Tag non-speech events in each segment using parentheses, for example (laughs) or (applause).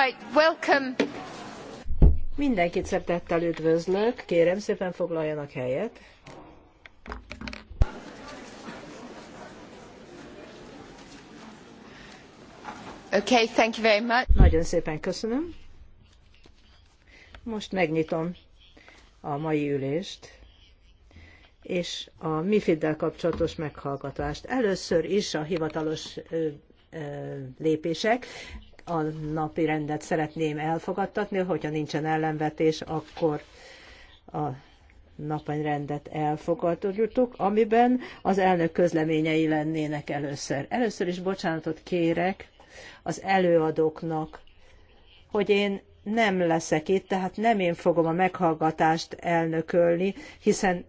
Right, welcome. Mindenkit szeretettel üdvözlök, kérem szépen foglaljanak helyet. Okay, thank you very much. Nagyon szépen köszönöm. Most megnyitom a mai ülést és a MIFID-del kapcsolatos meghallgatást. Először is a hivatalos lépések a napi rendet szeretném elfogadtatni, hogyha nincsen ellenvetés, akkor a rendet elfogadtuk, amiben az elnök közleményei lennének először. Először is bocsánatot kérek az előadóknak, hogy én nem leszek itt, tehát nem én fogom a meghallgatást elnökölni, hiszen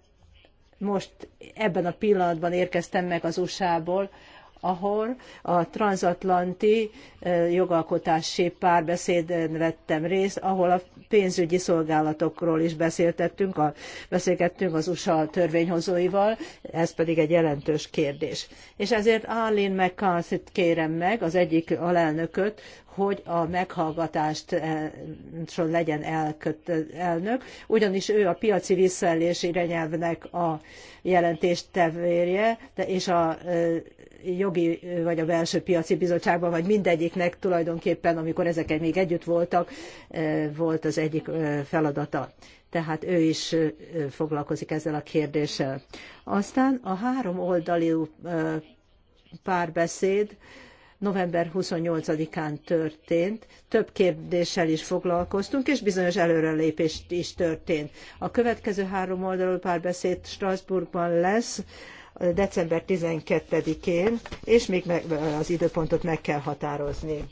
most ebben a pillanatban érkeztem meg az USA-ból, ahol a transatlanti eh, jogalkotási párbeszéden vettem részt, ahol a pénzügyi szolgálatokról is beszéltettünk, a, beszélgettünk az USA törvényhozóival, ez pedig egy jelentős kérdés. És ezért Arlene mccarthy kérem meg, az egyik alelnököt, hogy a meghallgatást eh, legyen elköt, elnök, ugyanis ő a piaci visszaélés irányelvnek a jelentéstevője, és a eh, jogi vagy a belső piaci bizottságban, vagy mindegyiknek tulajdonképpen, amikor ezek még együtt voltak, eh, volt az egyik eh, feladata. Tehát ő is eh, foglalkozik ezzel a kérdéssel. Aztán a három oldalú párbeszéd november 28-án történt, több kérdéssel is foglalkoztunk, és bizonyos előrelépés is történt. A következő három oldalú párbeszéd Strasbourgban lesz, december 12-én, és még az időpontot meg kell határozni.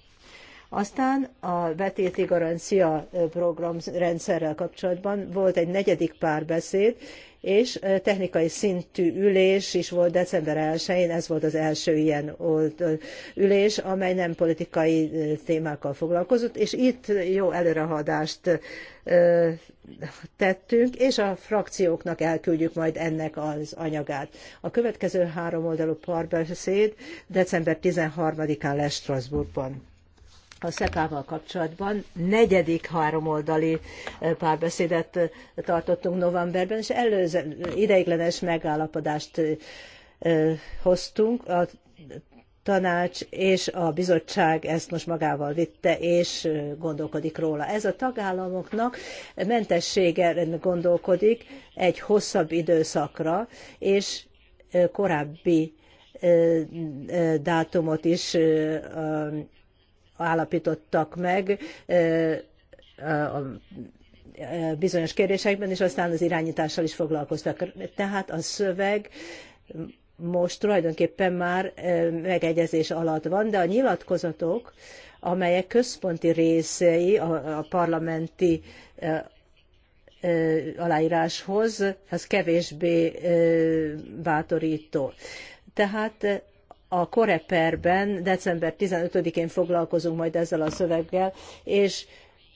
Aztán a betéti garancia program rendszerrel kapcsolatban volt egy negyedik párbeszéd, és technikai szintű ülés is volt december 1-én, ez volt az első ilyen ülés, amely nem politikai témákkal foglalkozott, és itt jó előrehadást tettünk, és a frakcióknak elküldjük majd ennek az anyagát. A következő három oldalú párbeszéd december 13-án lesz Strasbourgban a SZEPÁ-val kapcsolatban negyedik háromoldali eh, párbeszédet eh, tartottunk novemberben, és előző ideiglenes megállapodást eh, hoztunk. A tanács és a bizottság ezt most magával vitte, és gondolkodik róla. Ez a tagállamoknak mentessége gondolkodik egy hosszabb időszakra, és korábbi dátumot is állapítottak meg a bizonyos kérdésekben, és aztán az irányítással is foglalkoztak. Tehát a szöveg most tulajdonképpen már megegyezés alatt van, de a nyilatkozatok, amelyek központi részei a, parlamenti aláíráshoz, az kevésbé bátorító. Tehát a Koreperben december 15-én foglalkozunk majd ezzel a szöveggel, és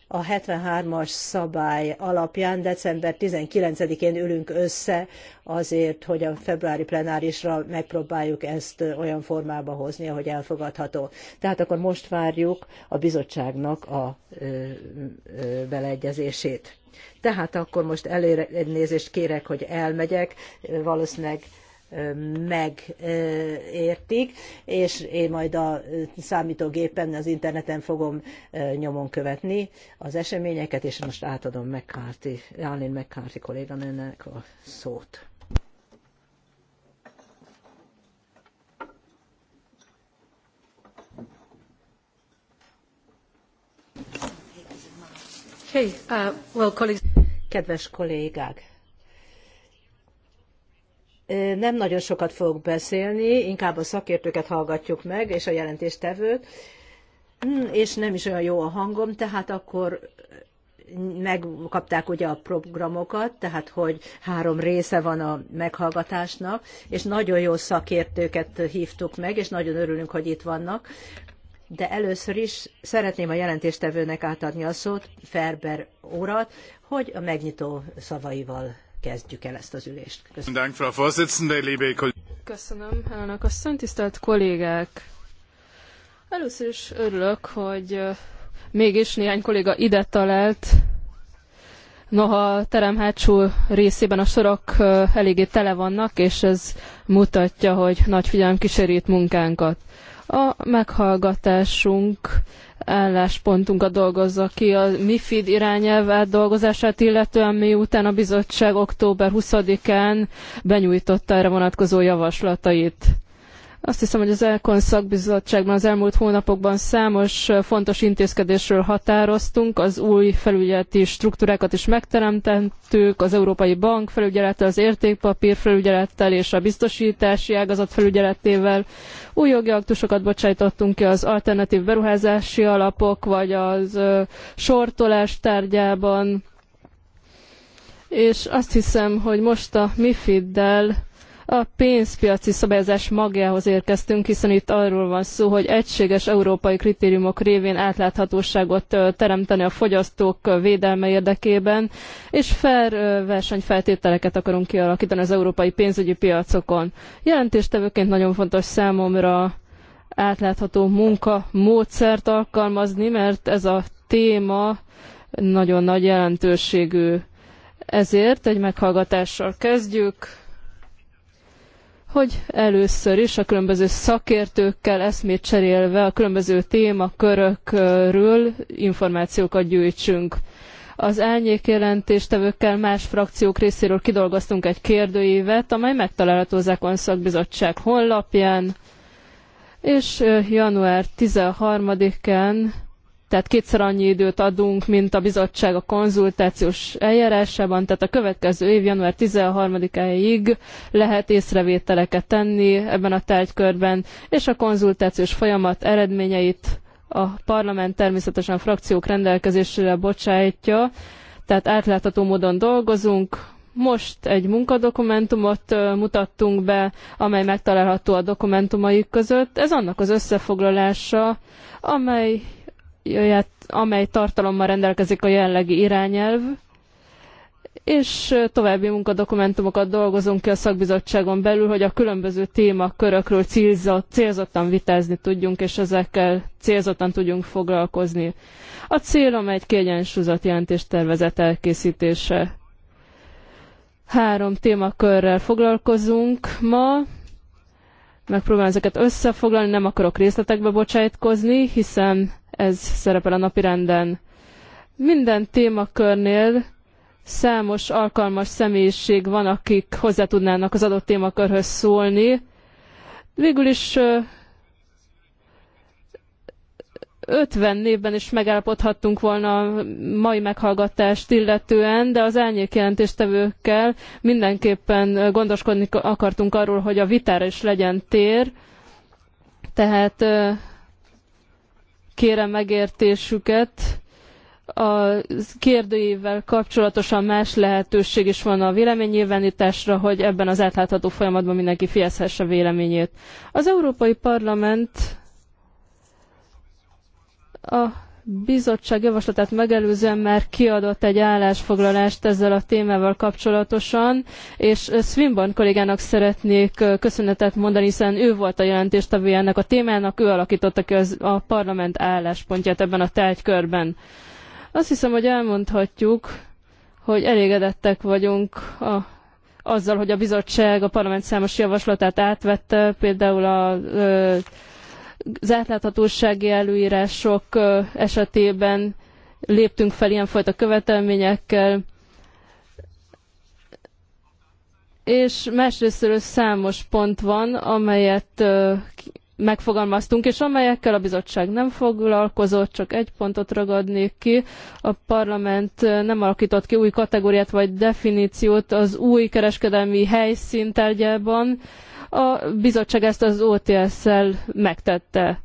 a 73-as szabály alapján december 19-én ülünk össze azért, hogy a februári plenárisra megpróbáljuk ezt olyan formába hozni, ahogy elfogadható. Tehát akkor most várjuk a bizottságnak a ö, ö, beleegyezését. Tehát akkor most előre elnézést kérek, hogy elmegyek, valószínűleg megértik, és én majd a számítógépen, az interneten fogom nyomon követni az eseményeket, és most átadom McCarthy, Jálin McCarthy kolléganőnek a szót. Hey, uh, well, colleagues. Kedves kollégák! Nem nagyon sokat fogok beszélni, inkább a szakértőket hallgatjuk meg, és a jelentéstevőt, hm, és nem is olyan jó a hangom, tehát akkor megkapták ugye a programokat, tehát hogy három része van a meghallgatásnak, és nagyon jó szakértőket hívtuk meg, és nagyon örülünk, hogy itt vannak. De először is szeretném a jelentéstevőnek átadni a szót, Ferber urat, hogy a megnyitó szavaival kezdjük el ezt az ülést. Köszönöm. Köszönöm, elnök asszony, tisztelt kollégák! Először is örülök, hogy mégis néhány kolléga ide talált, noha a terem hátsó részében a sorok eléggé tele vannak, és ez mutatja, hogy nagy figyelem kísérít munkánkat. A meghallgatásunk álláspontunkat dolgozza ki a MIFID irányelv átdolgozását, illetően miután a bizottság október 20-án benyújtotta erre vonatkozó javaslatait. Azt hiszem, hogy az Elkon szakbizottságban az elmúlt hónapokban számos fontos intézkedésről határoztunk, az új felügyeleti struktúrákat is megteremtettük, az Európai Bank felügyelettel, az értékpapír felügyelettel és a biztosítási ágazat felügyeletével. Új jogi aktusokat bocsájtottunk ki az alternatív beruházási alapok, vagy az sortolás tárgyában. És azt hiszem, hogy most a MIFID-del a pénzpiaci szabályozás magjához érkeztünk, hiszen itt arról van szó, hogy egységes európai kritériumok révén átláthatóságot teremteni a fogyasztók védelme érdekében, és fair versenyfeltételeket akarunk kialakítani az európai pénzügyi piacokon. Jelentéstevőként nagyon fontos számomra átlátható munka módszert alkalmazni, mert ez a téma nagyon nagy jelentőségű. Ezért egy meghallgatással kezdjük hogy először is a különböző szakértőkkel eszmét cserélve a különböző témakörökről információkat gyűjtsünk. Az elnyék jelentéstevőkkel más frakciók részéről kidolgoztunk egy kérdőívet, amely megtalálható az Ekon szakbizottság honlapján, és január 13-án tehát kétszer annyi időt adunk, mint a bizottság a konzultációs eljárásában, tehát a következő év január 13-áig lehet észrevételeket tenni ebben a tárgykörben, és a konzultációs folyamat eredményeit a parlament természetesen a frakciók rendelkezésére bocsájtja, tehát átlátható módon dolgozunk, most egy munkadokumentumot mutattunk be, amely megtalálható a dokumentumaik között. Ez annak az összefoglalása, amely amelyet, amely tartalommal rendelkezik a jelenlegi irányelv, és további munkadokumentumokat dolgozunk ki a szakbizottságon belül, hogy a különböző témakörökről célzott, célzottan vitázni tudjunk, és ezekkel célzottan tudjunk foglalkozni. A célom egy kiegyensúlyozott jelentéstervezet elkészítése. Három témakörrel foglalkozunk ma, megpróbálom ezeket összefoglalni, nem akarok részletekbe bocsájtkozni, hiszen ez szerepel a napirenden. Minden témakörnél számos alkalmas személyiség van, akik hozzá tudnának az adott témakörhöz szólni. Végül is 50 névben is megállapodhattunk volna a mai meghallgatást illetően, de az elnyék jelentéstevőkkel mindenképpen gondoskodni akartunk arról, hogy a vitára is legyen tér. Tehát kérem megértésüket. A kérdőjével kapcsolatosan más lehetőség is van a véleménynyilvánításra, hogy ebben az átlátható folyamatban mindenki fiezhesse véleményét. Az Európai Parlament a bizottság javaslatát megelőzően már kiadott egy állásfoglalást ezzel a témával kapcsolatosan, és Swinburne kollégának szeretnék köszönetet mondani, hiszen ő volt a jelentéstevője ennek a témának, ő alakította ki az, a parlament álláspontját ebben a tárgykörben. Azt hiszem, hogy elmondhatjuk, hogy elégedettek vagyunk a azzal, hogy a bizottság a parlament számos javaslatát átvette, például a az átláthatósági előírások esetében léptünk fel ilyenfajta követelményekkel, és másrésztről számos pont van, amelyet megfogalmaztunk, és amelyekkel a bizottság nem foglalkozott, csak egy pontot ragadnék ki. A parlament nem alakított ki új kategóriát vagy definíciót az új kereskedelmi helyszín tárgyában, a bizottság ezt az OTS-szel megtette.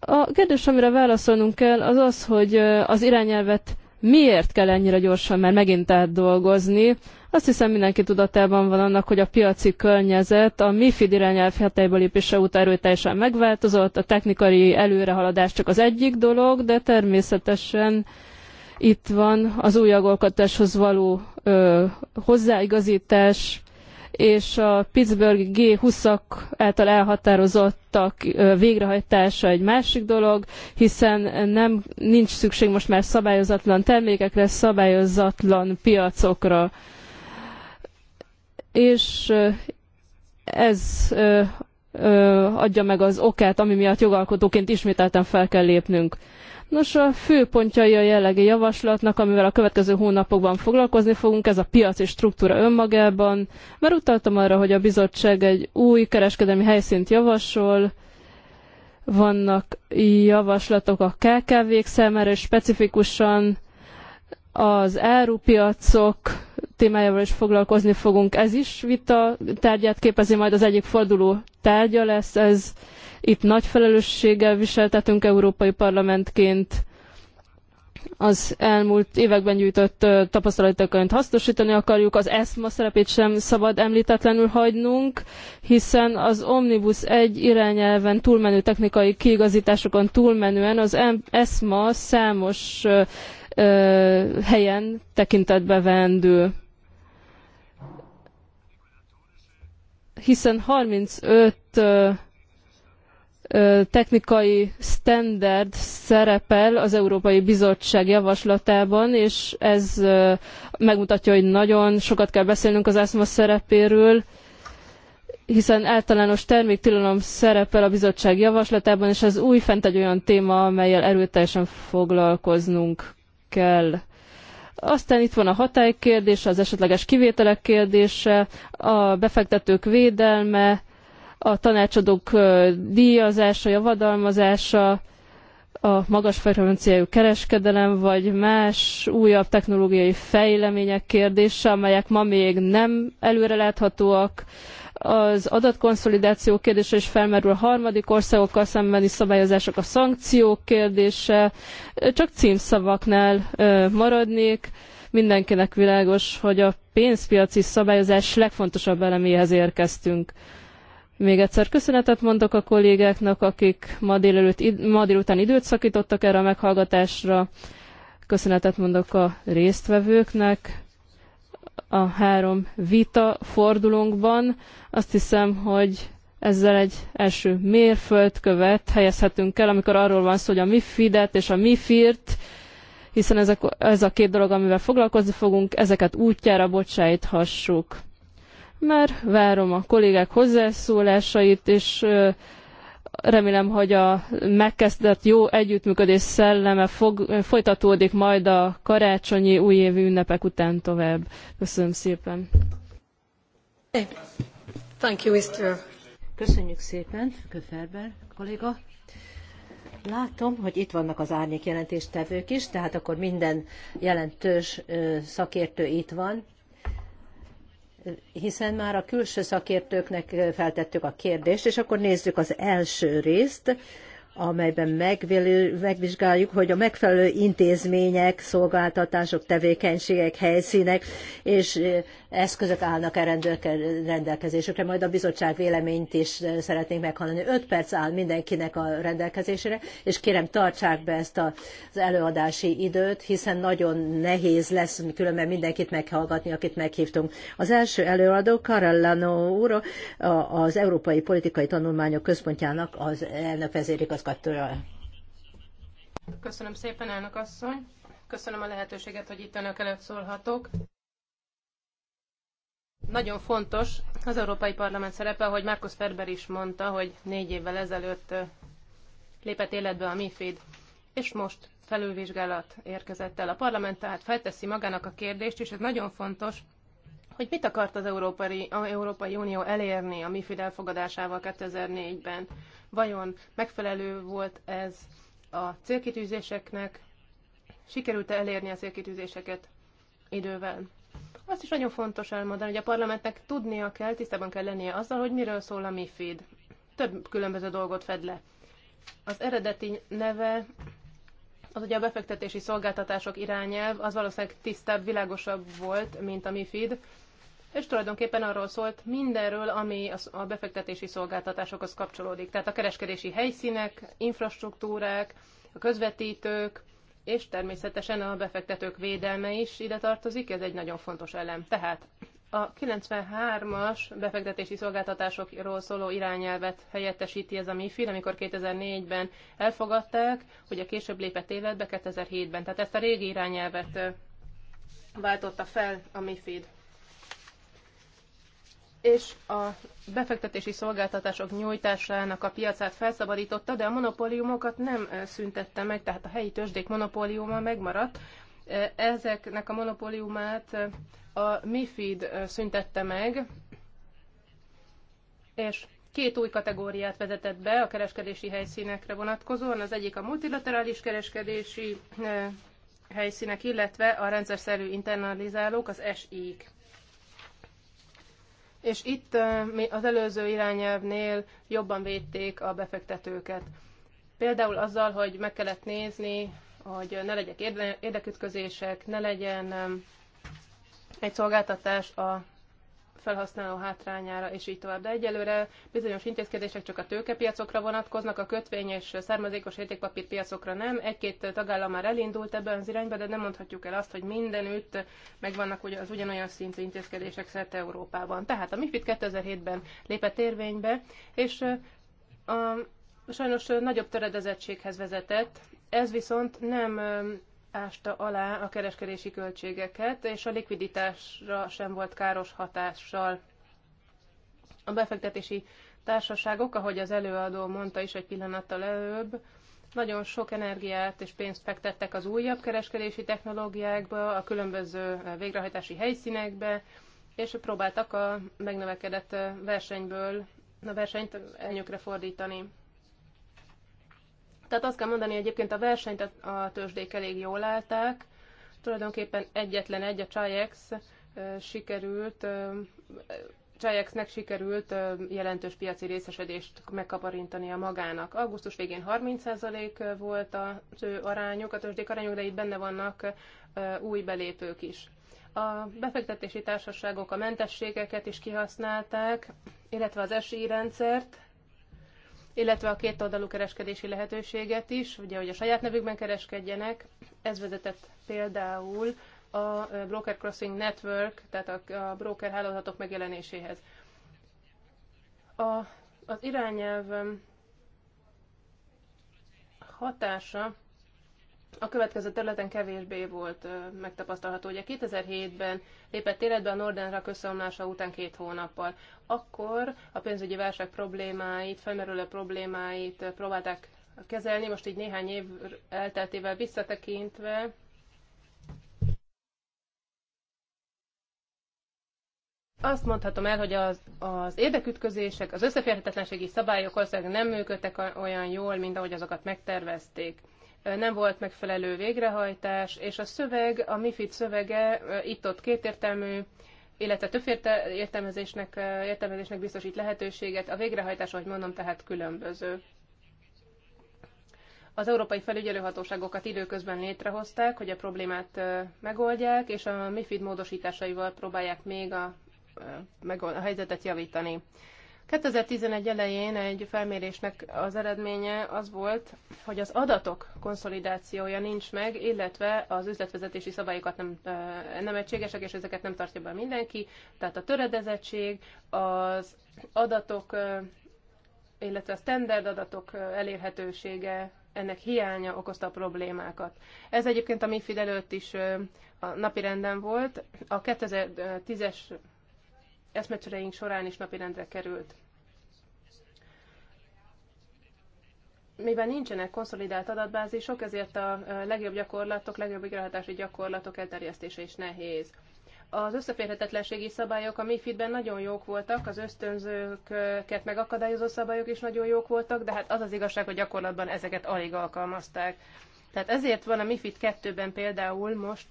A kérdés, amire válaszolnunk kell, az az, hogy az irányelvet miért kell ennyire gyorsan már megint átdolgozni. Azt hiszem mindenki tudatában van annak, hogy a piaci környezet a MIFID irányelv hatályba lépése óta erőteljesen megváltozott, a technikai előrehaladás csak az egyik dolog, de természetesen itt van az új való ö, hozzáigazítás, és a Pittsburgh G20-ak által elhatározottak végrehajtása egy másik dolog, hiszen nem, nincs szükség most már szabályozatlan termékekre, szabályozatlan piacokra. És ez adja meg az okát, ami miatt jogalkotóként ismételten fel kell lépnünk. Nos, a fő pontjai a jellegi javaslatnak, amivel a következő hónapokban foglalkozni fogunk, ez a piaci struktúra önmagában, mert utaltam arra, hogy a bizottság egy új kereskedelmi helyszínt javasol, vannak javaslatok a KKV-k számára, és specifikusan az árupiacok témájával is foglalkozni fogunk. Ez is vita tárgyát képezi, majd az egyik forduló tárgya lesz ez itt nagy felelősséggel viseltetünk Európai Parlamentként, az elmúlt években gyűjtött tapasztalatokat hasznosítani akarjuk, az ESMA szerepét sem szabad említetlenül hagynunk, hiszen az Omnibus egy irányelven túlmenő technikai kiigazításokon túlmenően az ESMA számos ö, ö, helyen tekintetbe vendő. Hiszen 35 ö, technikai standard szerepel az Európai Bizottság javaslatában, és ez megmutatja, hogy nagyon sokat kell beszélnünk az ászma szerepéről, hiszen általános terméktilalom szerepel a bizottság javaslatában, és ez újfent egy olyan téma, amelyel erőteljesen foglalkoznunk kell. Aztán itt van a hatály kérdése, az esetleges kivételek kérdése, a befektetők védelme, a tanácsadók díjazása, javadalmazása, a magas frekvenciájú kereskedelem, vagy más újabb technológiai fejlemények kérdése, amelyek ma még nem előreláthatóak. Az adatkonszolidáció kérdése is felmerül a harmadik országokkal szembeni szabályozások, a szankciók kérdése. Csak címszavaknál maradnék. Mindenkinek világos, hogy a pénzpiaci szabályozás legfontosabb eleméhez érkeztünk. Még egyszer köszönetet mondok a kollégáknak, akik ma, délelőtt, ma délután időt szakítottak erre a meghallgatásra. Köszönetet mondok a résztvevőknek a három vita fordulónkban. Azt hiszem, hogy ezzel egy első mérföldkövet helyezhetünk el, amikor arról van szó, hogy a MIFID-et és a mi firt, hiszen ezek, ez a két dolog, amivel foglalkozni fogunk, ezeket útjára bocsájthassuk. Mert várom a kollégák hozzászólásait, és remélem, hogy a megkezdett jó együttműködés szelleme fog, folytatódik majd a karácsonyi újévi ünnepek után tovább. Köszönöm szépen. Thank you, Mr. Köszönjük szépen, Köferber kolléga. Látom, hogy itt vannak az árnyék jelentéstevők is, tehát akkor minden jelentős szakértő itt van hiszen már a külső szakértőknek feltettük a kérdést, és akkor nézzük az első részt, amelyben megvizsgáljuk, hogy a megfelelő intézmények, szolgáltatások, tevékenységek, helyszínek és eszközök állnak-e rendelkezésükre. Majd a bizottság véleményt is szeretnénk meghallani. Öt perc áll mindenkinek a rendelkezésére, és kérem tartsák be ezt az előadási időt, hiszen nagyon nehéz lesz különben mindenkit meghallgatni, akit meghívtunk. Az első előadó Karellano úr, az Európai Politikai Tanulmányok Központjának az elnök vezérigazgatója főigazgatója. Köszönöm szépen, elnök asszony. Köszönöm a lehetőséget, hogy itt önök előtt szólhatok. Nagyon fontos az Európai Parlament szerepe, hogy Markus Ferber is mondta, hogy négy évvel ezelőtt lépett életbe a MIFID, és most felülvizsgálat érkezett el. A parlament tehát felteszi magának a kérdést, és ez nagyon fontos, hogy mit akart az Európai, az Európai Unió elérni a MIFID elfogadásával 2004-ben. Vajon megfelelő volt ez a célkitűzéseknek? Sikerült-e elérni a célkitűzéseket idővel? Azt is nagyon fontos elmondani, hogy a parlamentnek tudnia kell, tisztában kell lennie azzal, hogy miről szól a MIFID. Több különböző dolgot fed le. Az eredeti neve az ugye a befektetési szolgáltatások irányelv, az valószínűleg tisztább, világosabb volt, mint a MIFID, és tulajdonképpen arról szólt mindenről, ami a befektetési szolgáltatásokhoz kapcsolódik. Tehát a kereskedési helyszínek, infrastruktúrák, a közvetítők, és természetesen a befektetők védelme is ide tartozik, ez egy nagyon fontos elem. Tehát a 93-as befektetési szolgáltatásokról szóló irányelvet helyettesíti ez a MIFID, amikor 2004-ben elfogadták, hogy a később lépett életbe 2007-ben. Tehát ezt a régi irányelvet váltotta fel a MIFID és a befektetési szolgáltatások nyújtásának a piacát felszabadította, de a monopóliumokat nem szüntette meg, tehát a helyi tőzsdék monopóliuma megmaradt. Ezeknek a monopóliumát a MIFID szüntette meg, és két új kategóriát vezetett be a kereskedési helyszínekre vonatkozóan. Az egyik a multilaterális kereskedési helyszínek, illetve a rendszerszerű internalizálók, az SI-k és itt az előző irányelvnél jobban védték a befektetőket. Például azzal, hogy meg kellett nézni, hogy ne legyek érdekütközések, ne legyen egy szolgáltatás a felhasználó hátrányára, és így tovább. De egyelőre bizonyos intézkedések csak a tőkepiacokra vonatkoznak, a kötvény és származékos piacokra nem. Egy-két tagállam már elindult ebben az irányba, de nem mondhatjuk el azt, hogy mindenütt megvannak az ugyanolyan szintű intézkedések szerte Európában. Tehát a MIFID 2007-ben lépett érvénybe, és a, sajnos nagyobb töredezettséghez vezetett. Ez viszont nem ásta alá a kereskedési költségeket, és a likviditásra sem volt káros hatással. A befektetési társaságok, ahogy az előadó mondta is egy pillanattal előbb, nagyon sok energiát és pénzt fektettek az újabb kereskedési technológiákba, a különböző végrehajtási helyszínekbe, és próbáltak a megnövekedett versenyből a versenyt elnyökre fordítani. Tehát azt kell mondani, egyébként a versenyt a tőzsdék elég jól állták, tulajdonképpen egyetlen egy, a Chayex sikerült, Chayexnek sikerült jelentős piaci részesedést megkaparintani a magának. Augusztus végén 30% volt a ő arányuk, a tőzsdék arányuk, de itt benne vannak új belépők is. A befektetési társaságok a mentességeket is kihasználták, illetve az SI rendszert, illetve a kétoldalú kereskedési lehetőséget is, ugye, hogy a saját nevükben kereskedjenek. Ez vezetett például a Broker Crossing Network, tehát a, broker hálózatok megjelenéséhez. A, az irányelv hatása a következő területen kevésbé volt megtapasztalható. Ugye 2007-ben lépett életbe a Rak összeomlása után két hónappal. Akkor a pénzügyi válság problémáit, felmerülő problémáit próbálták kezelni, most így néhány év elteltével visszatekintve, azt mondhatom el, hogy az, az érdekütközések, az összeférhetetlenségi szabályok ország nem működtek olyan jól, mint ahogy azokat megtervezték nem volt megfelelő végrehajtás, és a szöveg, a MIFID szövege itt-ott kétértelmű, illetve több értelmezésnek, értelmezésnek biztosít lehetőséget. A végrehajtás, ahogy mondom, tehát különböző. Az európai felügyelőhatóságokat időközben létrehozták, hogy a problémát megoldják, és a MIFID módosításaival próbálják még a, a helyzetet javítani. 2011 elején egy felmérésnek az eredménye az volt, hogy az adatok konszolidációja nincs meg, illetve az üzletvezetési szabályokat nem, nem egységesek, és ezeket nem tartja be mindenki. Tehát a töredezettség, az adatok, illetve a standard adatok elérhetősége ennek hiánya okozta a problémákat. Ez egyébként a MIFID előtt is a napirenden volt. A 2010-es eszmecsereink során is napirendre került. mivel nincsenek konszolidált adatbázisok, ezért a legjobb gyakorlatok, legjobb igazgatási gyakorlatok elterjesztése is nehéz. Az összeférhetetlenségi szabályok a MIFID-ben nagyon jók voltak, az ösztönzőket megakadályozó szabályok is nagyon jók voltak, de hát az az igazság, hogy gyakorlatban ezeket alig alkalmazták. Tehát ezért van a MIFID 2-ben például most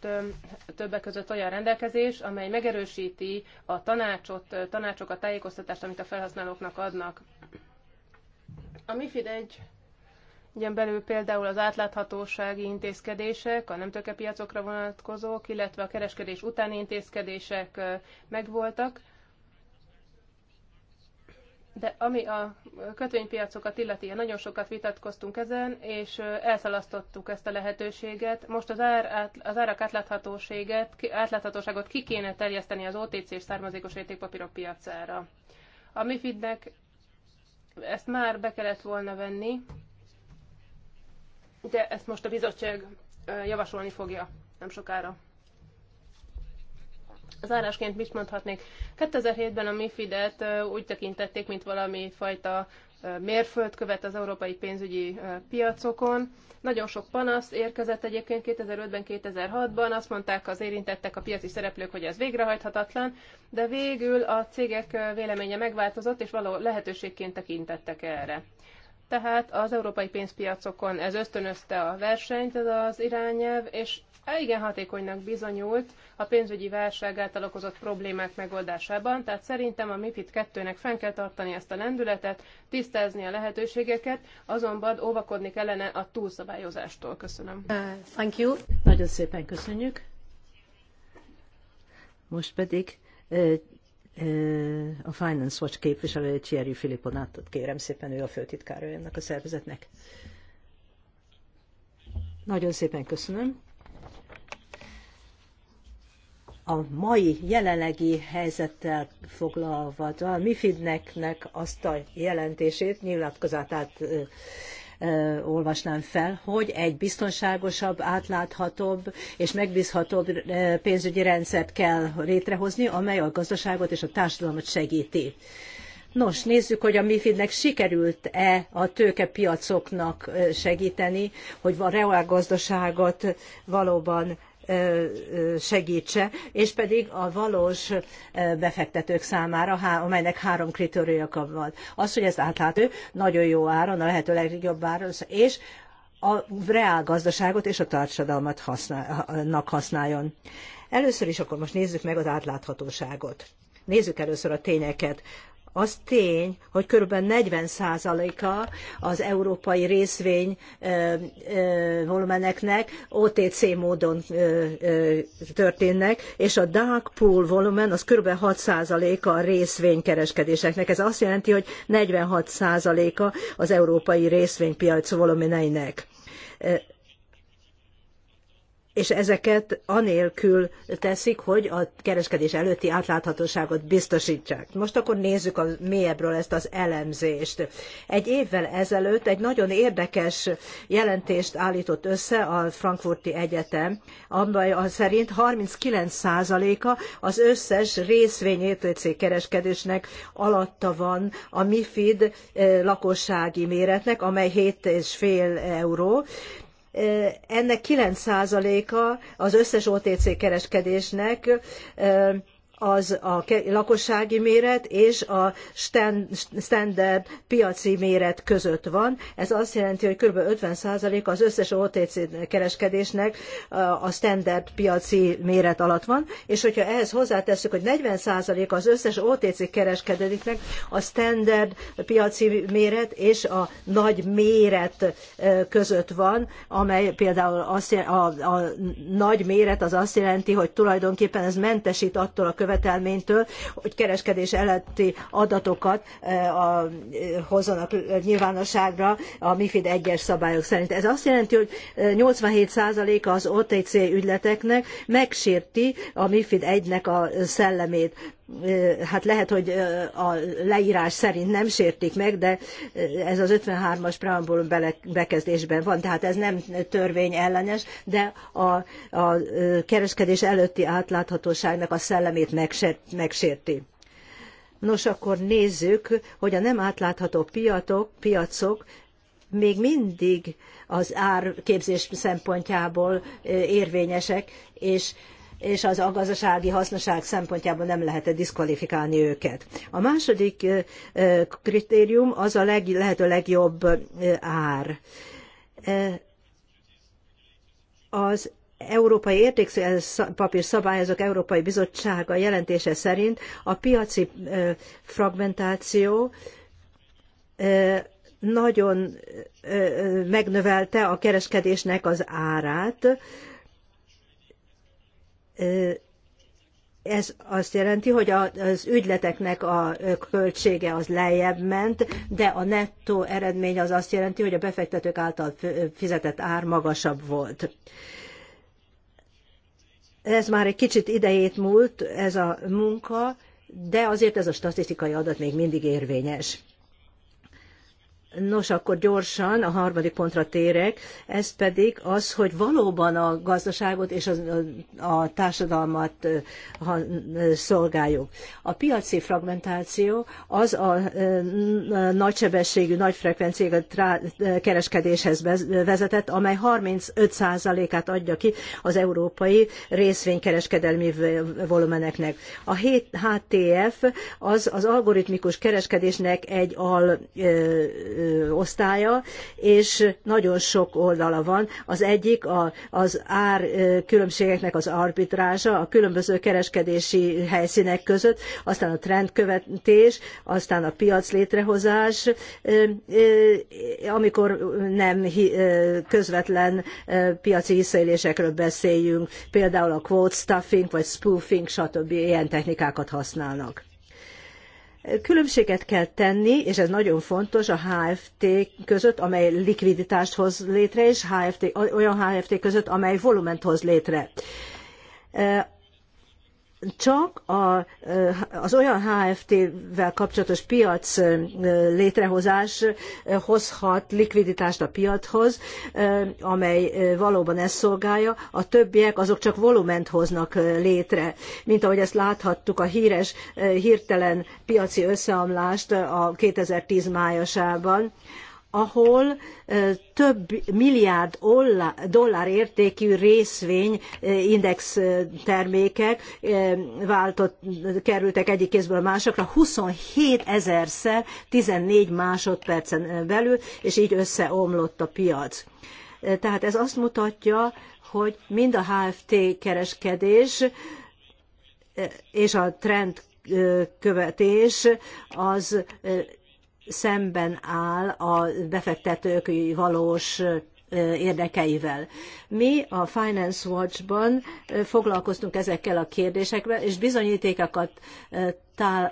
többek között olyan rendelkezés, amely megerősíti a tanácsot, tanácsokat, tájékoztatást, amit a felhasználóknak adnak. A MIFID 1 Ilyen belül például az átláthatósági intézkedések, a nemtőkepiacokra vonatkozók, illetve a kereskedés utáni intézkedések megvoltak, de ami a kötvénypiacokat illeti, nagyon sokat vitatkoztunk ezen, és elszalasztottuk ezt a lehetőséget. Most az, ár, az árak átláthatóséget, átláthatóságot ki kéne terjeszteni az OTC és származékos értékpapírok piacára. A MIFID-nek ezt már be kellett volna venni, de ezt most a bizottság javasolni fogja nem sokára. Zárásként mit mondhatnék? 2007-ben a MIFID-et úgy tekintették, mint valami fajta mérföldkövet az európai pénzügyi piacokon. Nagyon sok panasz érkezett egyébként 2005-ben, 2006-ban. Azt mondták az érintettek, a piaci szereplők, hogy ez végrehajthatatlan, de végül a cégek véleménye megváltozott, és való lehetőségként tekintettek erre. Tehát az európai pénzpiacokon ez ösztönözte a versenyt, ez az irányelv, és E, igen hatékonynak bizonyult a pénzügyi válság által okozott problémák megoldásában, tehát szerintem a MIFID 2-nek fenn kell tartani ezt a lendületet, tisztázni a lehetőségeket, azonban óvakodni kellene a túlszabályozástól. Köszönöm. Uh, thank you. Nagyon szépen köszönjük. Most pedig uh, uh, a Finance Watch képviselője Thierry Filipponátot kérem szépen, ő a főtitkára ennek a szervezetnek. Nagyon szépen köszönöm a mai jelenlegi helyzettel foglalva, a mifid azt a jelentését, nyilatkozatát olvasnám fel, hogy egy biztonságosabb, átláthatóbb és megbízhatóbb pénzügyi rendszert kell létrehozni, amely a gazdaságot és a társadalmat segíti. Nos, nézzük, hogy a MIFID-nek sikerült-e a tőkepiacoknak segíteni, hogy a reálgazdaságot valóban segítse, és pedig a valós befektetők számára, amelynek három kritériuma van. Az, hogy ez átlátő, nagyon jó áron, a lehető legjobb áron, és a reál gazdaságot és a társadalmat használnak használjon. Először is akkor most nézzük meg az átláthatóságot. Nézzük először a tényeket. Az tény, hogy kb. 40%-a az európai részvény volumeneknek OTC módon történnek, és a dark pool volumen az kb. 6%-a a részvénykereskedéseknek. Ez azt jelenti, hogy 46%-a az európai részvénypiac volumeneinek és ezeket anélkül teszik, hogy a kereskedés előtti átláthatóságot biztosítsák. Most akkor nézzük a mélyebbről ezt az elemzést. Egy évvel ezelőtt egy nagyon érdekes jelentést állított össze a Frankfurti Egyetem, amely szerint 39%-a az összes részvényértécé kereskedésnek alatta van a MIFID eh, lakossági méretnek, amely 7,5 euró, ennek 9%-a az összes OTC kereskedésnek az a lakossági méret és a standard piaci méret között van. Ez azt jelenti, hogy kb. 50% az összes OTC kereskedésnek a standard piaci méret alatt van, és hogyha ehhez hozzátesszük, hogy 40% az összes OTC kereskedőknek a standard piaci méret és a nagy méret között van, amely például azt, a, a nagy méret az azt jelenti, hogy tulajdonképpen ez mentesít attól a követ követelménytől, hogy kereskedés előtti adatokat eh, eh, hozzanak nyilvánosságra a MIFID 1-es szabályok szerint. Ez azt jelenti, hogy 87%-a eh, az OTC ügyleteknek megsérti a MIFID 1-nek a szellemét hát lehet, hogy a leírás szerint nem sértik meg, de ez az 53-as preambulum bekezdésben van, tehát ez nem törvény ellenes, de a, a kereskedés előtti átláthatóságnak a szellemét megsérti. Nos, akkor nézzük, hogy a nem átlátható piatok, piacok még mindig az árképzés szempontjából érvényesek, és és az a gazdasági hasznoság szempontjából nem lehet diszkvalifikálni őket. A második kritérium az a leg, lehető legjobb ár. Az Európai Értékpapír eh, Szabályozók Európai Bizottsága jelentése szerint a piaci eh, fragmentáció eh, nagyon megnövelte a kereskedésnek az árát. Ez azt jelenti, hogy az ügyleteknek a költsége az lejjebb ment, de a nettó eredmény az azt jelenti, hogy a befektetők által fizetett ár magasabb volt. Ez már egy kicsit idejét múlt, ez a munka, de azért ez a statisztikai adat még mindig érvényes. Nos, akkor gyorsan a harmadik pontra térek, ez pedig az, hogy valóban a gazdaságot és a, a társadalmat ha, szolgáljuk. A piaci fragmentáció az a nagysebességű, nagy frekvenciájú kereskedéshez vezetett, amely 35%-át adja ki az európai részvénykereskedelmi volumeneknek. A HTF az az algoritmikus kereskedésnek egy al osztálya, és nagyon sok oldala van. Az egyik a, az ár különbségeknek az arbitrázsa a különböző kereskedési helyszínek között, aztán a trendkövetés, aztán a piac létrehozás, amikor nem közvetlen piaci visszaélésekről beszéljünk, például a quote stuffing vagy spoofing, stb. ilyen technikákat használnak. Különbséget kell tenni, és ez nagyon fontos a HFT között, amely likviditást hoz létre, és HFT, olyan HFT között, amely volument hoz létre csak a, az olyan HFT-vel kapcsolatos piac létrehozás hozhat likviditást a piachoz, amely valóban ezt szolgálja, a többiek azok csak volument hoznak létre. Mint ahogy ezt láthattuk, a híres, hirtelen piaci összeomlást a 2010 májasában, ahol több milliárd dollár értékű részvény index termékek váltott, kerültek egyik kézből a másikra 27 ezerszer 14 másodpercen belül, és így összeomlott a piac. Tehát ez azt mutatja, hogy mind a HFT kereskedés és a trend követés az szemben áll a befektetők valós érdekeivel. Mi a Finance Watch-ban foglalkoztunk ezekkel a kérdésekkel, és bizonyítékokat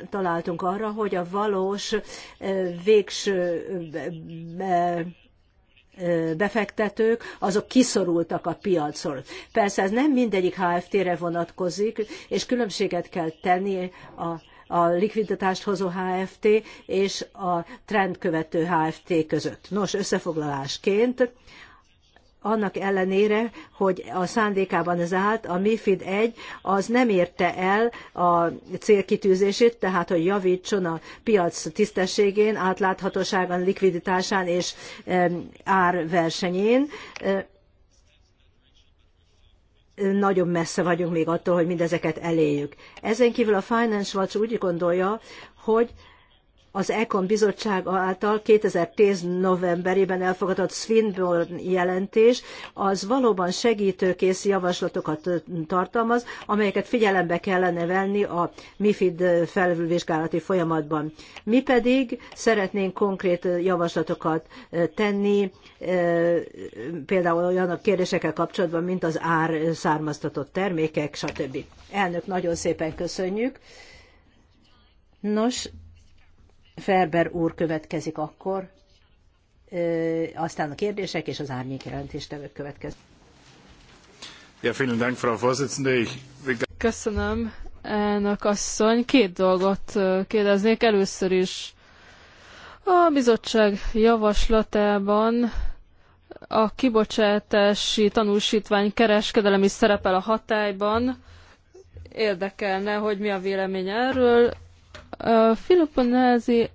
találtunk arra, hogy a valós végső befektetők, azok kiszorultak a piacról. Persze ez nem mindegyik HFT-re vonatkozik, és különbséget kell tenni a a likviditást hozó HFT és a trendkövető HFT között. Nos, összefoglalásként annak ellenére, hogy a szándékában ez állt, a MIFID 1 az nem érte el a célkitűzését, tehát hogy javítson a piac tisztességén, átláthatóságán, likviditásán és árversenyén nagyon messze vagyunk még attól, hogy mindezeket eléljük. Ezen kívül a Finance Watch úgy gondolja, hogy az Econ bizottság által 2010 novemberében elfogadott Swinburne jelentés, az valóban segítőkész javaslatokat tartalmaz, amelyeket figyelembe kellene venni a MIFID felülvizsgálati folyamatban. Mi pedig szeretnénk konkrét javaslatokat tenni, e, például olyan kérdésekkel kapcsolatban, mint az ár származtatott termékek, stb. Elnök, nagyon szépen köszönjük. Nos, Ferber úr következik akkor, aztán a kérdések és az árnyék jelentéstevők következik. Ja, vielen Dank, Frau Vorsitzende. Köszönöm, elnök asszony. Két dolgot kérdeznék. Először is a bizottság javaslatában a kibocsátási tanúsítvány kereskedelem is szerepel a hatályban. Érdekelne, hogy mi a vélemény erről, a filiponázi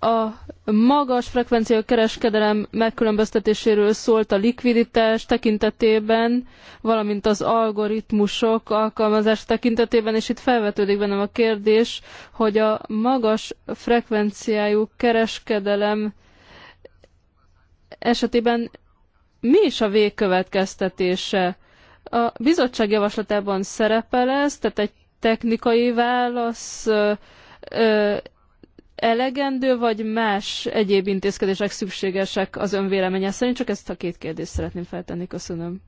a magas frekvenciájú kereskedelem megkülönböztetéséről szólt a likviditás tekintetében, valamint az algoritmusok alkalmazás tekintetében, és itt felvetődik bennem a kérdés, hogy a magas frekvenciájú kereskedelem esetében mi is a végkövetkeztetése? A bizottság javaslatában szerepel ez, tehát egy technikai válasz elegendő, vagy más egyéb intézkedések szükségesek az ön véleménye szerint? Csak ezt a két kérdést szeretném feltenni. Köszönöm.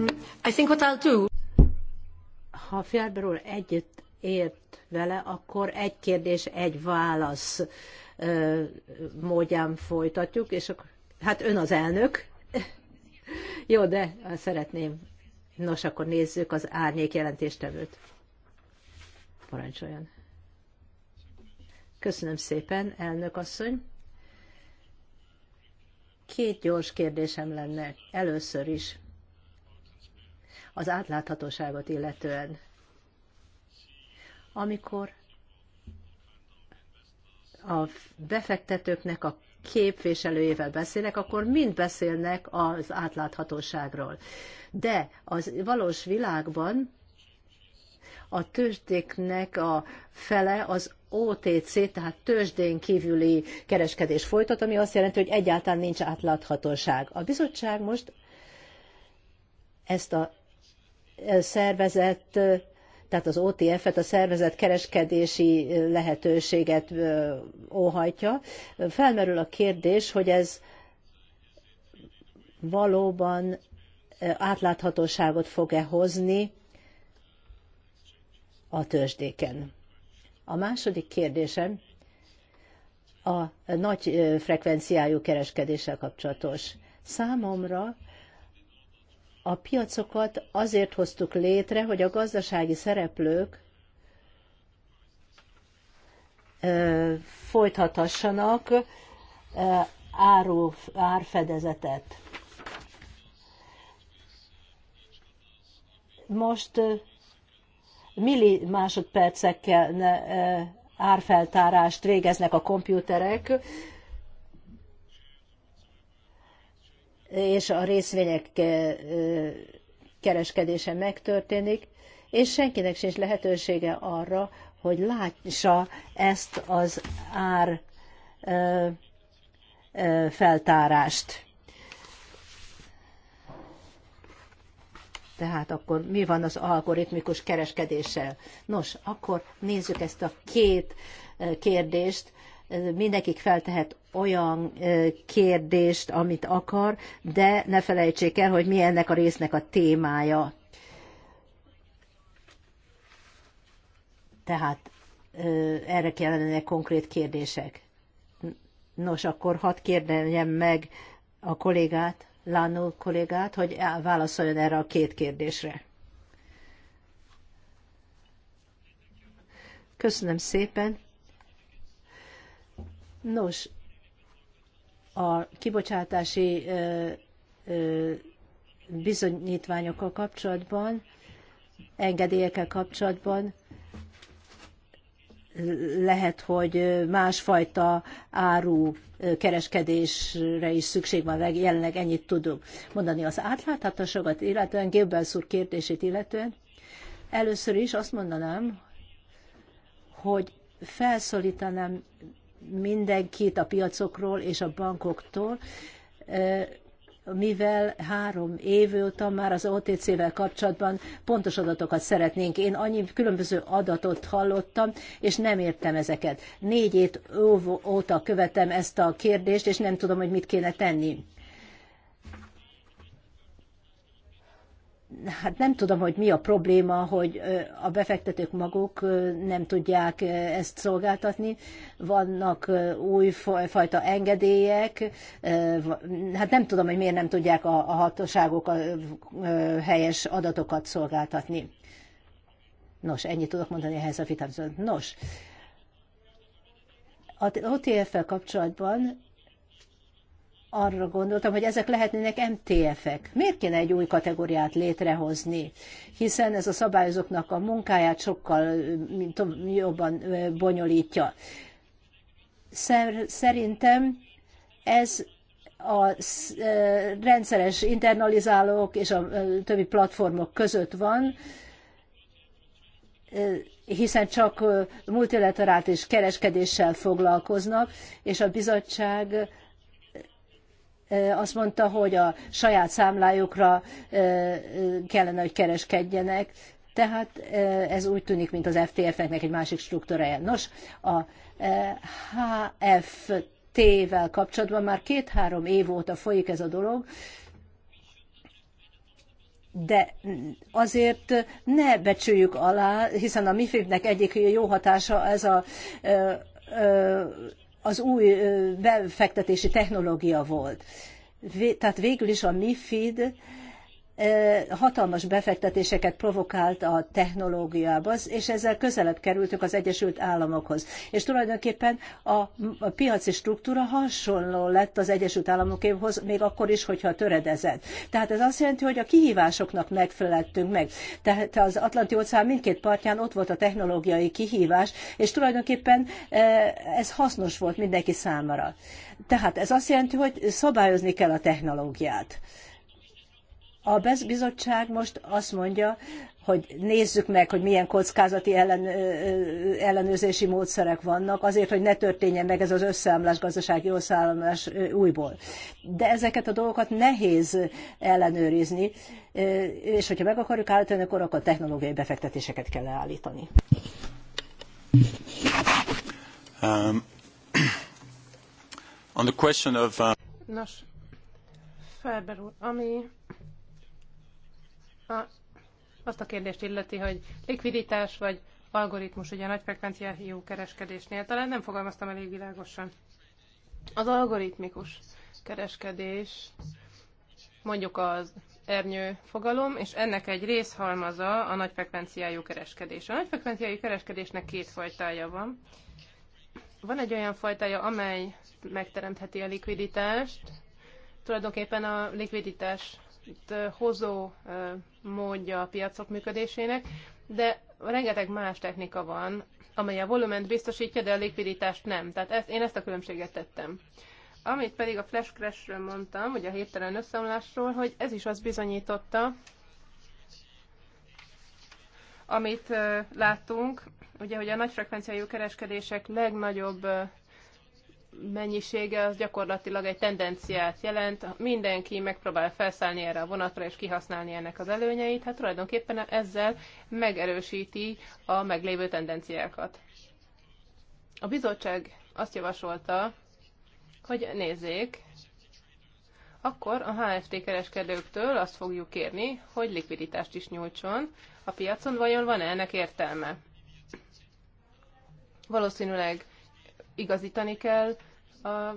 Um, I think what I'll do... Ha Ferber úr egyet ért vele, akkor egy kérdés, egy válasz módján folytatjuk, és akkor, hát ön az elnök. (laughs) Jó, de szeretném. Nos, akkor nézzük az árnyék jelentéstevőt. Parancsoljon. Köszönöm szépen, elnök asszony. Két gyors kérdésem lenne először is az átláthatóságot illetően. Amikor a befektetőknek a képviselőjével beszélek, akkor mind beszélnek az átláthatóságról. De az valós világban a tőzsdéknek a fele az OTC, tehát tőzsdén kívüli kereskedés folytat, ami azt jelenti, hogy egyáltalán nincs átláthatóság. A bizottság most ezt a e, szervezet, e, tehát az OTF-et, a szervezet kereskedési e, lehetőséget óhajtja. Felmerül a kérdés, hogy ez valóban átláthatóságot fog-e hozni a tőzsdéken. A második kérdésem a nagy frekvenciájú kereskedéssel kapcsolatos. Számomra a piacokat azért hoztuk létre, hogy a gazdasági szereplők folytathassanak áru, árfedezetet. Most milli e, árfeltárást végeznek a komputerek, és a részvények e, e, kereskedése megtörténik, és senkinek sincs lehetősége arra, hogy látsa ezt az ár feltárást. Tehát akkor mi van az algoritmikus kereskedéssel? Nos, akkor nézzük ezt a két kérdést. Mindenki feltehet olyan kérdést, amit akar, de ne felejtsék el, hogy mi ennek a résznek a témája. Tehát erre kellene konkrét kérdések. Nos, akkor hadd kérdeljem meg a kollégát, Lánó kollégát, hogy válaszoljon erre a két kérdésre. Köszönöm szépen. Nos, a kibocsátási bizonyítványokkal kapcsolatban, engedélyekkel kapcsolatban lehet, hogy másfajta áru kereskedésre is szükség van, jelenleg ennyit tudunk mondani. Az átláthatóságot, illetően Goebbels úr kérdését illetően, először is azt mondanám, hogy felszólítanám mindenkit a piacokról és a bankoktól, mivel három év óta már az OTC-vel kapcsolatban pontos adatokat szeretnénk. Én annyi különböző adatot hallottam, és nem értem ezeket. Négy év óta követem ezt a kérdést, és nem tudom, hogy mit kéne tenni. hát nem tudom, hogy mi a probléma, hogy a befektetők maguk nem tudják ezt szolgáltatni. Vannak új fajta engedélyek, hát nem tudom, hogy miért nem tudják a hatóságok a helyes adatokat szolgáltatni. Nos, ennyit tudok mondani ehhez a vitámhoz. Nos, az OTF-fel kapcsolatban arra gondoltam, hogy ezek lehetnének MTF-ek. Miért kéne egy új kategóriát létrehozni? Hiszen ez a szabályozóknak a munkáját sokkal jobban bonyolítja. Szerintem ez a rendszeres internalizálók és a többi platformok között van, hiszen csak multilaterális kereskedéssel foglalkoznak, és a bizottság azt mondta, hogy a saját számlájukra kellene, hogy kereskedjenek, tehát ez úgy tűnik, mint az FTF-nek egy másik struktúrája. Nos, a HFT-vel kapcsolatban már két-három év óta folyik ez a dolog, de azért ne becsüljük alá, hiszen a MIFID-nek egyik jó hatása ez a az új befektetési technológia volt. Tehát végül is a MIFID hatalmas befektetéseket provokált a technológiába, és ezzel közelebb kerültük az Egyesült Államokhoz. És tulajdonképpen a piaci struktúra hasonló lett az Egyesült Államokéhoz, még akkor is, hogyha töredezett. Tehát ez azt jelenti, hogy a kihívásoknak megfeleltünk meg. Tehát az Atlanti óceán mindkét partján ott volt a technológiai kihívás, és tulajdonképpen ez hasznos volt mindenki számára. Tehát ez azt jelenti, hogy szabályozni kell a technológiát. A bizottság most azt mondja, hogy nézzük meg, hogy milyen kockázati ellen, ellenőrzési módszerek vannak, azért, hogy ne történjen meg ez az összeámlás, gazdasági összeámlás újból. De ezeket a dolgokat nehéz ellenőrizni, és hogyha meg akarjuk állítani, akkor, akkor technológiai befektetéseket kell leállítani. Um, (clears throat) on the question of, uh... Nos, Ferber úr, ami a, azt a kérdést illeti, hogy likviditás vagy algoritmus, ugye a nagyfrekvenciájú kereskedésnél talán nem fogalmaztam elég világosan. Az algoritmikus kereskedés mondjuk az ernyő fogalom, és ennek egy részhalmaza a nagyfrekvenciájú kereskedés. A nagyfrekvenciájú kereskedésnek két fajtája van. Van egy olyan fajtája, amely megteremtheti a likviditást, tulajdonképpen a likviditás hozó módja a piacok működésének, de rengeteg más technika van, amely a volument biztosítja, de a likviditást nem. Tehát ezt, én ezt a különbséget tettem. Amit pedig a flash crashről mondtam, ugye a héttelen összeomlásról, hogy ez is azt bizonyította, amit láttunk, ugye, hogy a nagyfrekvenciájú kereskedések legnagyobb mennyisége az gyakorlatilag egy tendenciát jelent, mindenki megpróbál felszállni erre a vonatra és kihasználni ennek az előnyeit, hát tulajdonképpen ezzel megerősíti a meglévő tendenciákat. A bizottság azt javasolta, hogy nézzék, akkor a HFT kereskedőktől azt fogjuk kérni, hogy likviditást is nyújtson a piacon, vajon van-e ennek értelme? Valószínűleg igazítani kell a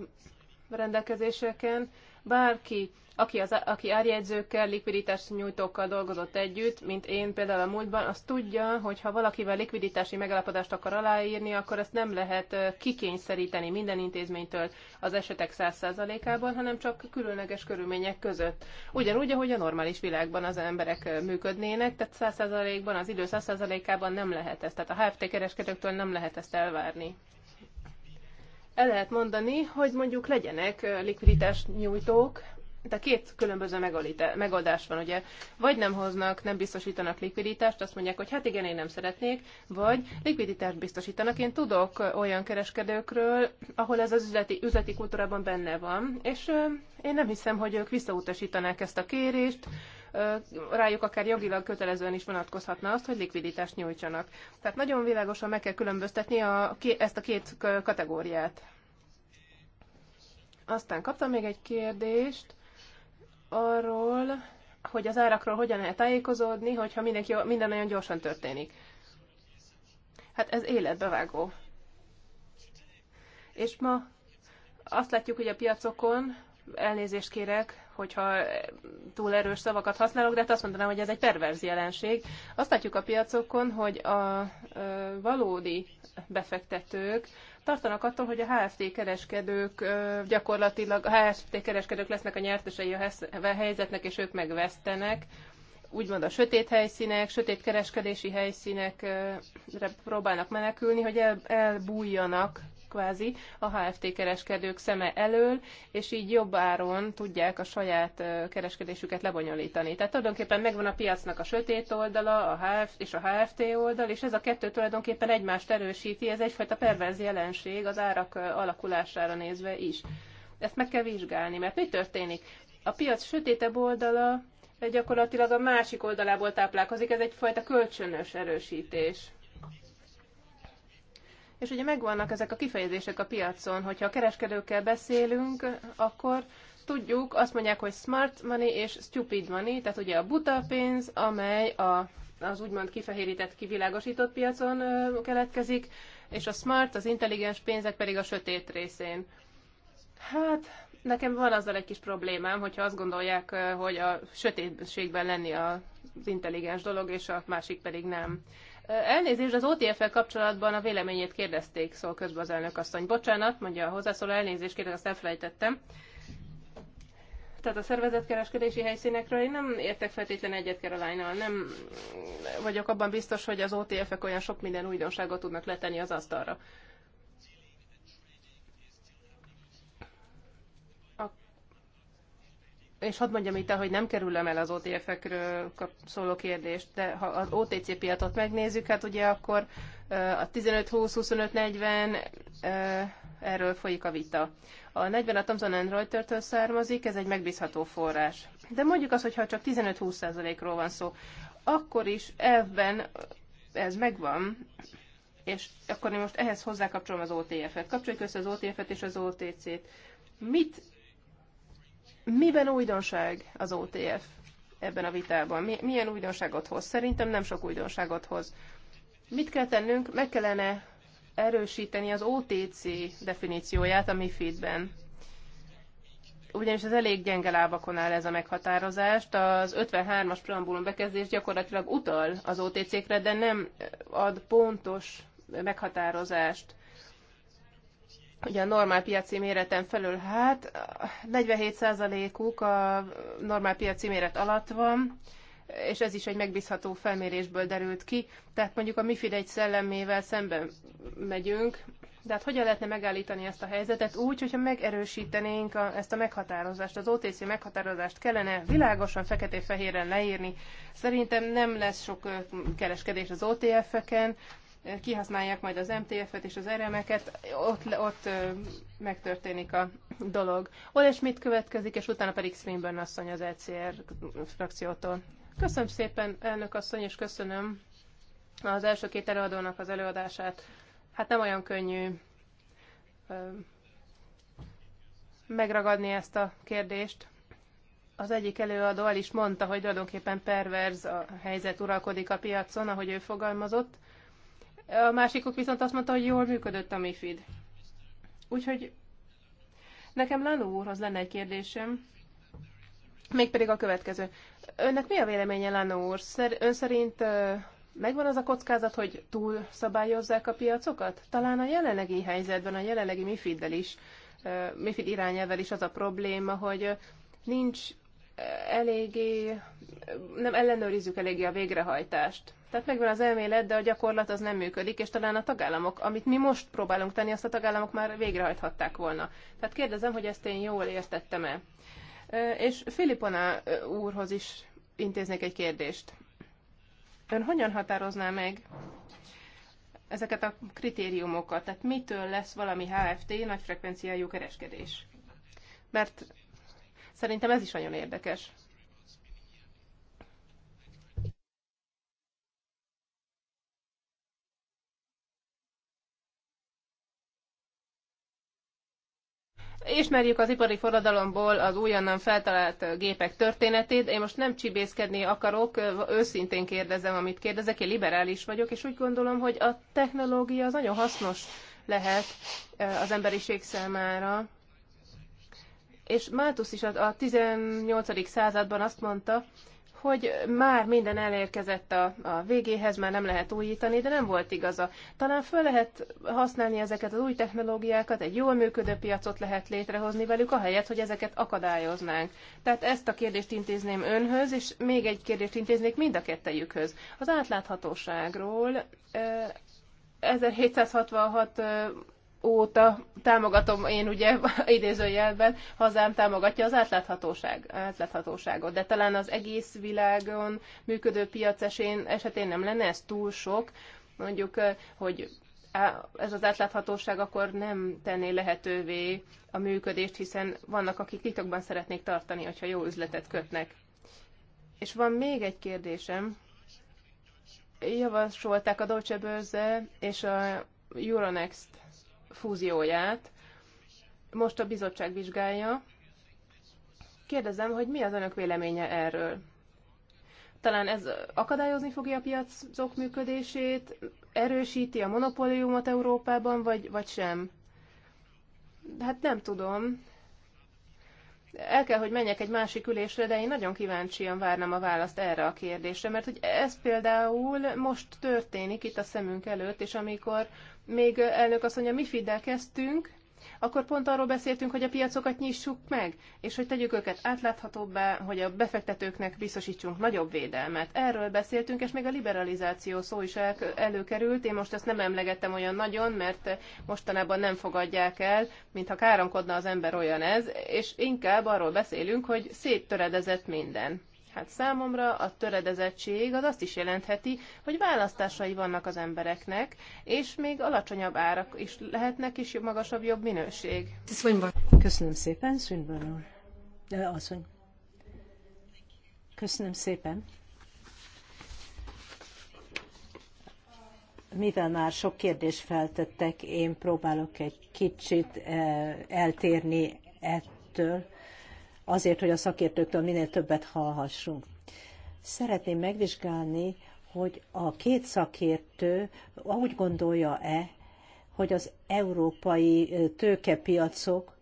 rendelkezéseken. Bárki, aki, az, aki árjegyzőkkel, likviditás nyújtókkal dolgozott együtt, mint én például a múltban, az tudja, hogy ha valakivel likviditási megállapodást akar aláírni, akkor ezt nem lehet kikényszeríteni minden intézménytől az esetek 100%-ában, hanem csak különleges körülmények között. Ugyanúgy, ahogy a normális világban az emberek működnének, tehát 100%-ban, az idő 100%-ában nem lehet ezt, tehát a HFT kereskedőktől nem lehet ezt elvárni el lehet mondani, hogy mondjuk legyenek likviditást nyújtók, de két különböző megoldás van, ugye, vagy nem hoznak, nem biztosítanak likviditást, azt mondják, hogy hát igen, én nem szeretnék, vagy likviditást biztosítanak. Én tudok olyan kereskedőkről, ahol ez az üzleti, üzleti kultúrában benne van, és én nem hiszem, hogy ők visszautasítanák ezt a kérést, rájuk akár jogilag kötelezően is vonatkozhatna azt, hogy likviditást nyújtsanak. Tehát nagyon világosan meg kell különböztetni a, ezt a két kategóriát. Aztán kaptam még egy kérdést arról, hogy az árakról hogyan lehet tájékozódni, hogyha mindenki, minden nagyon gyorsan történik. Hát ez életbevágó. És ma azt látjuk, hogy a piacokon, elnézést kérek, hogyha túl erős szavakat használok, de hát azt mondanám, hogy ez egy perverz jelenség. Azt látjuk a piacokon, hogy a valódi befektetők tartanak attól, hogy a HFT kereskedők gyakorlatilag, a HFT kereskedők lesznek a nyertesei a helyzetnek, és ők megvesztenek. Úgymond a sötét helyszínek, sötét kereskedési helyszínekre próbálnak menekülni, hogy el, elbújjanak kvázi a HFT kereskedők szeme elől, és így jobb áron tudják a saját kereskedésüket lebonyolítani. Tehát tulajdonképpen megvan a piacnak a sötét oldala a HFT és a HFT oldal, és ez a kettő tulajdonképpen egymást erősíti, ez egyfajta perverz jelenség az árak alakulására nézve is. Ezt meg kell vizsgálni, mert mi történik? A piac sötétebb oldala gyakorlatilag a másik oldalából táplálkozik, ez egyfajta kölcsönös erősítés. És ugye megvannak ezek a kifejezések a piacon, hogyha a kereskedőkkel beszélünk, akkor tudjuk, azt mondják, hogy smart money és stupid money, tehát ugye a buta pénz, amely a, az úgymond kifehérített, kivilágosított piacon ö, keletkezik, és a smart, az intelligens pénzek pedig a sötét részén. Hát, nekem van azzal egy kis problémám, hogyha azt gondolják, hogy a sötétségben lenni az intelligens dolog, és a másik pedig nem. Elnézést, az otf kapcsolatban a véleményét kérdezték, szól közben az elnök asszony. Bocsánat, mondja a hozzászóló, elnézést kérdezik, azt elfelejtettem. Tehát a szervezetkereskedési helyszínekről én nem értek feltétlen egyet Caroline-nal. Nem vagyok abban biztos, hogy az OTF-ek olyan sok minden újdonságot tudnak letenni az asztalra. és hadd mondjam itt, hogy nem kerülöm el az OTF-ekről szóló kérdést, de ha az OTC piacot megnézzük, hát ugye akkor a 15-20-25-40 erről folyik a vita. A 40 a Thomson Reuters-től származik, ez egy megbízható forrás. De mondjuk az, hogyha csak 15-20%-ról van szó, akkor is elvben ez megvan, és akkor én most ehhez hozzákapcsolom az OTF-et. Kapcsoljuk össze az OTF-et és az OTC-t. Mit Miben újdonság az OTF ebben a vitában? Milyen újdonságot hoz? Szerintem nem sok újdonságot hoz. Mit kell tennünk? Meg kellene erősíteni az OTC definícióját a MIFID-ben. Ugyanis ez elég gyenge lábakon áll ez a meghatározást. Az 53-as preambulum bekezdés gyakorlatilag utal az OTC-kre, de nem ad pontos meghatározást ugye a normál piaci méreten felül, hát 47%-uk a normál piaci méret alatt van, és ez is egy megbízható felmérésből derült ki. Tehát mondjuk a MIFID egy szellemével szemben megyünk, de hát hogyan lehetne megállítani ezt a helyzetet úgy, hogyha megerősítenénk a, ezt a meghatározást, az OTC meghatározást kellene világosan, feketé fehéren leírni. Szerintem nem lesz sok kereskedés az OTF-eken, kihasználják majd az MTF-et és az RM-eket, ott, ott megtörténik a dolog. Oles mit következik, és utána pedig Swinburne asszony az ECR frakciótól. Köszönöm szépen, elnök asszony, és köszönöm az első két előadónak az előadását. Hát nem olyan könnyű megragadni ezt a kérdést. Az egyik előadó el is mondta, hogy tulajdonképpen perverz a helyzet uralkodik a piacon, ahogy ő fogalmazott a másikuk viszont azt mondta, hogy jól működött a MIFID. Úgyhogy nekem Lanú úrhoz lenne egy kérdésem, mégpedig a következő. Önnek mi a véleménye, Lanú úr? Ön szerint megvan az a kockázat, hogy túl szabályozzák a piacokat? Talán a jelenlegi helyzetben, a jelenlegi MIFID-del is, MIFID irányelvel is az a probléma, hogy nincs eléggé, nem ellenőrizzük eléggé a végrehajtást. Tehát megvan az elmélet, de a gyakorlat az nem működik, és talán a tagállamok, amit mi most próbálunk tenni, azt a tagállamok már végrehajthatták volna. Tehát kérdezem, hogy ezt én jól értettem-e. És Filipona úrhoz is intéznék egy kérdést. Ön hogyan határozná meg ezeket a kritériumokat? Tehát mitől lesz valami HFT, nagy frekvenciájú kereskedés? Mert szerintem ez is nagyon érdekes. ismerjük az ipari forradalomból az újonnan feltalált gépek történetét. Én most nem csibészkedni akarok, őszintén kérdezem, amit kérdezek. Én liberális vagyok, és úgy gondolom, hogy a technológia az nagyon hasznos lehet e, az emberiség számára. És Mátusz is a 18. században azt mondta, hogy már minden elérkezett a, a végéhez, már nem lehet újítani, de nem volt igaza. Talán föl lehet használni ezeket az új technológiákat, egy jól működő piacot lehet létrehozni velük, ahelyett, hogy ezeket akadályoznánk. Tehát ezt a kérdést intézném önhöz, és még egy kérdést intéznék mind a kettejükhöz. Az átláthatóságról 1766 eh, óta támogatom én ugye (laughs) idézőjelben, hazám támogatja az átláthatóság, átláthatóságot, de talán az egész világon működő piac esén, esetén nem lenne ez túl sok, mondjuk, hogy ez az átláthatóság akkor nem tenné lehetővé a működést, hiszen vannak, akik titokban szeretnék tartani, hogyha jó üzletet kötnek. És van még egy kérdésem. Javasolták a Deutsche Börse és a Euronext fúzióját most a bizottság vizsgálja. Kérdezem, hogy mi az önök véleménye erről? Talán ez akadályozni fogja a piacok működését, erősíti a monopóliumot Európában, vagy, vagy sem? hát nem tudom. El kell, hogy menjek egy másik ülésre, de én nagyon kíváncsian várnám a választ erre a kérdésre, mert hogy ez például most történik itt a szemünk előtt, és amikor uh, még elnök azt mondja, mi fiddel kezdtünk, akkor pont arról beszéltünk, hogy a piacokat nyissuk meg, és hogy tegyük őket átláthatóbbá, hogy a befektetőknek biztosítsunk nagyobb védelmet. Erről beszéltünk, és még a liberalizáció szó is el, előkerült. Én most ezt nem emlegettem olyan nagyon, mert mostanában nem fogadják el, mintha káromkodna az ember olyan ez, és inkább arról beszélünk, hogy széttöredezett minden. Hát számomra a töredezettség az azt is jelentheti, hogy választásai vannak az embereknek, és még alacsonyabb árak is lehetnek, és magasabb, jobb minőség. Köszönöm szépen, Swinburne úr. Asszony. Köszönöm szépen. Mivel már sok kérdést feltettek, én próbálok egy kicsit eltérni ettől azért, hogy a szakértőktől minél többet hallhassunk. Szeretném megvizsgálni, hogy a két szakértő úgy gondolja-e, hogy az európai tőkepiacok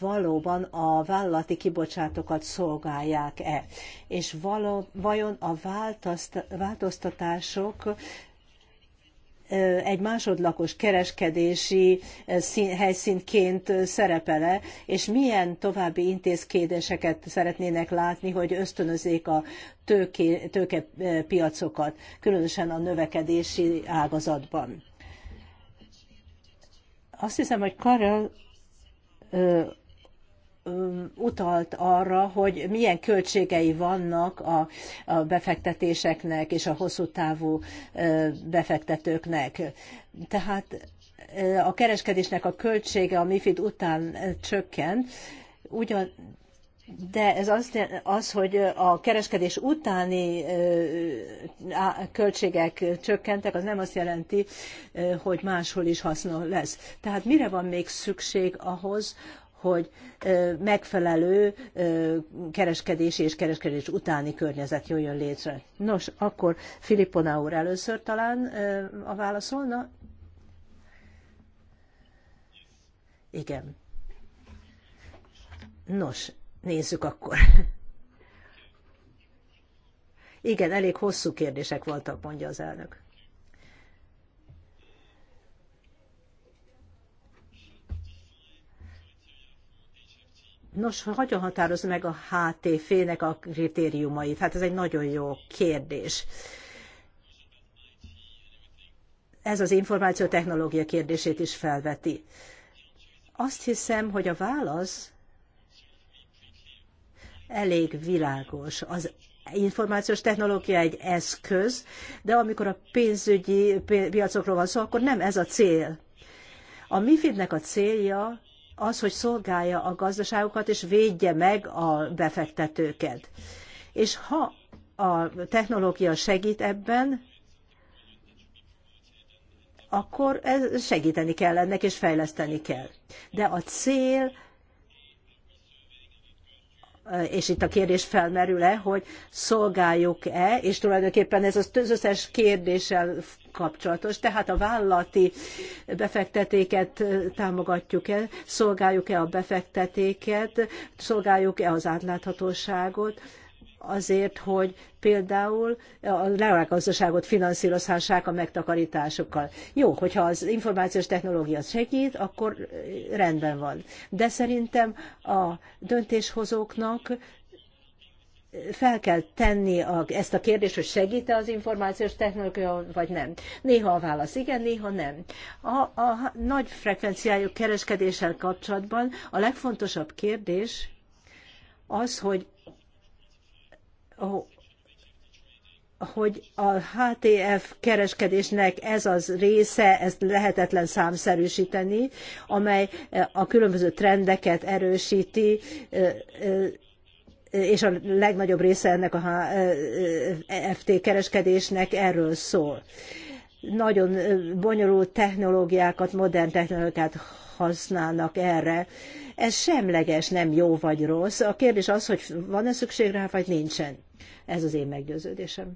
valóban a vállalati kibocsátókat szolgálják-e, és való, vajon a változtatások egy másodlagos kereskedési helyszínként szerepele, és milyen további intézkedéseket szeretnének látni, hogy ösztönözzék a tőké, tőkepiacokat, különösen a növekedési ágazatban. Azt hiszem, hogy Karel utalt arra, hogy milyen költségei vannak a, a befektetéseknek és a hosszú távú befektetőknek. Tehát a kereskedésnek a költsége a MIFID után csökken, ugyan, de ez az, az, hogy a kereskedés utáni költségek csökkentek, az nem azt jelenti, hogy máshol is haszna lesz. Tehát mire van még szükség ahhoz, hogy megfelelő kereskedés és kereskedés utáni környezet jöjjön létre. Nos, akkor Filippona úr először talán a válaszolna? Igen. Nos, nézzük akkor. Igen, elég hosszú kérdések voltak, mondja az elnök. Nos, hogyan határozza meg a HTF-nek a kritériumait? Hát ez egy nagyon jó kérdés. Ez az információ technológia kérdését is felveti. Azt hiszem, hogy a válasz elég világos. Az információs technológia egy eszköz, de amikor a pénzügyi piacokról van szó, akkor nem ez a cél. A MIFID-nek a célja az, hogy szolgálja a gazdaságokat és védje meg a befektetőket. És ha a technológia segít ebben, akkor ez segíteni kell ennek, és fejleszteni kell. De a cél, és itt a kérdés felmerül-e, hogy szolgáljuk-e, és tulajdonképpen ez az összes kérdéssel kapcsolatos. Tehát a vállalati befektetéket támogatjuk-e, szolgáljuk-e a befektetéket, szolgáljuk-e az átláthatóságot, azért, hogy például a reálgazdaságot finanszírozhassák a megtakarításokkal. Jó, hogyha az információs technológia segít, akkor rendben van. De szerintem a döntéshozóknak fel kell tenni a, ezt a kérdést, hogy segít az információs technológia, vagy nem. Néha a válasz igen, néha nem. A, a nagy frekvenciájú kereskedéssel kapcsolatban a legfontosabb kérdés az, hogy hogy a HTF kereskedésnek ez az része, ezt lehetetlen számszerűsíteni, amely a különböző trendeket erősíti, és a legnagyobb része ennek a FT kereskedésnek erről szól. Nagyon bonyolult technológiákat, modern technológiákat használnak erre. Ez semleges, nem jó vagy rossz. A kérdés az, hogy van-e szükség rá, vagy nincsen. Ez az én meggyőződésem.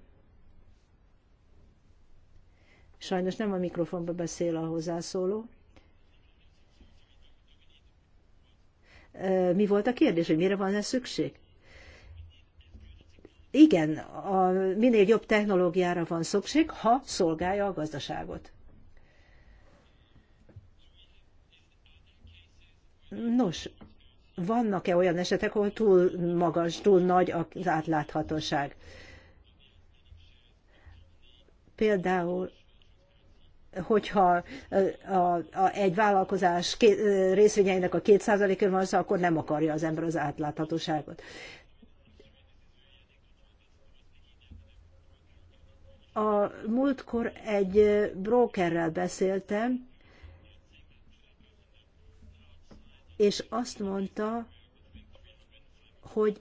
Sajnos nem a mikrofonba beszél a hozzászóló. Mi volt a kérdés, hogy mire van ez szükség? igen, a minél jobb technológiára van szükség, ha szolgálja a gazdaságot. Nos, vannak-e olyan esetek, ahol túl magas, túl nagy az átláthatóság? Például, hogyha a, a, egy vállalkozás ké, részvényeinek a 2 van akkor nem akarja az ember az átláthatóságot. A múltkor egy brokerrel beszéltem, és azt mondta, hogy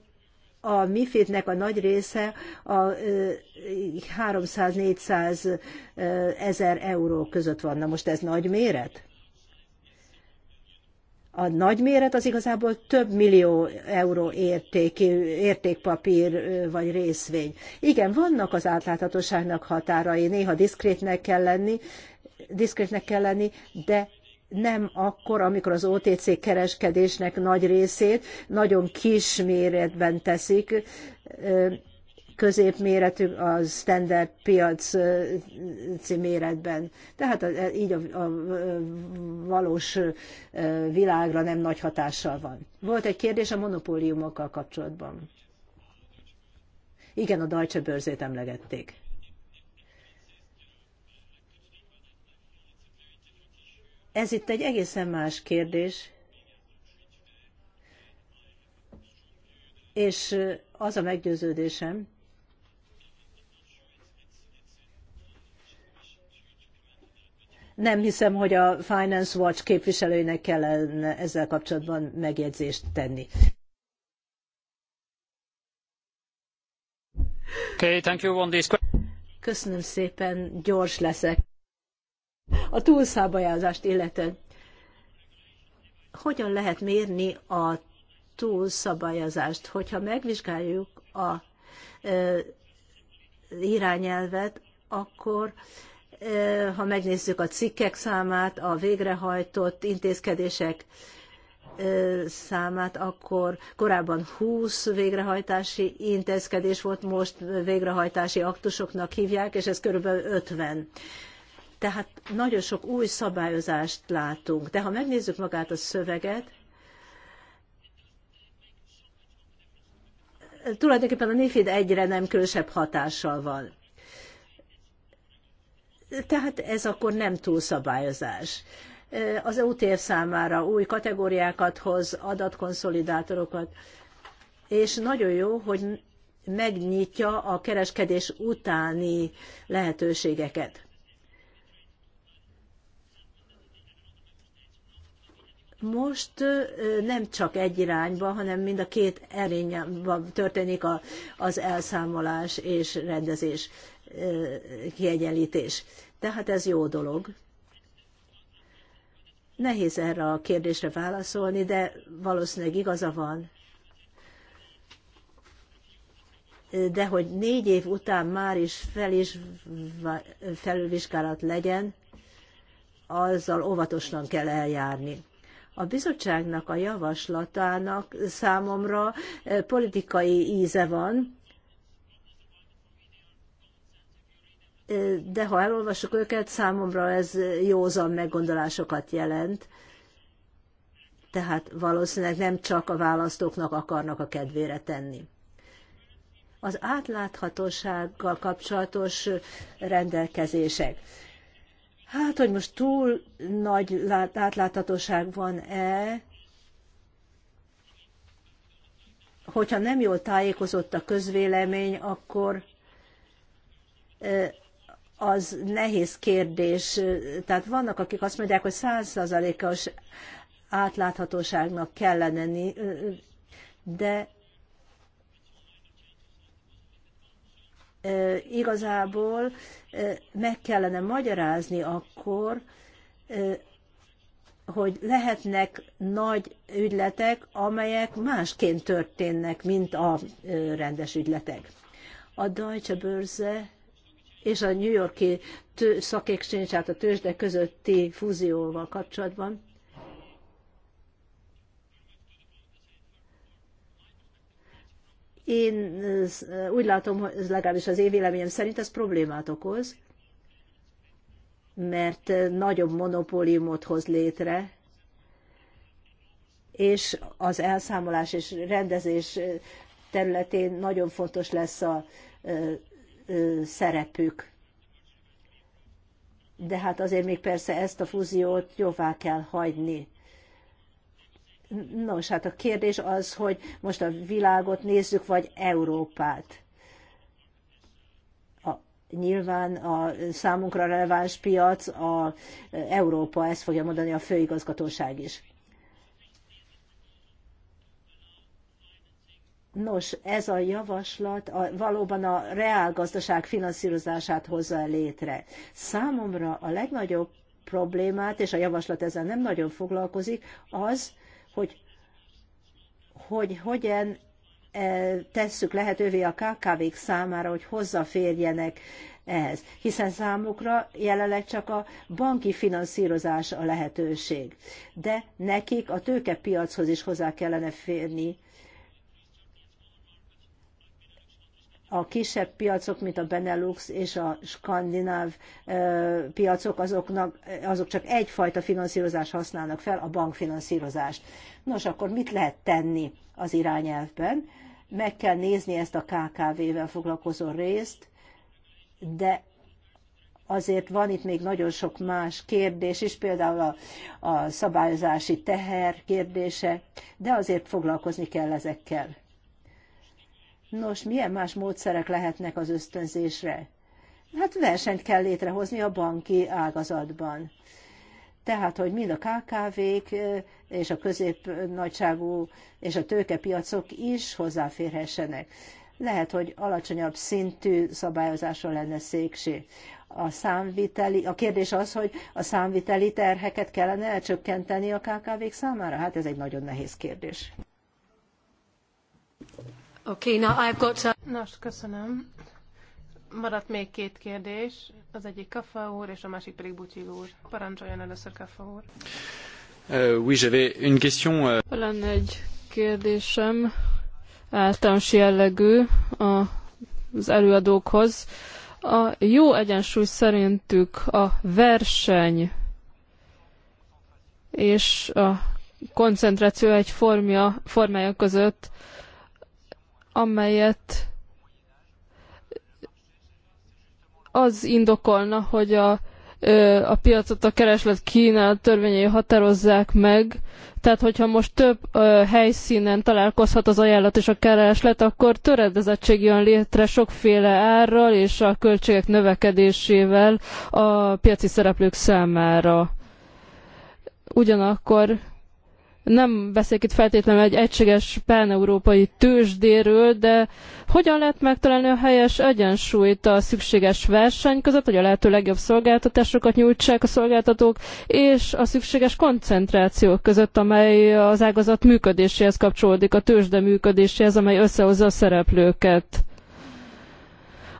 a MIFID-nek a nagy része a 300-400 ezer euró között van. Na most ez nagy méret? A nagy méret az igazából több millió euró érték, értékpapír vagy részvény. Igen, vannak az átláthatóságnak határai, néha diszkrétnek kell lenni, diszkrétnek kell lenni, de nem akkor, amikor az OTC kereskedésnek nagy részét nagyon kis méretben teszik, középméretű a standard piaci méretben. Tehát e, így a, a valós világra nem nagy hatással van. Volt egy kérdés a monopóliumokkal kapcsolatban. Igen, a Deutsche Börzét emlegették. Ez itt egy egészen más kérdés, és az a meggyőződésem, Nem hiszem, hogy a Finance Watch képviselőinek kellene ezzel kapcsolatban megjegyzést tenni. Okay, thank you on this. Köszönöm szépen, gyors leszek. A túlszábajázást illetően hogyan lehet mérni a túlszabályozást? Hogyha megvizsgáljuk a irányelvet, akkor ha megnézzük a cikkek számát, a végrehajtott intézkedések számát, akkor korábban 20 végrehajtási intézkedés volt, most végrehajtási aktusoknak hívják, és ez körülbelül 50. Tehát nagyon sok új szabályozást látunk. De ha megnézzük magát a szöveget, tulajdonképpen a NIFID egyre nem különösebb hatással van. Tehát ez akkor nem túlszabályozás. Az OTF e számára új kategóriákat hoz, adatkonszolidátorokat, és nagyon jó, hogy megnyitja a kereskedés utáni lehetőségeket. most nem csak egy irányba, hanem mind a két erényben történik az elszámolás és rendezés kiegyenlítés. Tehát ez jó dolog. Nehéz erre a kérdésre válaszolni, de valószínűleg igaza van. De hogy négy év után már is, fel is felülvizsgálat legyen, azzal óvatosan kell eljárni. A bizottságnak a javaslatának számomra politikai íze van, de ha elolvasok őket, számomra ez józan meggondolásokat jelent. Tehát valószínűleg nem csak a választóknak akarnak a kedvére tenni. Az átláthatósággal kapcsolatos rendelkezések. Hát, hogy most túl nagy átláthatóság van-e, hogyha nem jól tájékozott a közvélemény, akkor az nehéz kérdés. Tehát vannak, akik azt mondják, hogy százszázalékos átláthatóságnak kellene, de igazából meg kellene magyarázni akkor, hogy lehetnek nagy ügyletek, amelyek másként történnek, mint a rendes ügyletek. A Deutsche Börse és a New Yorki Stock Exchange, tehát a tőzsde közötti fúzióval kapcsolatban. Én úgy látom, hogy ez legalábbis az én véleményem szerint ez problémát okoz, mert nagyobb monopóliumot hoz létre, és az elszámolás és rendezés területén nagyon fontos lesz a szerepük. De hát azért még persze ezt a fúziót jóvá kell hagyni. Nos, hát a kérdés az, hogy most a világot nézzük, vagy Európát. A, nyilván a számunkra releváns piac a Európa, ezt fogja mondani a főigazgatóság is. Nos, ez a javaslat a, valóban a reálgazdaság finanszírozását hozza létre. Számomra a legnagyobb problémát, és a javaslat ezzel nem nagyon foglalkozik, az, hogy, hogy hogyan e, tesszük lehetővé a KKV-k számára, hogy hozzáférjenek ehhez, hiszen számukra jelenleg csak a banki finanszírozás a lehetőség. De nekik a tőkepiachoz is hozzá kellene férni, a kisebb piacok, mint a Benelux és a skandináv piacok, azoknak, azok csak egyfajta finanszírozást használnak fel, a bankfinanszírozást. Nos, akkor mit lehet tenni az irányelvben? Meg kell nézni ezt a KKV-vel foglalkozó részt, de azért van itt még nagyon sok más kérdés is, például a, a szabályozási teher kérdése, de azért foglalkozni kell ezekkel Nos, milyen más módszerek lehetnek az ösztönzésre? Hát versenyt kell létrehozni a banki ágazatban. Tehát, hogy mind a KKV-k és a középnagyságú és a tőkepiacok is hozzáférhessenek. Lehet, hogy alacsonyabb szintű szabályozásra lenne szükség. A, számviteli, a kérdés az, hogy a számviteli terheket kellene elcsökkenteni a KKV-k számára? Hát ez egy nagyon nehéz kérdés. Okay, now I've got to... Uh, Nos, köszönöm. Maradt még két kérdés, az egyik Kaffa úr, és a másik pedig Bucsil úr. Parancsoljon először Kaffa úr. Uh, oui, j'avais une question. Uh... Lenne egy kérdésem általános jellegű a, az előadókhoz. A jó egyensúly szerintük a verseny és a koncentráció egy formja, formája között uh, amelyet az indokolna, hogy a, a piacot a kereslet kínálat törvényei határozzák meg. Tehát, hogyha most több ö, helyszínen találkozhat az ajánlat és a kereslet, akkor töredezettség jön létre sokféle árral és a költségek növekedésével a piaci szereplők számára. Ugyanakkor nem beszélek itt feltétlenül egy egységes pán-európai tőzsdéről, de hogyan lehet megtalálni a helyes egyensúlyt a szükséges verseny között, hogy a lehető legjobb szolgáltatásokat nyújtsák a szolgáltatók, és a szükséges koncentráció között, amely az ágazat működéséhez kapcsolódik, a tőzsde működéséhez, amely összehozza a szereplőket.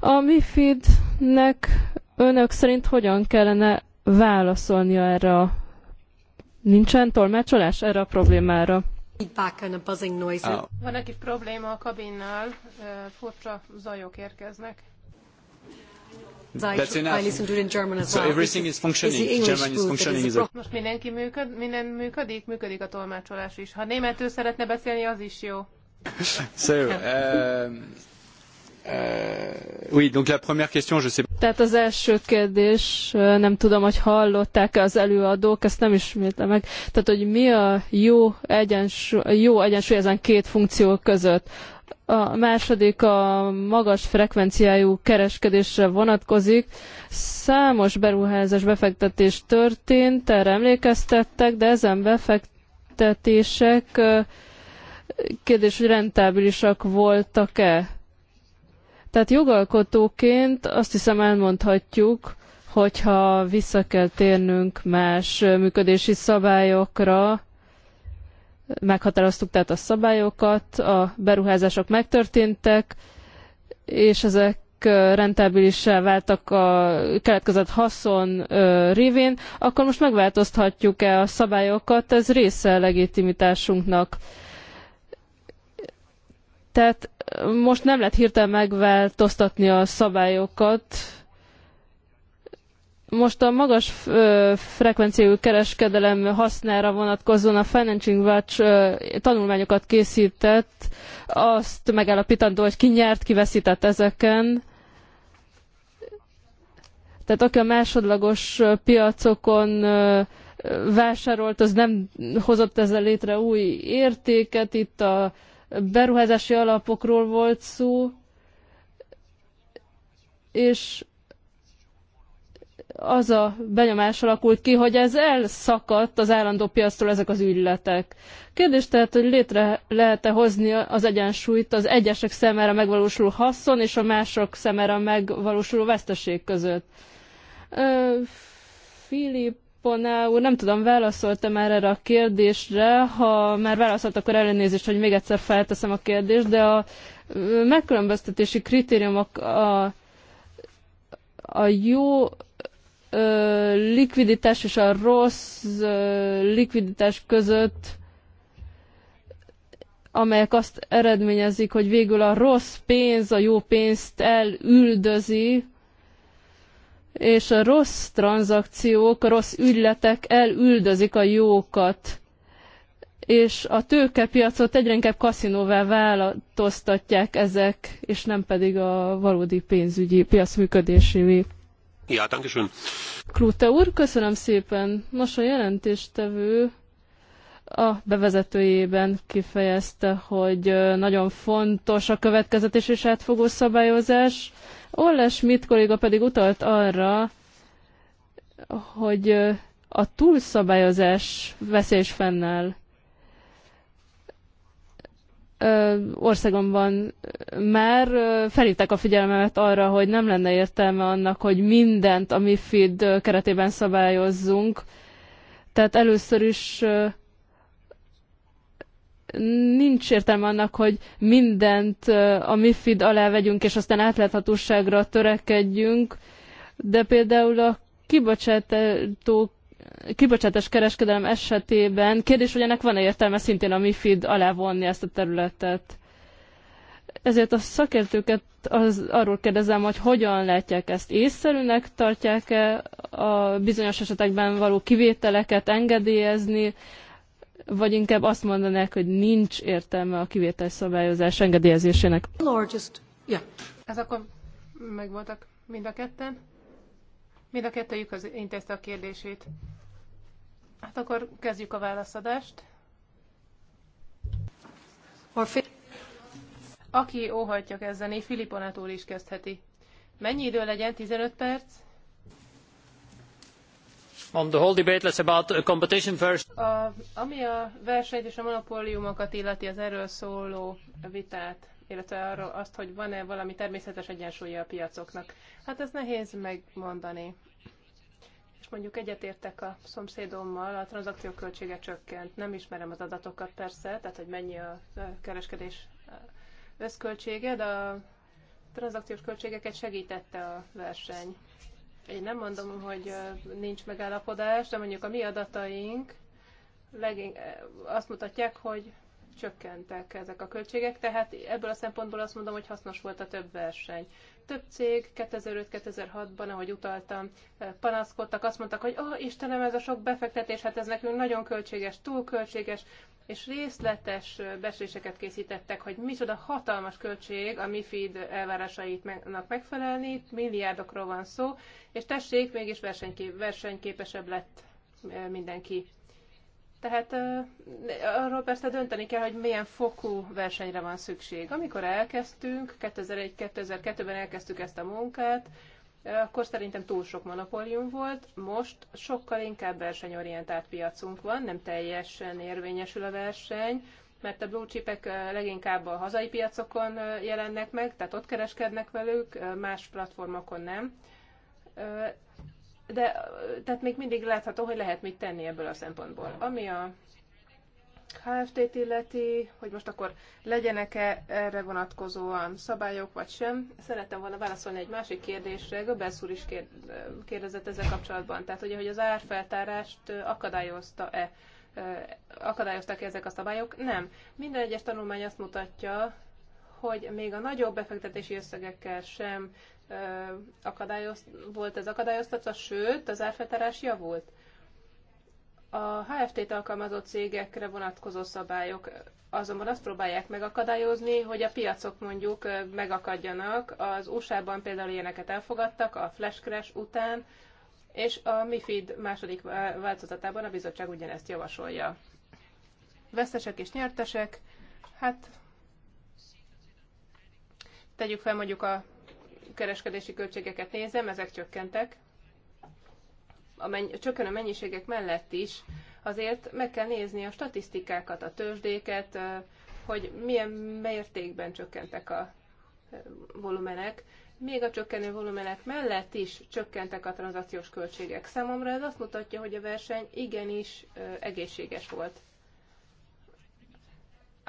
A MIFID-nek önök szerint hogyan kellene válaszolnia erre a Nincsen tolmácsolás erre a problémára. Oh. Van egy probléma a kabinnal, furcsa zajok érkeznek. That's enough. I listen to it in German as well. So everything is functioning. Is German is functioning. Is a... Most mindenki működ, minden működik, működik a tolmácsolás is. Ha németül szeretne beszélni, az is jó. (laughs) So, um, Euh, oui, donc la première question, je sais... Tehát az első kérdés, nem tudom, hogy hallották-e az előadók, ezt nem ismétlem meg. Tehát, hogy mi a jó egyensúly, jó egyensúly ezen két funkció között. A második a magas frekvenciájú kereskedésre vonatkozik. Számos beruházás befektetés történt, erre emlékeztettek, de ezen befektetések kérdés, hogy rentábilisak voltak-e? Tehát jogalkotóként azt hiszem elmondhatjuk, hogyha vissza kell térnünk más működési szabályokra, meghatároztuk tehát a szabályokat, a beruházások megtörténtek, és ezek rentábilissá váltak a keletkezett haszon révén, akkor most megváltoztatjuk-e a szabályokat, ez része a legitimitásunknak. Tehát most nem lehet hirtelen megváltoztatni a szabályokat. Most a magas frekvenciájú kereskedelem hasznára vonatkozóan a Financing Watch tanulmányokat készített, azt megállapítandó, hogy ki nyert, ki veszített ezeken. Tehát aki a másodlagos piacokon vásárolt, az nem hozott ezzel létre új értéket. Itt a beruházási alapokról volt szó, és az a benyomás alakult ki, hogy ez elszakadt az állandó piactól ezek az ügyletek. Kérdés tehát, hogy létre lehet-e hozni az egyensúlyt az egyesek szemére megvalósuló haszon és a mások szemére megvalósuló veszteség között. Filip Poná úr, nem tudom, válaszoltam már erre a kérdésre. Ha már válaszolt, akkor ellenézést, hogy még egyszer felteszem a kérdést, de a megkülönböztetési kritériumok a, a jó ö, likviditás és a rossz ö, likviditás között, amelyek azt eredményezik, hogy végül a rossz pénz a jó pénzt elüldözi, és a rossz tranzakciók, a rossz ügyletek elüldözik a jókat, és a tőkepiacot egyre inkább kaszinóvá változtatják ezek, és nem pedig a valódi pénzügyi piac működésévé. Ja, dankeschön. Klute úr, köszönöm szépen. Most a jelentéstevő a bevezetőjében kifejezte, hogy nagyon fontos a következetes és átfogó szabályozás, Olle Schmidt kolléga pedig utalt arra, hogy a túlszabályozás veszélyes fennel fennáll. országomban már felhívták a figyelmemet arra, hogy nem lenne értelme annak, hogy mindent a MIFID keretében szabályozzunk. Tehát először is nincs értelme annak, hogy mindent a MIFID alá vegyünk, és aztán átláthatóságra törekedjünk, de például a kibocsátó kibocsátás kereskedelem esetében kérdés, hogy ennek van-e értelme szintén a MIFID alá vonni ezt a területet. Ezért a szakértőket az, arról kérdezem, hogy hogyan látják ezt észszerűnek, tartják-e a bizonyos esetekben való kivételeket engedélyezni, vagy inkább azt mondanák, hogy nincs értelme a kivétel szabályozás engedélyezésének? Lord, just, yeah. Ez akkor megvoltak mind a ketten? Mind a kettőjük az intézte a kérdését. Hát akkor kezdjük a válaszadást. Aki óhajtja kezdeni, Filipponától is kezdheti. Mennyi idő legyen? 15 perc? A, ami a versenyt és a monopóliumokat illeti az erről szóló vitát, illetve arról azt, hogy van-e valami természetes egyensúlya a piacoknak. Hát ez nehéz megmondani. És mondjuk egyetértek a szomszédommal, a tranzakciók költsége csökkent. Nem ismerem az adatokat persze, tehát hogy mennyi a kereskedés összköltsége, de a tranzakciós költségeket segítette a verseny. Én nem mondom, hogy nincs megállapodás, de mondjuk a mi adataink legink, azt mutatják, hogy csökkentek ezek a költségek, tehát ebből a szempontból azt mondom, hogy hasznos volt a több verseny. Több cég 2005-2006-ban, ahogy utaltam, panaszkodtak, azt mondták, hogy ó, oh, Istenem, ez a sok befektetés, hát ez nekünk nagyon költséges, túl költséges, és részletes beszéléseket készítettek, hogy micsoda hatalmas költség a MIFID elvárásainak megfelelni, milliárdokról van szó, és tessék, mégis versenykép, versenyképesebb lett mindenki. Tehát arról persze dönteni kell, hogy milyen fokú versenyre van szükség. Amikor elkezdtünk, 2001-2002-ben elkezdtük ezt a munkát, akkor szerintem túl sok monopólium volt, most sokkal inkább versenyorientált piacunk van, nem teljesen érvényesül a verseny, mert a blue chipek leginkább a hazai piacokon jelennek meg, tehát ott kereskednek velük, más platformokon nem. De tehát még mindig látható, hogy lehet mit tenni ebből a szempontból. Ami a kft t illeti, hogy most akkor legyenek-e erre vonatkozóan szabályok, vagy sem. Szerettem volna válaszolni egy másik kérdésre, Göbbelsz úr is kérdezett ezzel kapcsolatban. Tehát, hogy, hogy az árfeltárást akadályozta-e akadályozták -e ezek a szabályok? Nem. Minden egyes tanulmány azt mutatja, hogy még a nagyobb befektetési összegekkel sem akadályoz, volt ez akadályoztatva, sőt, az árfeltárás javult. A HFT-t alkalmazott cégekre vonatkozó szabályok azonban azt próbálják megakadályozni, hogy a piacok mondjuk megakadjanak. Az USA-ban például ilyeneket elfogadtak a flash crash után, és a MIFID második változatában a bizottság ugyanezt javasolja. Vesztesek és nyertesek, hát tegyük fel mondjuk a kereskedési költségeket nézem, ezek csökkentek, a menny- csökken mennyiségek mellett is, azért meg kell nézni a statisztikákat, a tőzsdéket, hogy milyen mértékben csökkentek a volumenek. Még a csökkenő volumenek mellett is csökkentek a tranzakciós költségek. Számomra ez azt mutatja, hogy a verseny igenis egészséges volt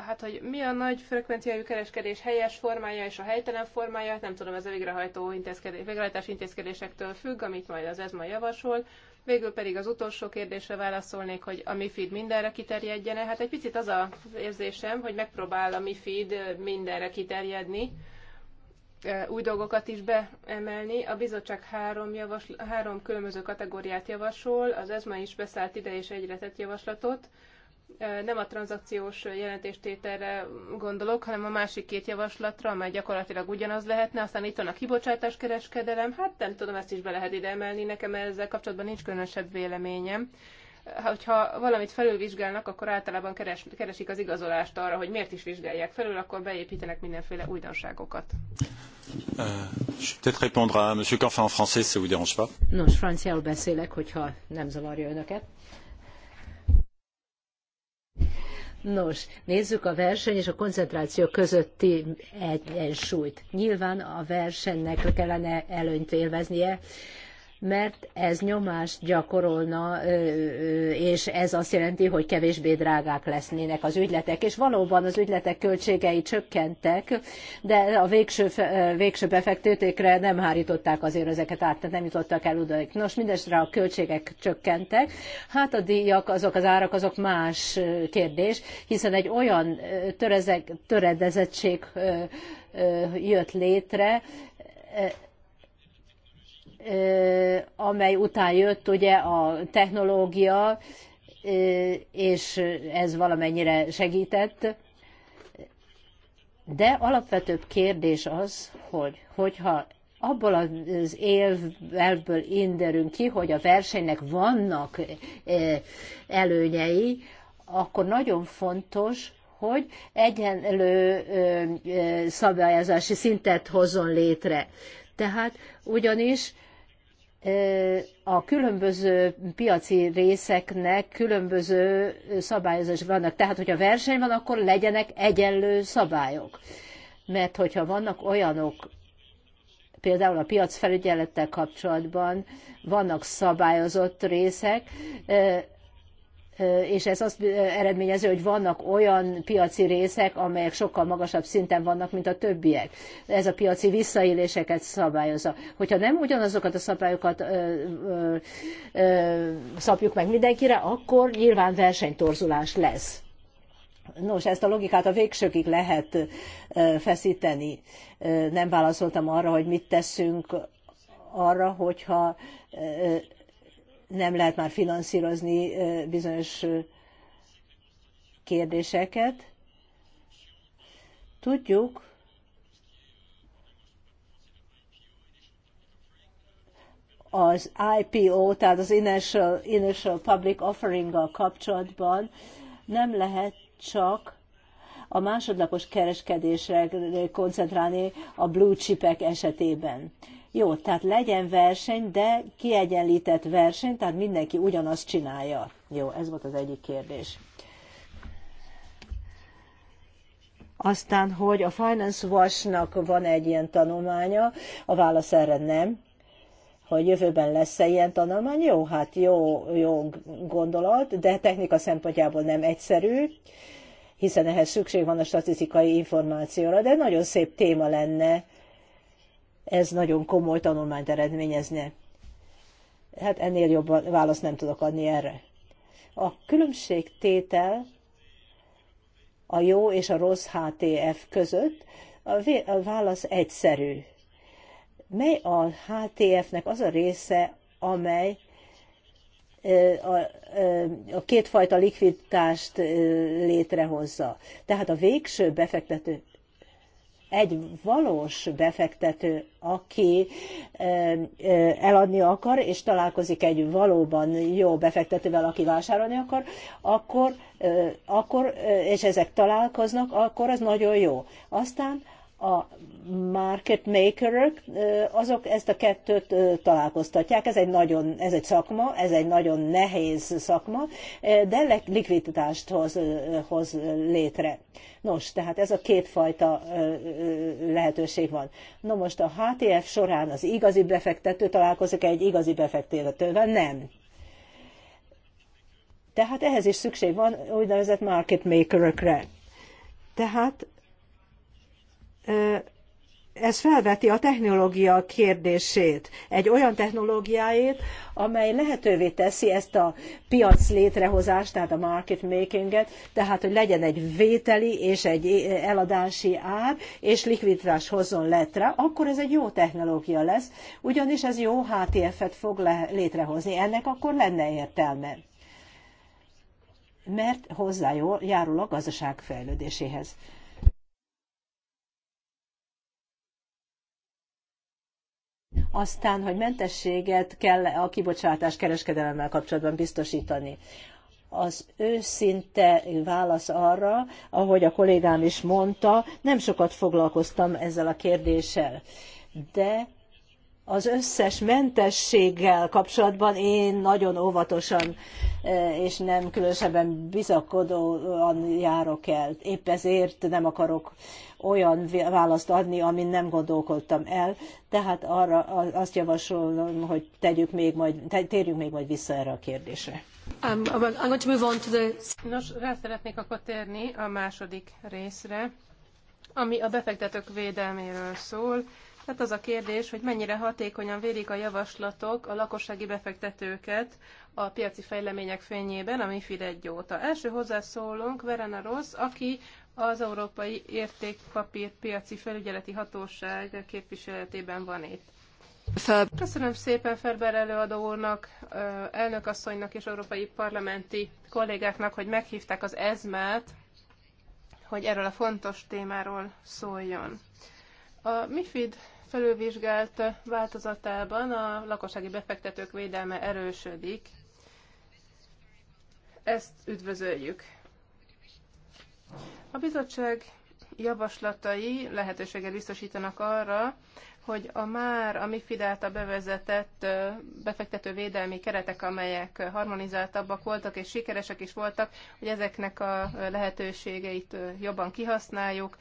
hát, hogy mi a nagy frekvenciájú kereskedés helyes formája és a helytelen formája, hát nem tudom, ez a végrehajtó intézkedés, végrehajtás intézkedésektől függ, amit majd az ESMA javasol. Végül pedig az utolsó kérdésre válaszolnék, hogy a MIFID mindenre kiterjedjene. Hát egy picit az az érzésem, hogy megpróbál a MIFID mindenre kiterjedni, új dolgokat is beemelni. A bizottság három, javasl- három különböző kategóriát javasol, az ESMA is beszállt ide és egyre tett javaslatot nem a tranzakciós jelentéstételre gondolok, hanem a másik két javaslatra, amely gyakorlatilag ugyanaz lehetne. Aztán itt van a kibocsátás kereskedelem. Hát nem tudom, ezt is be lehet ide emelni. Nekem ezzel kapcsolatban nincs különösebb véleményem. Hogyha valamit felülvizsgálnak, akkor általában keres, keresik az igazolást arra, hogy miért is vizsgálják felül, akkor beépítenek mindenféle újdonságokat. Uh, peut-être répondre à en français, vous dérange pas. Nos, franciául beszélek, hogyha nem zavarja önöket. Nos, nézzük a verseny és a koncentráció közötti egyensúlyt. Nyilván a versenynek kellene előnyt élveznie, mert ez nyomást gyakorolna, és ez azt jelenti, hogy kevésbé drágák lesznének az ügyletek. És valóban az ügyletek költségei csökkentek, de a végső, végső befektőtékre nem hárították azért ezeket át, tehát nem jutottak el oda. Nos, mindesre a költségek csökkentek. Hát a díjak, azok az árak, azok más kérdés, hiszen egy olyan törezek, töredezettség jött létre, amely után jött ugye a technológia, és ez valamennyire segített. De alapvetőbb kérdés az, hogy hogyha abból az évből inderünk ki, hogy a versenynek vannak előnyei, akkor nagyon fontos, hogy egyenlő szabályozási szintet hozzon létre. Tehát ugyanis a különböző piaci részeknek különböző szabályozás vannak. Tehát, hogyha verseny van, akkor legyenek egyenlő szabályok. Mert hogyha vannak olyanok, például a piacfelügyelettel kapcsolatban vannak szabályozott részek, és ez azt eredményező, hogy vannak olyan piaci részek, amelyek sokkal magasabb szinten vannak, mint a többiek. Ez a piaci visszaéléseket szabályozza. Hogyha nem ugyanazokat a szabályokat ö, ö, ö, szabjuk meg mindenkire, akkor nyilván versenytorzulás lesz. Nos, ezt a logikát a végsőkig lehet feszíteni. Nem válaszoltam arra, hogy mit teszünk arra, hogyha nem lehet már finanszírozni bizonyos kérdéseket. Tudjuk, az IPO, tehát az Initial, Initial Public Offering-gal kapcsolatban nem lehet csak a másodlagos kereskedésre koncentrálni a blue chipek esetében. Jó, tehát legyen verseny, de kiegyenlített verseny, tehát mindenki ugyanazt csinálja. Jó, ez volt az egyik kérdés. Aztán, hogy a Finance Watch-nak van egy ilyen tanulmánya, a válasz erre nem, hogy jövőben lesz-e ilyen tanulmány, jó, hát jó, jó gondolat, de technika szempontjából nem egyszerű, hiszen ehhez szükség van a statisztikai információra, de nagyon szép téma lenne ez nagyon komoly tanulmányt eredményezne. Hát ennél jobb választ nem tudok adni erre. A különbség tétel, a jó és a rossz HTF között a válasz egyszerű. Mely a HTF-nek az a része, amely a, a kétfajta likviditást létrehozza. Tehát a végső befektető egy valós befektető, aki eh, eh, eladni akar, és találkozik egy valóban jó befektetővel, aki vásárolni akar, akkor, eh, akkor és ezek találkoznak, akkor az nagyon jó. Aztán a market makerök, azok ezt a kettőt találkoztatják. Ez egy nagyon, ez egy szakma, ez egy nagyon nehéz szakma, de likviditást hoz, hoz létre. Nos, tehát ez a kétfajta lehetőség van. Na most a HTF során az igazi befektető találkozik egy igazi befektetővel? Nem. Tehát ehhez is szükség van úgynevezett market makerökre. Tehát ez felveti a technológia kérdését, egy olyan technológiáját, amely lehetővé teszi ezt a piac létrehozást, tehát a market makinget, tehát hogy legyen egy vételi és egy eladási ár, és likviditás hozzon létre, akkor ez egy jó technológia lesz, ugyanis ez jó HTF-et fog létrehozni. Ennek akkor lenne értelme mert hozzájárul a gazdaság fejlődéséhez. aztán, hogy mentességet kell a kibocsátás kereskedelemmel kapcsolatban biztosítani. Az őszinte válasz arra, ahogy a kollégám is mondta, nem sokat foglalkoztam ezzel a kérdéssel, de az összes mentességgel kapcsolatban én nagyon óvatosan eh, és nem különösebben bizakodóan járok el. Épp ezért nem akarok olyan választ adni, amin nem gondolkodtam el. Tehát arra azt javasolom, hogy tegyük még majd, térjünk még majd vissza erre a kérdésre. Um, I'm going to move on to the... Nos, rá szeretnék akkor térni a második részre, ami a befektetők védelméről szól Hát az a kérdés, hogy mennyire hatékonyan vérik a javaslatok a lakossági befektetőket a piaci fejlemények fényében, a MIFID egy óta. Első hozzászólunk Verena Rossz, aki az Európai értékpapír piaci Felügyeleti Hatóság képviseletében van itt. Fel. Köszönöm szépen Ferber előadó úrnak, elnökasszonynak és európai parlamenti kollégáknak, hogy meghívták az ezmát, hogy erről a fontos témáról szóljon. A MIFID felülvizsgált változatában a lakossági befektetők védelme erősödik. Ezt üdvözöljük. A bizottság javaslatai lehetőséget biztosítanak arra, hogy a már a MIFID által bevezetett befektetővédelmi keretek, amelyek harmonizáltabbak voltak és sikeresek is voltak, hogy ezeknek a lehetőségeit jobban kihasználjuk,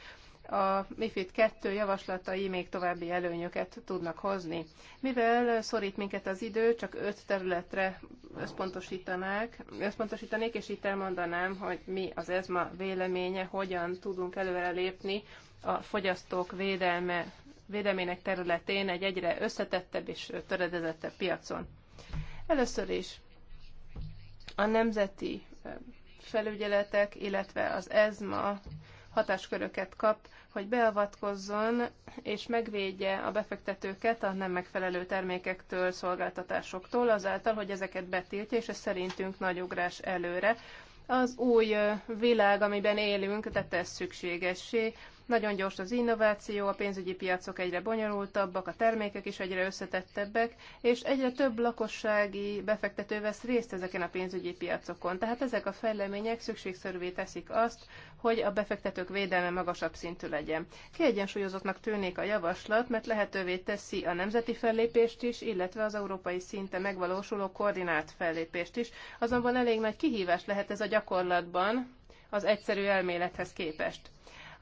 a MIFID 2 javaslatai még további előnyöket tudnak hozni. Mivel szorít minket az idő, csak öt területre összpontosítanák, összpontosítanék, és itt elmondanám, hogy mi az ESMA véleménye, hogyan tudunk előre lépni a fogyasztók védelme, védelmének területén egy egyre összetettebb és töredezettebb piacon. Először is a nemzeti felügyeletek, illetve az ESMA hatásköröket kap, hogy beavatkozzon és megvédje a befektetőket a nem megfelelő termékektől, szolgáltatásoktól, azáltal, hogy ezeket betiltja, és ez szerintünk nagy ugrás előre. Az új világ, amiben élünk, tette ez szükségessé, nagyon gyors az innováció, a pénzügyi piacok egyre bonyolultabbak, a termékek is egyre összetettebbek, és egyre több lakossági befektető vesz részt ezeken a pénzügyi piacokon. Tehát ezek a fejlemények szükségszerűvé teszik azt, hogy a befektetők védelme magasabb szintű legyen. Kiegyensúlyozottnak tűnik a javaslat, mert lehetővé teszi a nemzeti fellépést is, illetve az európai szinte megvalósuló koordinált fellépést is. Azonban elég nagy kihívás lehet ez a gyakorlatban az egyszerű elmélethez képest.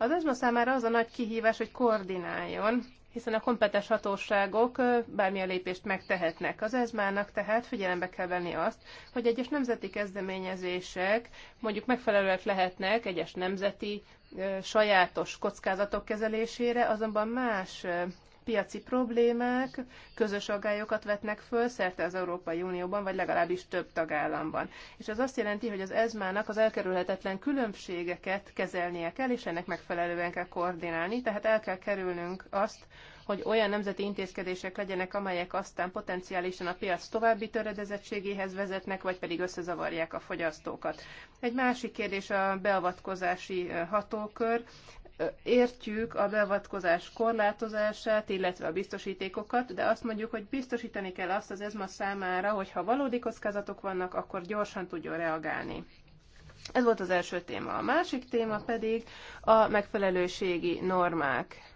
Az ESMA számára az a nagy kihívás, hogy koordináljon, hiszen a kompetens hatóságok bármilyen lépést megtehetnek. Az ezmának tehát figyelembe kell venni azt, hogy egyes nemzeti kezdeményezések mondjuk megfelelőek lehetnek egyes nemzeti sajátos kockázatok kezelésére, azonban más piaci problémák közös aggályokat vetnek föl szerte az Európai Unióban, vagy legalábbis több tagállamban. És ez azt jelenti, hogy az ezmának az elkerülhetetlen különbségeket kezelnie kell, és ennek megfelelően kell koordinálni, tehát el kell kerülnünk azt, hogy olyan nemzeti intézkedések legyenek, amelyek aztán potenciálisan a piac további töredezettségéhez vezetnek, vagy pedig összezavarják a fogyasztókat. Egy másik kérdés a beavatkozási hatókör értjük a beavatkozás korlátozását, illetve a biztosítékokat, de azt mondjuk, hogy biztosítani kell azt az ezma számára, hogy ha valódi kockázatok vannak, akkor gyorsan tudjon reagálni. Ez volt az első téma. A másik téma pedig a megfelelőségi normák.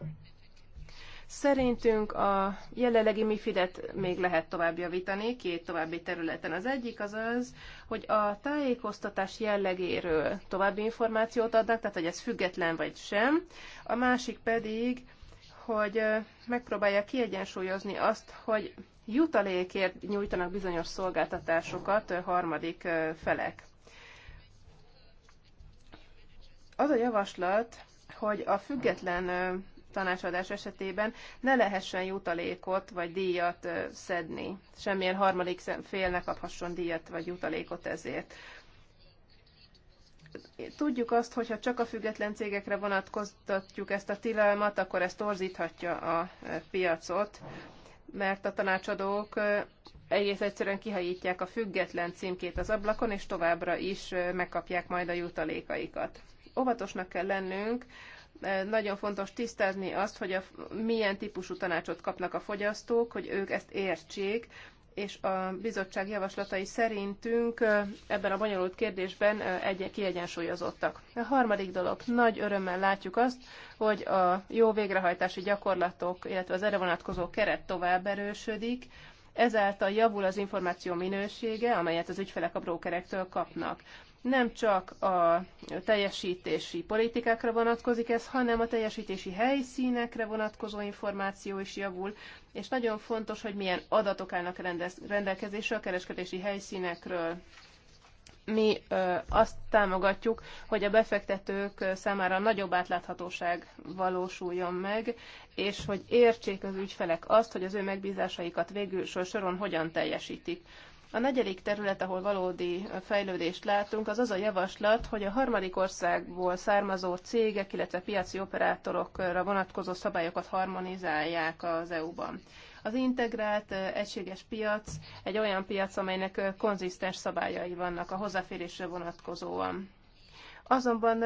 Szerintünk a jelenlegi MIFID-et még lehet tovább javítani két további területen. Az egyik az az, hogy a tájékoztatás jellegéről további információt adnak, tehát hogy ez független vagy sem. A másik pedig, hogy megpróbálja kiegyensúlyozni azt, hogy jutalékért nyújtanak bizonyos szolgáltatásokat harmadik felek. Az a javaslat, hogy a független tanácsadás esetében ne lehessen jutalékot vagy díjat szedni. Semmilyen harmadik fél ne kaphasson díjat vagy jutalékot ezért. Tudjuk azt, hogy ha csak a független cégekre vonatkoztatjuk ezt a tilalmat, akkor ez torzíthatja a piacot, mert a tanácsadók egész egyszerűen kihajítják a független címkét az ablakon, és továbbra is megkapják majd a jutalékaikat. Óvatosnak kell lennünk, nagyon fontos tisztázni azt, hogy a, milyen típusú tanácsot kapnak a fogyasztók, hogy ők ezt értsék, és a bizottság javaslatai szerintünk ebben a bonyolult kérdésben egy kiegyensúlyozottak. A harmadik dolog, nagy örömmel látjuk azt, hogy a jó végrehajtási gyakorlatok, illetve az erre vonatkozó keret tovább erősödik, Ezáltal javul az információ minősége, amelyet az ügyfelek a brókerektől kapnak nem csak a teljesítési politikákra vonatkozik ez, hanem a teljesítési helyszínekre vonatkozó információ is javul, és nagyon fontos, hogy milyen adatok állnak rendelkezésre a kereskedési helyszínekről mi azt támogatjuk, hogy a befektetők számára nagyobb átláthatóság valósuljon meg, és hogy értsék az ügyfelek azt, hogy az ő megbízásaikat végül soron hogyan teljesítik. A negyedik terület, ahol valódi fejlődést látunk, az az a javaslat, hogy a harmadik országból származó cégek, illetve piaci operátorokra vonatkozó szabályokat harmonizálják az EU-ban. Az integrált egységes piac egy olyan piac, amelynek konzisztens szabályai vannak a hozzáférésre vonatkozóan. Azonban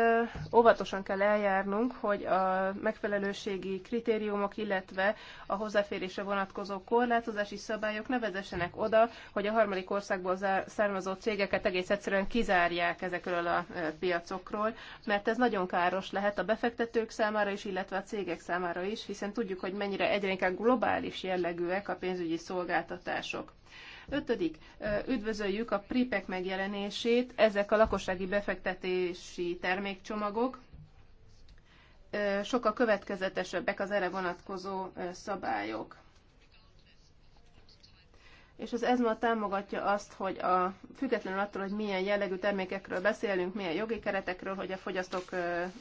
óvatosan kell eljárnunk, hogy a megfelelőségi kritériumok, illetve a hozzáférésre vonatkozó korlátozási szabályok ne vezessenek oda, hogy a harmadik országból származó cégeket egész egyszerűen kizárják ezekről a piacokról, mert ez nagyon káros lehet a befektetők számára is, illetve a cégek számára is, hiszen tudjuk, hogy mennyire egyre inkább globális jellegűek a pénzügyi szolgáltatások. Ötödik, üdvözöljük a PRIPEK megjelenését, ezek a lakossági befektetési termékcsomagok, sokkal következetesebbek az erre vonatkozó szabályok. És az ESMA támogatja azt, hogy a, függetlenül attól, hogy milyen jellegű termékekről beszélünk, milyen jogi keretekről, hogy a fogyasztók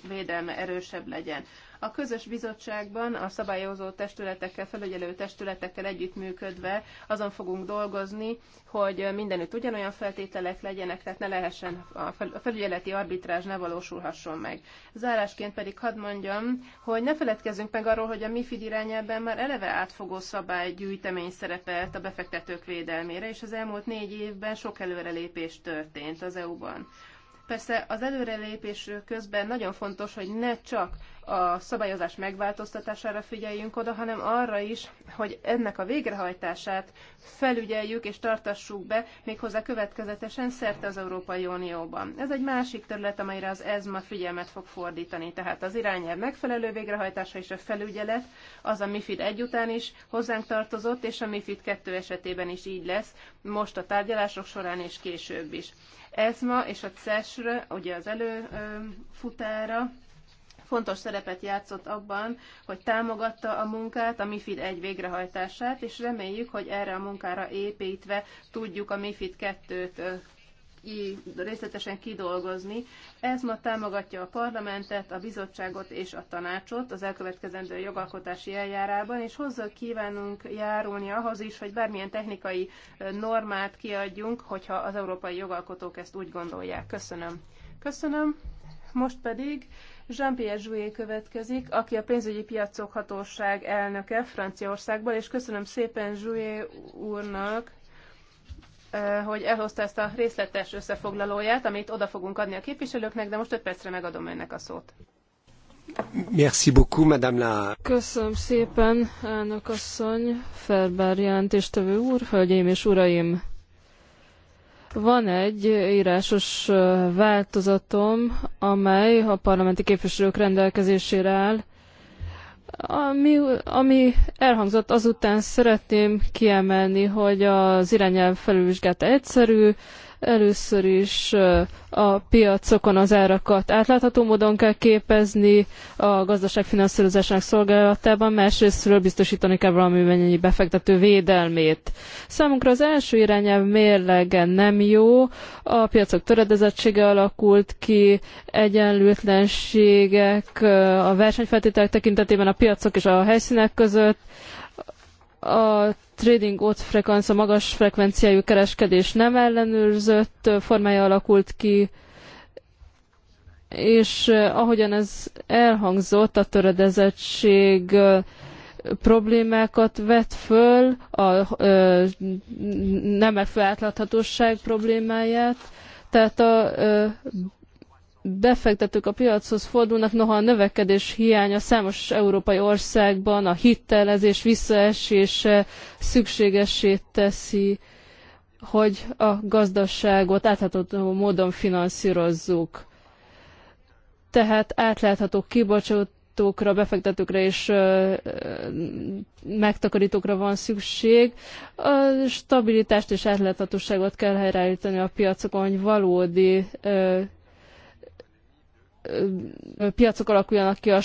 védelme erősebb legyen. A közös bizottságban a szabályozó testületekkel, felügyelő testületekkel együttműködve azon fogunk dolgozni, hogy mindenütt ugyanolyan feltételek legyenek, tehát ne lehessen a felügyeleti arbitrázs ne valósulhasson meg. Zárásként pedig hadd mondjam, hogy ne feledkezzünk meg arról, hogy a MIFID irányában már eleve átfogó szabálygyűjtemény szerepelt a befektetők védelmére, és az elmúlt négy évben sok előrelépés történt az EU-ban. Persze az előrelépés közben nagyon fontos, hogy ne csak a szabályozás megváltoztatására figyeljünk oda, hanem arra is, hogy ennek a végrehajtását felügyeljük és tartassuk be méghozzá következetesen szerte az Európai Unióban. Ez egy másik terület, amelyre az ESMA figyelmet fog fordítani, tehát az irányelv megfelelő végrehajtása és a felügyelet, az a MIFID egyután is hozzánk tartozott, és a MIFID 2 esetében is így lesz, most a tárgyalások során és később is. ESMA és a CESR, ugye az előfutára, fontos szerepet játszott abban, hogy támogatta a munkát, a MIFID egy végrehajtását, és reméljük, hogy erre a munkára építve tudjuk a MIFID 2-t ki, részletesen kidolgozni. Ez ma támogatja a parlamentet, a bizottságot és a tanácsot az elkövetkezendő jogalkotási eljárában, és hozzá kívánunk járulni ahhoz is, hogy bármilyen technikai normát kiadjunk, hogyha az európai jogalkotók ezt úgy gondolják. Köszönöm. Köszönöm. Most pedig Jean-Pierre Jouet következik, aki a pénzügyi piacok hatóság elnöke Franciaországból, és köszönöm szépen Jouet úrnak, hogy elhozta ezt a részletes összefoglalóját, amit oda fogunk adni a képviselőknek, de most öt percre megadom önnek a szót. Merci beaucoup, madame la... Köszönöm szépen, elnök asszony, Ferber jelentéstevő úr, hölgyeim és uraim! Van egy írásos változatom, amely a parlamenti képviselők rendelkezésére áll, ami, ami elhangzott azután szeretném kiemelni, hogy az irányelv felülvizsgálata egyszerű, Először is a piacokon az árakat átlátható módon kell képezni a gazdaság finanszírozásának szolgálatában, másrésztről biztosítani kell valamennyi befektető védelmét. Számunkra az első irányelv mérlege nem jó, a piacok töredezettsége alakult ki, egyenlőtlenségek a versenyfeltételek tekintetében a piacok és a helyszínek között, a trading ott frekvencia, magas frekvenciájú kereskedés nem ellenőrzött formája alakult ki, és eh, ahogyan ez elhangzott, a töredezettség eh, problémákat vet föl, a eh, nem megfelelő átláthatóság problémáját, tehát a befektetők a piachoz fordulnak, noha a növekedés hiánya számos európai országban a hitelezés visszaesése szükségessé teszi, hogy a gazdaságot átlátható módon finanszírozzuk. Tehát átlátható kibocsátókra, befektetőkre és megtakarítókra van szükség. A stabilitást és átláthatóságot kell helyreállítani a piacokon, hogy valódi ö, piacok alakuljanak ki a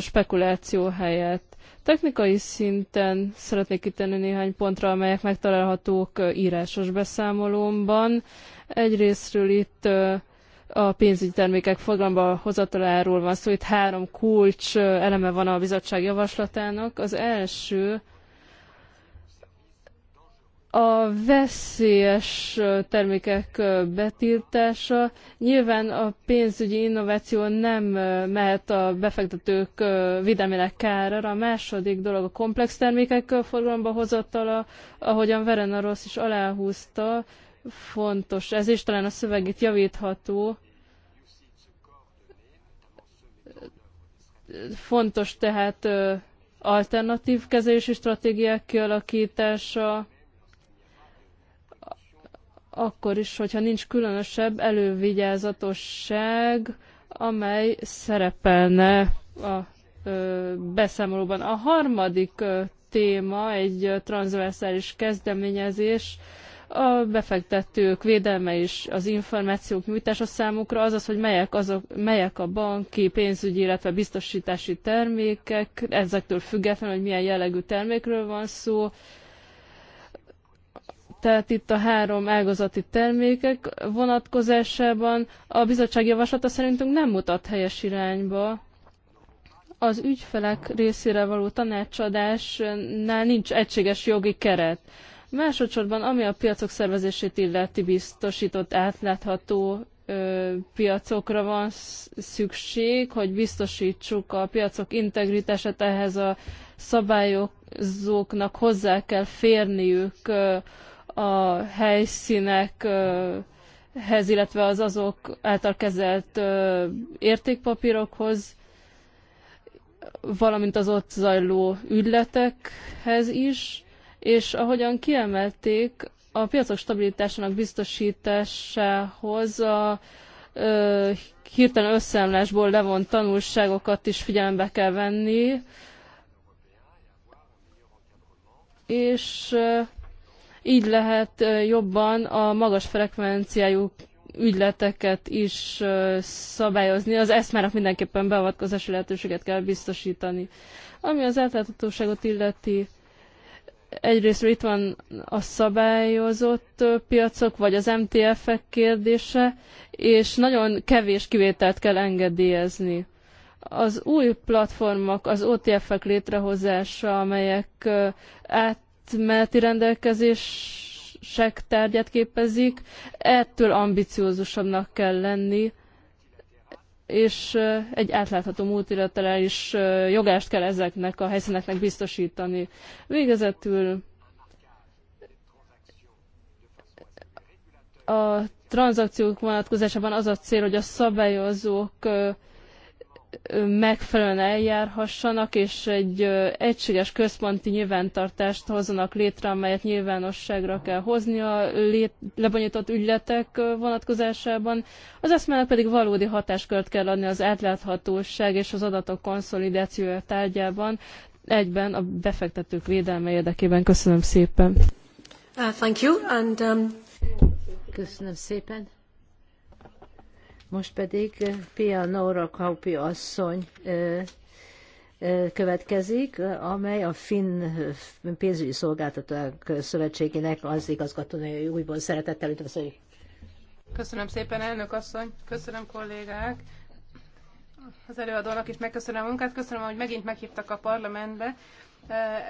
spekuláció helyett. Technikai szinten szeretnék kitenni néhány pontra, amelyek megtalálhatók írásos beszámolómban. Egyrésztről itt a pénzügyi termékek forgalomba hozataláról van szó. Itt három kulcs eleme van a bizottság javaslatának. Az első a veszélyes termékek betiltása nyilván a pénzügyi innováció nem mehet a befektetők védelmének kárára. A második dolog a komplex termékek forgalomba hozatala, ahogyan Verena Rossz is aláhúzta, fontos ez, is talán a szöveg itt javítható. Fontos tehát alternatív kezelési stratégiák kialakítása, akkor is, hogyha nincs különösebb elővigyázatosság, amely szerepelne a ö, beszámolóban. A harmadik ö, téma egy ö, transzverszális kezdeményezés, a befektetők védelme és az információk nyújtása számukra, azaz, hogy melyek, azok, melyek a banki, pénzügyi, illetve biztosítási termékek, ezektől függetlenül, hogy milyen jellegű termékről van szó, tehát itt a három ágazati termékek vonatkozásában a bizottság javaslata szerintünk nem mutat helyes irányba. Az ügyfelek részére való tanácsadásnál nincs egységes jogi keret. Másodszorban, ami a piacok szervezését illeti biztosított átlátható ö, piacokra van szükség, hogy biztosítsuk a piacok integritását ehhez a szabályozóknak hozzá kell férniük ö, a helyszínekhez, illetve az azok által kezelt értékpapírokhoz, valamint az ott zajló ügyletekhez is, és ahogyan kiemelték, a piacok stabilitásának biztosításához a ö, hirtelen összeomlásból levont tanulságokat is figyelembe kell venni, és ö, így lehet jobban a magas frekvenciájú ügyleteket is szabályozni. Az eszmárak mindenképpen beavatkozási lehetőséget kell biztosítani. Ami az átláthatóságot illeti, egyrészt itt van a szabályozott piacok, vagy az MTF-ek kérdése, és nagyon kevés kivételt kell engedélyezni. Az új platformok, az OTF-ek létrehozása, amelyek át átmeneti rendelkezések tárgyát képezik, ettől ambiciózusabbnak kell lenni, és egy átlátható multilaterális jogást kell ezeknek a helyszíneknek biztosítani. Végezetül a tranzakciók vonatkozásában az a cél, hogy a szabályozók megfelelően eljárhassanak, és egy egységes központi nyilvántartást hozzanak létre, amelyet nyilvánosságra kell hozni a lét, lebonyított ügyletek vonatkozásában. Az eszmének pedig valódi hatáskört kell adni az átláthatóság és az adatok konszolidációja tárgyában, egyben a befektetők védelme érdekében. Köszönöm szépen. Uh, thank you, and, um... Köszönöm szépen. Most pedig Pia Nóra Kaupi asszony következik, amely a Finn pénzügyi szolgáltatók szövetségének az igazgatónője újból szeretettel üdvözöljük. Köszönöm szépen, elnök asszony, köszönöm kollégák, az előadónak is megköszönöm a munkát, köszönöm, hogy megint meghívtak a parlamentbe.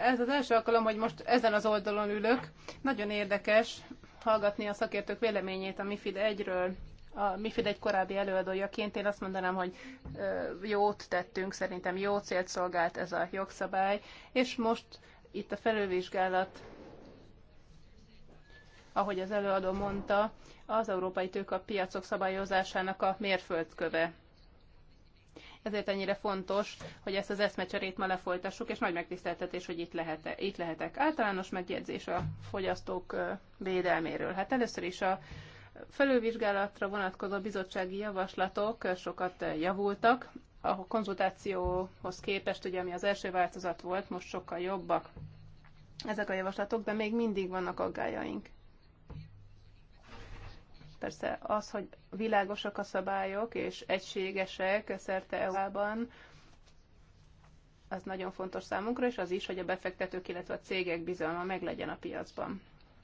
Ez az első alkalom, hogy most ezen az oldalon ülök. Nagyon érdekes hallgatni a szakértők véleményét a MIFID 1-ről a MIFID egy korábbi előadójaként én azt mondanám, hogy jót tettünk, szerintem jó célt szolgált ez a jogszabály, és most itt a felülvizsgálat, ahogy az előadó mondta, az európai a piacok szabályozásának a mérföldköve. Ezért ennyire fontos, hogy ezt az eszmecserét ma lefolytassuk, és nagy megtiszteltetés, hogy itt, lehet itt lehetek. Általános megjegyzés a fogyasztók védelméről. Hát először is a felülvizsgálatra vonatkozó bizottsági javaslatok sokat javultak, a konzultációhoz képest, ugye, ami az első változat volt, most sokkal jobbak ezek a javaslatok, de még mindig vannak aggájaink. Persze az, hogy világosak a szabályok és egységesek szerte EU-ban, az nagyon fontos számunkra, és az is, hogy a befektetők, illetve a cégek bizalma meglegyen a piacban.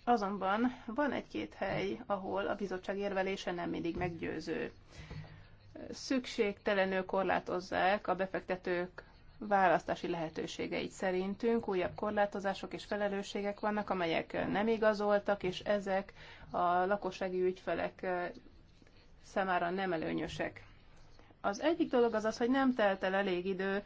Azonban van egy-két hely, ahol a bizottság érvelése nem mindig meggyőző. Szükségtelenül korlátozzák a befektetők választási lehetőségeit szerintünk újabb korlátozások és felelősségek vannak, amelyek nem igazoltak, és ezek a lakossági ügyfelek számára nem előnyösek. Az egyik dolog az az, hogy nem telt el elég idő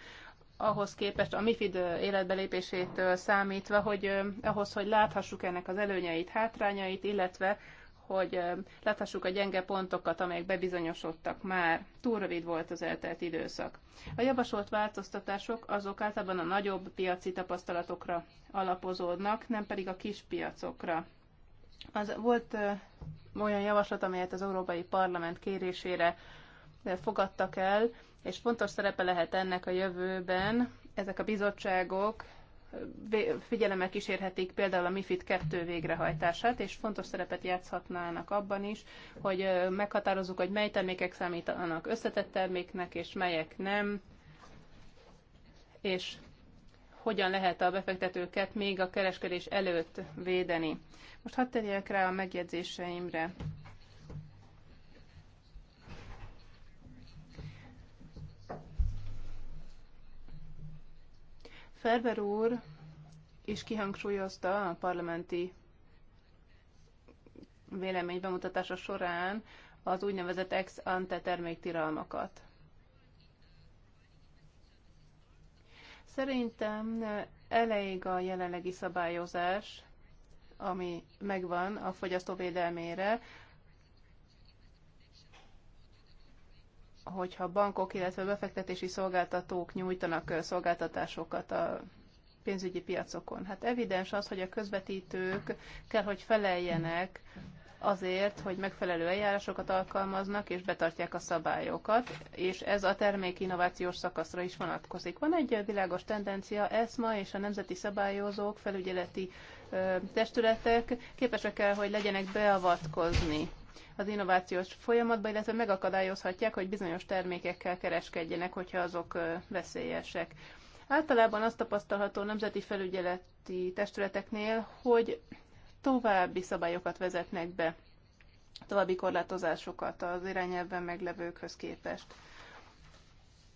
ahhoz képest a MIFID életbelépését számítva, hogy ahhoz, hogy láthassuk ennek az előnyeit, hátrányait, illetve hogy láthassuk a gyenge pontokat, amelyek bebizonyosodtak már. Túl rövid volt az eltelt időszak. A javasolt változtatások azok általában a nagyobb piaci tapasztalatokra alapozódnak, nem pedig a kis piacokra. Az volt olyan javaslat, amelyet az Európai Parlament kérésére fogadtak el, és fontos szerepe lehet ennek a jövőben. Ezek a bizottságok eh, figyelemmel kísérhetik például a MIFID 2 végrehajtását, és fontos szerepet játszhatnának abban is, hogy eh, meghatározzuk, hogy mely termékek számítanak összetett terméknek, és melyek nem, és hogyan lehet a befektetőket még a kereskedés előtt védeni. Most hadd tegyek rá a megjegyzéseimre. Ferber úr is kihangsúlyozta a parlamenti vélemény bemutatása során az úgynevezett ex ante terméktiralmakat. Szerintem elég a jelenlegi szabályozás, ami megvan a fogyasztóvédelmére, hogyha bankok, illetve befektetési szolgáltatók nyújtanak szolgáltatásokat a pénzügyi piacokon. Hát evidens az, hogy a közvetítők kell, hogy feleljenek azért, hogy megfelelő eljárásokat alkalmaznak és betartják a szabályokat, és ez a termék innovációs szakaszra is vonatkozik. Van egy világos tendencia, ESMA és a nemzeti szabályozók, felügyeleti testületek képesek el, hogy legyenek beavatkozni az innovációs folyamatba, illetve megakadályozhatják, hogy bizonyos termékekkel kereskedjenek, hogyha azok veszélyesek. Általában azt tapasztalható nemzeti felügyeleti testületeknél, hogy további szabályokat vezetnek be, további korlátozásokat az irányelven meglevőkhöz képest.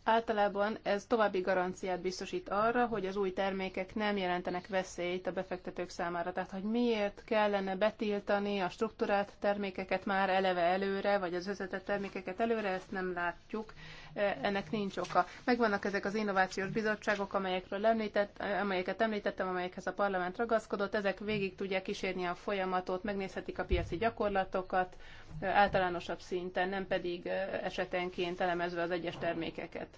Általában ez további garanciát biztosít arra, hogy az új termékek nem jelentenek veszélyt a befektetők számára. Tehát, hogy miért kellene betiltani a struktúrált termékeket már eleve előre, vagy az összetett termékeket előre, ezt nem látjuk Eh, ennek nincs oka. Megvannak ezek az innovációs bizottságok, amelyekről említett, eh, amelyeket említettem, amelyekhez a parlament ragaszkodott, ezek végig tudják kísérni a folyamatot, megnézhetik a piaci gyakorlatokat eh, általánosabb szinten, nem pedig esetenként elemezve az egyes termékeket.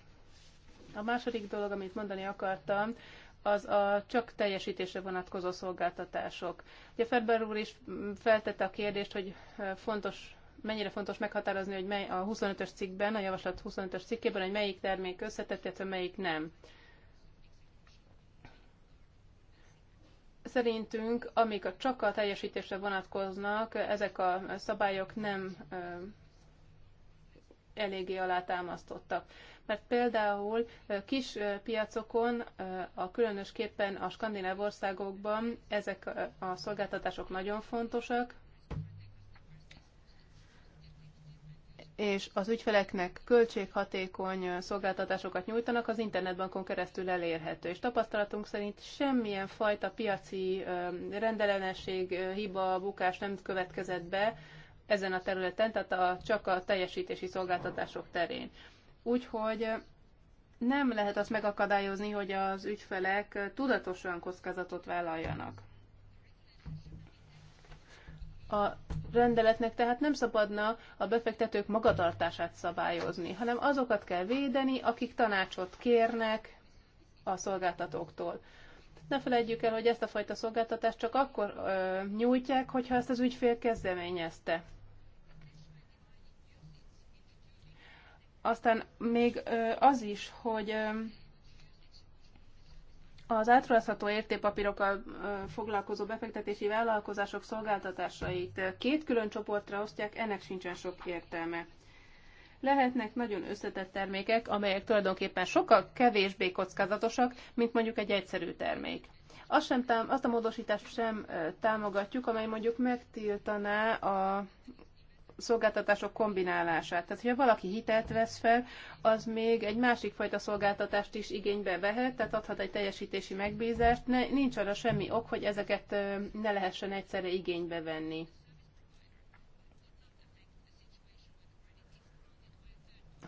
A második dolog, amit mondani akartam, az a csak teljesítésre vonatkozó szolgáltatások. Ugye Ferber úr is mm, feltette a kérdést, hogy fontos mennyire fontos meghatározni, hogy mely a 25-ös cikkben, a javaslat 25-ös cikkében, hogy melyik termék összetett, illetve melyik nem. Szerintünk, amik a csak a teljesítésre vonatkoznak, ezek a szabályok nem eléggé alátámasztottak. Mert például kis piacokon, a különösképpen a skandináv országokban ezek a szolgáltatások nagyon fontosak, és az ügyfeleknek költséghatékony szolgáltatásokat nyújtanak, az internetbankon keresztül elérhető. És tapasztalatunk szerint semmilyen fajta piaci rendellenesség, hiba, bukás nem következett be ezen a területen, tehát a, csak a teljesítési szolgáltatások terén. Úgyhogy nem lehet azt megakadályozni, hogy az ügyfelek tudatosan kockázatot vállaljanak. A rendeletnek tehát nem szabadna a befektetők magatartását szabályozni, hanem azokat kell védeni, akik tanácsot kérnek a szolgáltatóktól. Ne felejtjük el, hogy ezt a fajta szolgáltatást csak akkor ö, nyújtják, hogyha ezt az ügyfél kezdeményezte. Aztán még ö, az is, hogy ö, az átruházható értékpapírokkal foglalkozó befektetési vállalkozások szolgáltatásait két külön csoportra osztják, ennek sincsen sok értelme. Lehetnek nagyon összetett termékek, amelyek tulajdonképpen sokkal kevésbé kockázatosak, mint mondjuk egy egyszerű termék. Azt, sem tám- azt a módosítást sem támogatjuk, amely mondjuk megtiltaná a szolgáltatások kombinálását. Tehát, hogyha valaki hitelt vesz fel, az még egy másik fajta szolgáltatást is igénybe vehet, tehát adhat egy teljesítési megbízást. Ne, nincs arra semmi ok, hogy ezeket ne lehessen egyszerre igénybe venni.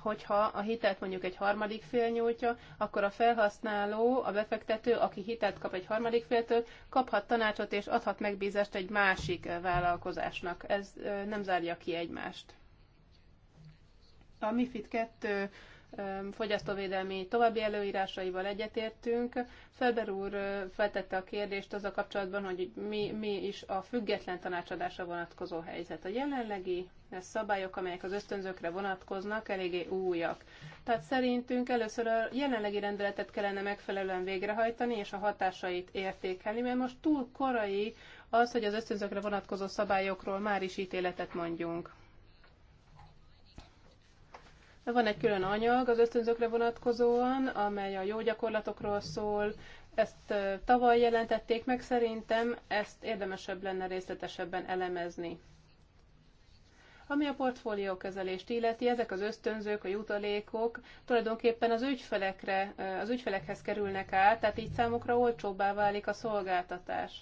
hogyha a hitelt mondjuk egy harmadik fél nyújtja, akkor a felhasználó, a befektető, aki hitelt kap egy harmadik féltől, kaphat tanácsot és adhat megbízást egy másik vállalkozásnak. Ez nem zárja ki egymást. A MIFID 2 fogyasztóvédelmi további előírásaival egyetértünk. Felber úr feltette a kérdést az a kapcsolatban, hogy mi, mi is a független tanácsadásra vonatkozó helyzet. A jelenlegi szabályok, amelyek az ösztönzőkre vonatkoznak, eléggé újak. Tehát szerintünk először a jelenlegi rendeletet kellene megfelelően végrehajtani, és a hatásait értékelni, mert most túl korai az, hogy az ösztönzőkre vonatkozó szabályokról már is ítéletet mondjunk. Van egy külön anyag az ösztönzőkre vonatkozóan, amely a jó gyakorlatokról szól, ezt tavaly jelentették meg, szerintem ezt érdemesebb lenne részletesebben elemezni. Ami a portfólió kezelést illeti, ezek az ösztönzők, a jutalékok tulajdonképpen az ügyfelekre, az ügyfelekhez kerülnek át, tehát így számukra olcsóbbá válik a szolgáltatás.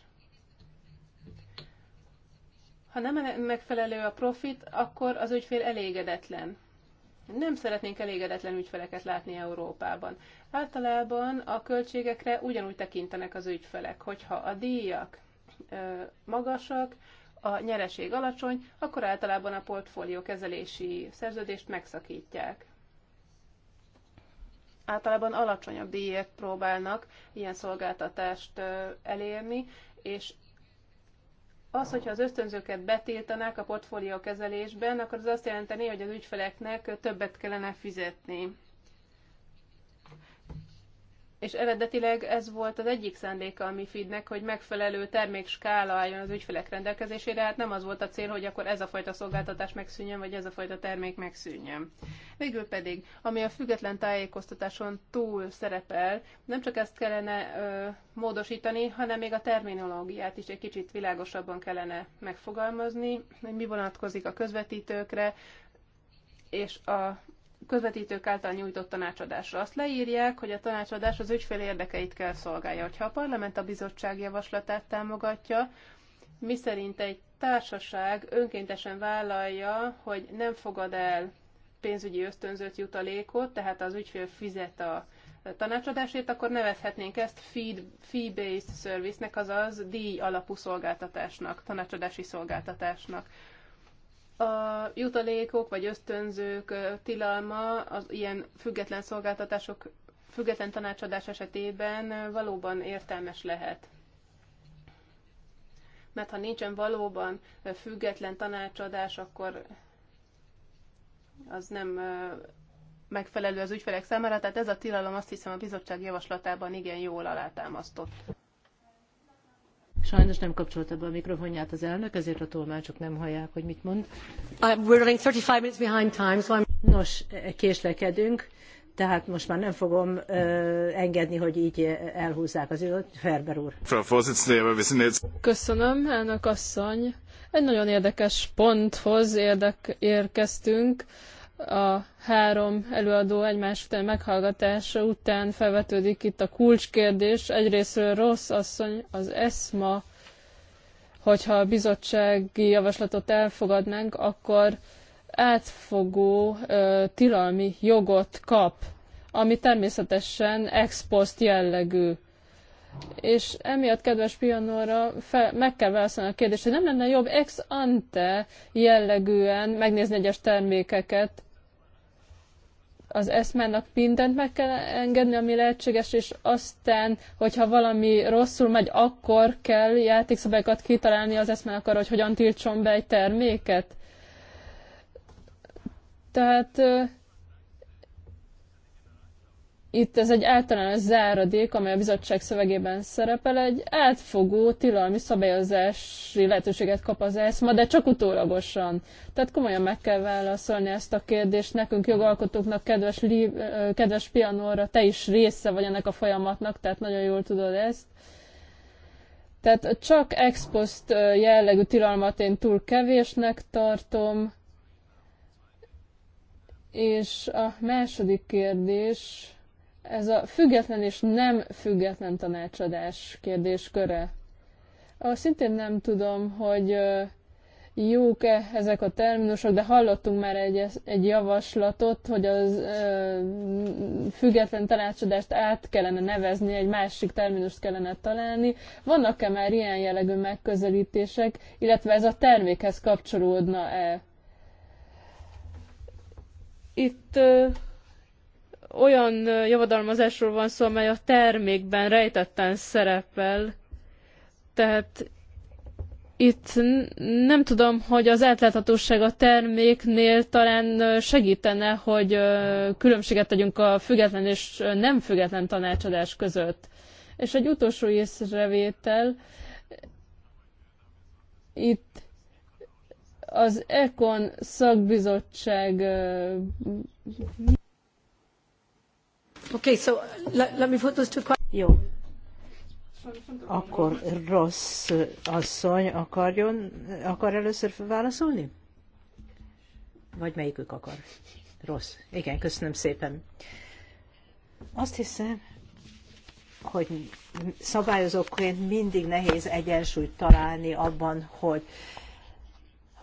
Ha nem megfelelő a profit, akkor az ügyfél elégedetlen. Nem szeretnénk elégedetlen ügyfeleket látni Európában. Általában a költségekre ugyanúgy tekintenek az ügyfelek, hogyha a díjak magasak, a nyereség alacsony, akkor általában a portfólió kezelési szerződést megszakítják. Általában alacsonyabb díjért próbálnak ilyen szolgáltatást elérni, és az, hogyha az ösztönzőket betiltanák a portfólió kezelésben, akkor az azt jelenteni, hogy az ügyfeleknek többet kellene fizetni és eredetileg ez volt az egyik szándéka a MIFID-nek, hogy megfelelő termék skála álljon az ügyfelek rendelkezésére, hát nem az volt a cél, hogy akkor ez a fajta szolgáltatás megszűnjön, vagy ez a fajta termék megszűnjön. Végül pedig, ami a független tájékoztatáson túl szerepel, nem csak ezt kellene ö, módosítani, hanem még a terminológiát is egy kicsit világosabban kellene megfogalmazni, hogy mi vonatkozik a közvetítőkre, és a közvetítők által nyújtott tanácsadásra. Azt leírják, hogy a tanácsadás az ügyfél érdekeit kell szolgálja. Hogyha a parlament a bizottság javaslatát támogatja, miszerint egy társaság önkéntesen vállalja, hogy nem fogad el pénzügyi ösztönzött jutalékot, tehát az ügyfél fizet a tanácsadásért, akkor nevezhetnénk ezt fee-based service-nek, azaz díj alapú szolgáltatásnak, tanácsadási szolgáltatásnak. A jutalékok vagy ösztönzők tilalma az ilyen független szolgáltatások, független tanácsadás esetében valóban értelmes lehet. Mert ha nincsen valóban független tanácsadás, akkor az nem megfelelő az ügyfelek számára, tehát ez a tilalom azt hiszem a bizottság javaslatában igen jól alátámasztott. Sajnos nem kapcsolta be a mikrofonját az elnök, ezért a tolmácsok nem hallják, hogy mit mond. Uh, we're running 35 minutes behind time, so I'm... Nos, eh, késlekedünk, tehát most már nem fogom eh, engedni, hogy így eh, elhúzzák az időt. Ferber úr. Köszönöm, elnök asszony. Egy nagyon érdekes ponthoz érdek, érkeztünk a három előadó egymás után meghallgatása után felvetődik itt a kulcskérdés. Egyrésztről rossz asszony az ESMA, hogyha a bizottsági javaslatot elfogadnánk, akkor átfogó ö, tilalmi jogot kap, ami természetesen ex post jellegű. És emiatt, kedves Pianóra, meg kell válaszolni a kérdést, hogy nem lenne jobb ex ante jellegűen megnézni egyes termékeket, az eszmának mindent meg kell engedni, ami lehetséges, és aztán, hogyha valami rosszul megy, akkor kell játékszabályokat kitalálni az eszmának arra, hogy hogyan tiltson be egy terméket. Tehát itt ez egy általános záradék, amely a bizottság szövegében szerepel, egy átfogó tilalmi szabályozási lehetőséget kap az ESMA, de csak utólagosan. Tehát komolyan meg kell válaszolni ezt a kérdést nekünk, jogalkotóknak, kedves, li, kedves pianóra, te is része vagy ennek a folyamatnak, tehát nagyon jól tudod ezt. Tehát csak ex post jellegű tilalmat én túl kevésnek tartom. És a második kérdés, ez a független és nem független tanácsadás kérdésköre. Ahol szintén nem tudom, hogy jók-e ezek a terminusok, de hallottunk már egy, egy javaslatot, hogy az független tanácsadást át kellene nevezni, egy másik terminust kellene találni. Vannak-e már ilyen jellegű megközelítések, illetve ez a termékhez kapcsolódna-e? Itt ö, olyan javadalmazásról van szó, amely a termékben rejtetten szerepel. Tehát itt nem tudom, hogy az átláthatóság a terméknél talán segítene, hogy különbséget tegyünk a független és nem független tanácsadás között. És egy utolsó észrevétel, itt az Ekon szakbizottság Okay, so let, let me put those two Jó. Akkor rossz asszony akarjon, akar először válaszolni? Vagy melyikük akar? Rossz. Igen, köszönöm szépen. Azt hiszem, hogy szabályozóként mindig nehéz egyensúlyt találni abban, hogy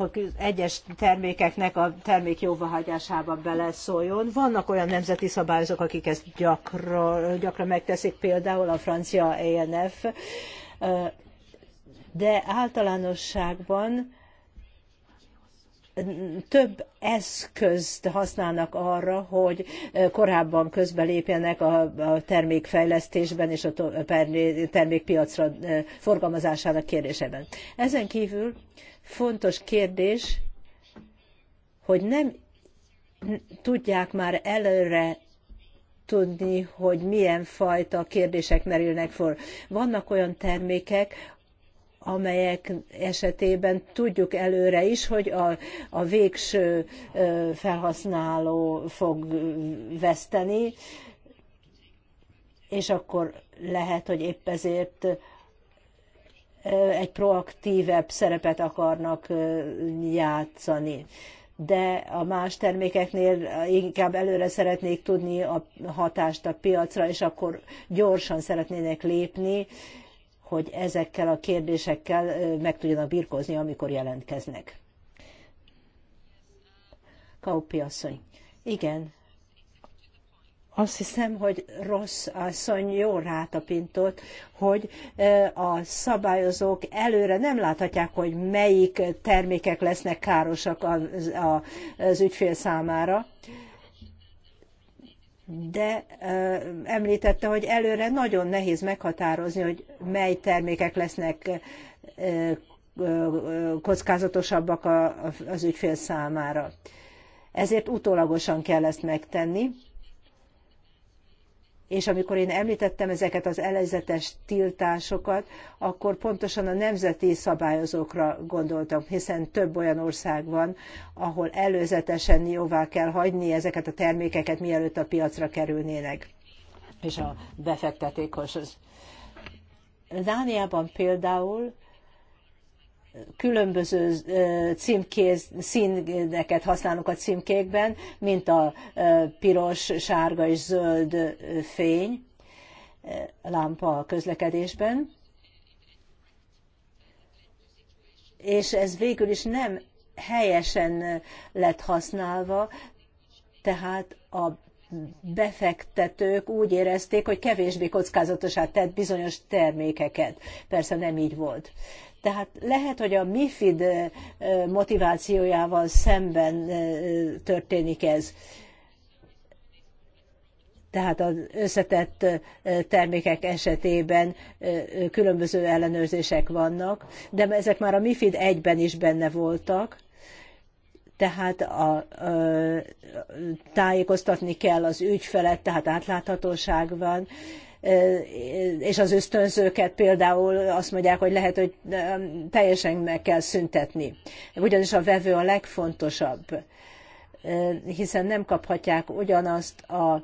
hogy egyes termékeknek a termék jóváhagyásába beleszóljon. Vannak olyan nemzeti szabályozók, akik ezt gyakran, gyakran megteszik, például a francia ENF, de általánosságban több eszközt használnak arra, hogy eh, korábban közbelépjenek a termékfejlesztésben és a termékpiacra eh, forgalmazásának kérdésében. Ezen kívül fontos kérdés, hogy nem tudják már előre tudni, hogy milyen fajta kérdések merülnek fel. Vannak olyan termékek, amelyek esetében tudjuk előre is, hogy a, a végső felhasználó fog veszteni, és akkor lehet, hogy épp ezért egy proaktívebb szerepet akarnak játszani. De a más termékeknél inkább előre szeretnék tudni a hatást a piacra, és akkor gyorsan szeretnének lépni, hogy ezekkel a kérdésekkel meg tudjanak birkózni, amikor jelentkeznek. Kaupi asszony. Igen. Azt hiszem, hogy rossz asszony jó rátapintott, hogy a szabályozók előre nem láthatják, hogy melyik termékek lesznek károsak az, az ügyfél számára de említette, hogy előre nagyon nehéz meghatározni, hogy mely termékek lesznek kockázatosabbak az ügyfél számára. Ezért utólagosan kell ezt megtenni, és amikor én említettem ezeket az előzetes tiltásokat, akkor pontosan a nemzeti szabályozókra gondoltam, hiszen több olyan ország van, ahol előzetesen jóvá kell hagyni ezeket a termékeket, mielőtt a piacra kerülnének, és a befektetékhoz. Dániában például különböző címkéz, színeket használunk a címkékben, mint a piros, sárga és zöld fény lámpa a közlekedésben. És ez végül is nem helyesen lett használva, tehát a befektetők úgy érezték, hogy kevésbé kockázatosá tett bizonyos termékeket. Persze nem így volt. Tehát lehet, hogy a MIFID motivációjával szemben történik ez. Tehát az összetett termékek esetében különböző ellenőrzések vannak, de ezek már a MIFID egyben is benne voltak, tehát a, tájékoztatni kell az ügyfelet, tehát átláthatóság van és az ösztönzőket például azt mondják, hogy lehet, hogy teljesen meg kell szüntetni. Ugyanis a vevő a legfontosabb, hiszen nem kaphatják ugyanazt a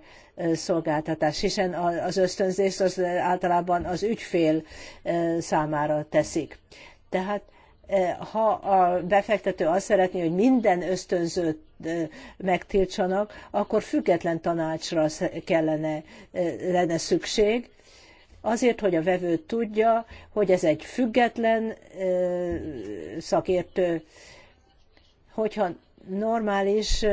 szolgáltatást, hiszen az ösztönzést az általában az ügyfél számára teszik. Tehát ha a befektető azt szeretné, hogy minden ösztönzőt megtiltsanak, akkor független tanácsra kellene, lenne szükség, azért, hogy a vevő tudja, hogy ez egy független szakértő, hogyha normális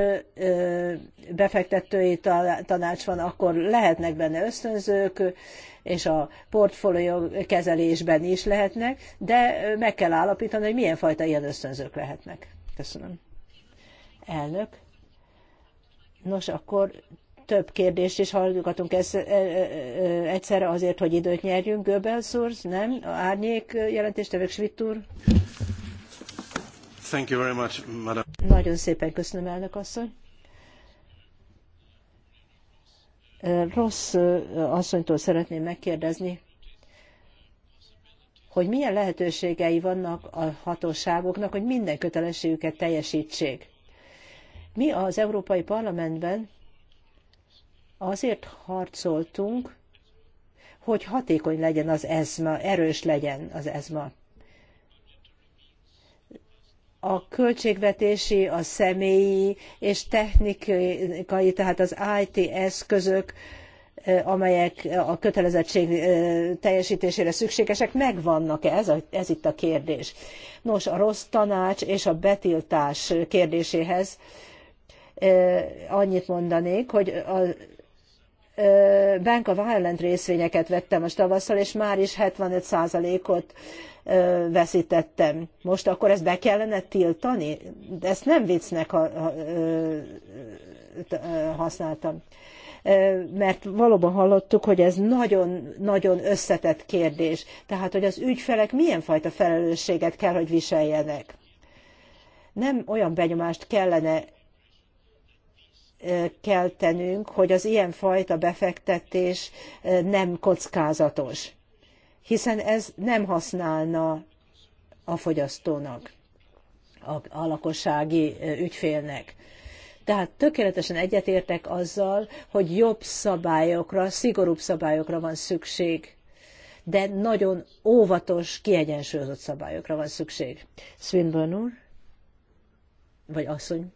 befektetői tanács van, akkor lehetnek benne ösztönzők, és a portfólió kezelésben is lehetnek, de meg kell állapítani, hogy milyen fajta ilyen ösztönzők lehetnek. Köszönöm. Elnök. Nos, akkor több kérdést is hallgatunk egyszerre azért, hogy időt nyerjünk. Goebbels úr, nem? A árnyék jelentéstevők Schmidt úr. Thank you very much, madam. Nagyon szépen köszönöm, elnök asszony. Rossz asszonytól szeretném megkérdezni, hogy milyen lehetőségei vannak a hatóságoknak, hogy minden kötelességüket teljesítsék mi az Európai Parlamentben azért harcoltunk, hogy hatékony legyen az ezma, erős legyen az ezma. A költségvetési, a személyi és technikai, tehát az IT eszközök, eh, amelyek a kötelezettség eh, teljesítésére szükségesek, megvannak-e? Ez, a, ez itt a kérdés. Nos, a rossz tanács és a betiltás kérdéséhez annyit mondanék, hogy a Bank of Ireland részvényeket vettem most tavasszal, és már is 75%-ot veszítettem. Most akkor ezt be kellene tiltani? De ezt nem viccnek használtam. Mert valóban hallottuk, hogy ez nagyon-nagyon összetett kérdés. Tehát, hogy az ügyfelek milyen fajta felelősséget kell, hogy viseljenek. Nem olyan benyomást kellene kell tennünk, hogy az ilyen fajta befektetés eh, nem kockázatos, hiszen ez nem használna a fogyasztónak, a, a lakossági eh, ügyfélnek. Tehát tökéletesen egyetértek azzal, hogy jobb szabályokra, szigorúbb szabályokra van szükség, de nagyon óvatos, kiegyensúlyozott szabályokra van szükség. Swinburne úr? Vagy asszony?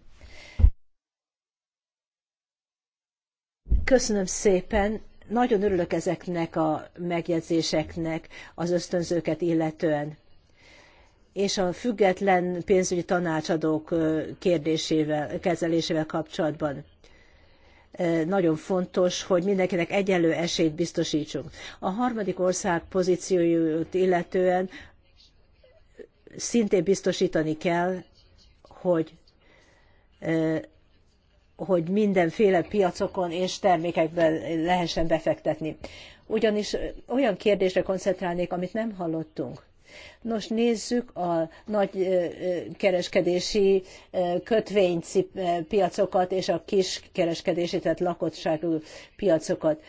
Köszönöm szépen. Nagyon örülök ezeknek a megjegyzéseknek az ösztönzőket illetően és a független pénzügyi tanácsadók kérdésével, kezelésével kapcsolatban nagyon fontos, hogy mindenkinek egyenlő esélyt biztosítsunk. A harmadik ország pozícióját illetően szintén biztosítani kell, hogy hogy mindenféle piacokon és termékekben lehessen befektetni. Ugyanis olyan kérdésre koncentrálnék, amit nem hallottunk. Nos, nézzük a nagy kereskedési piacokat és a kis kereskedési, tehát lakottságú piacokat.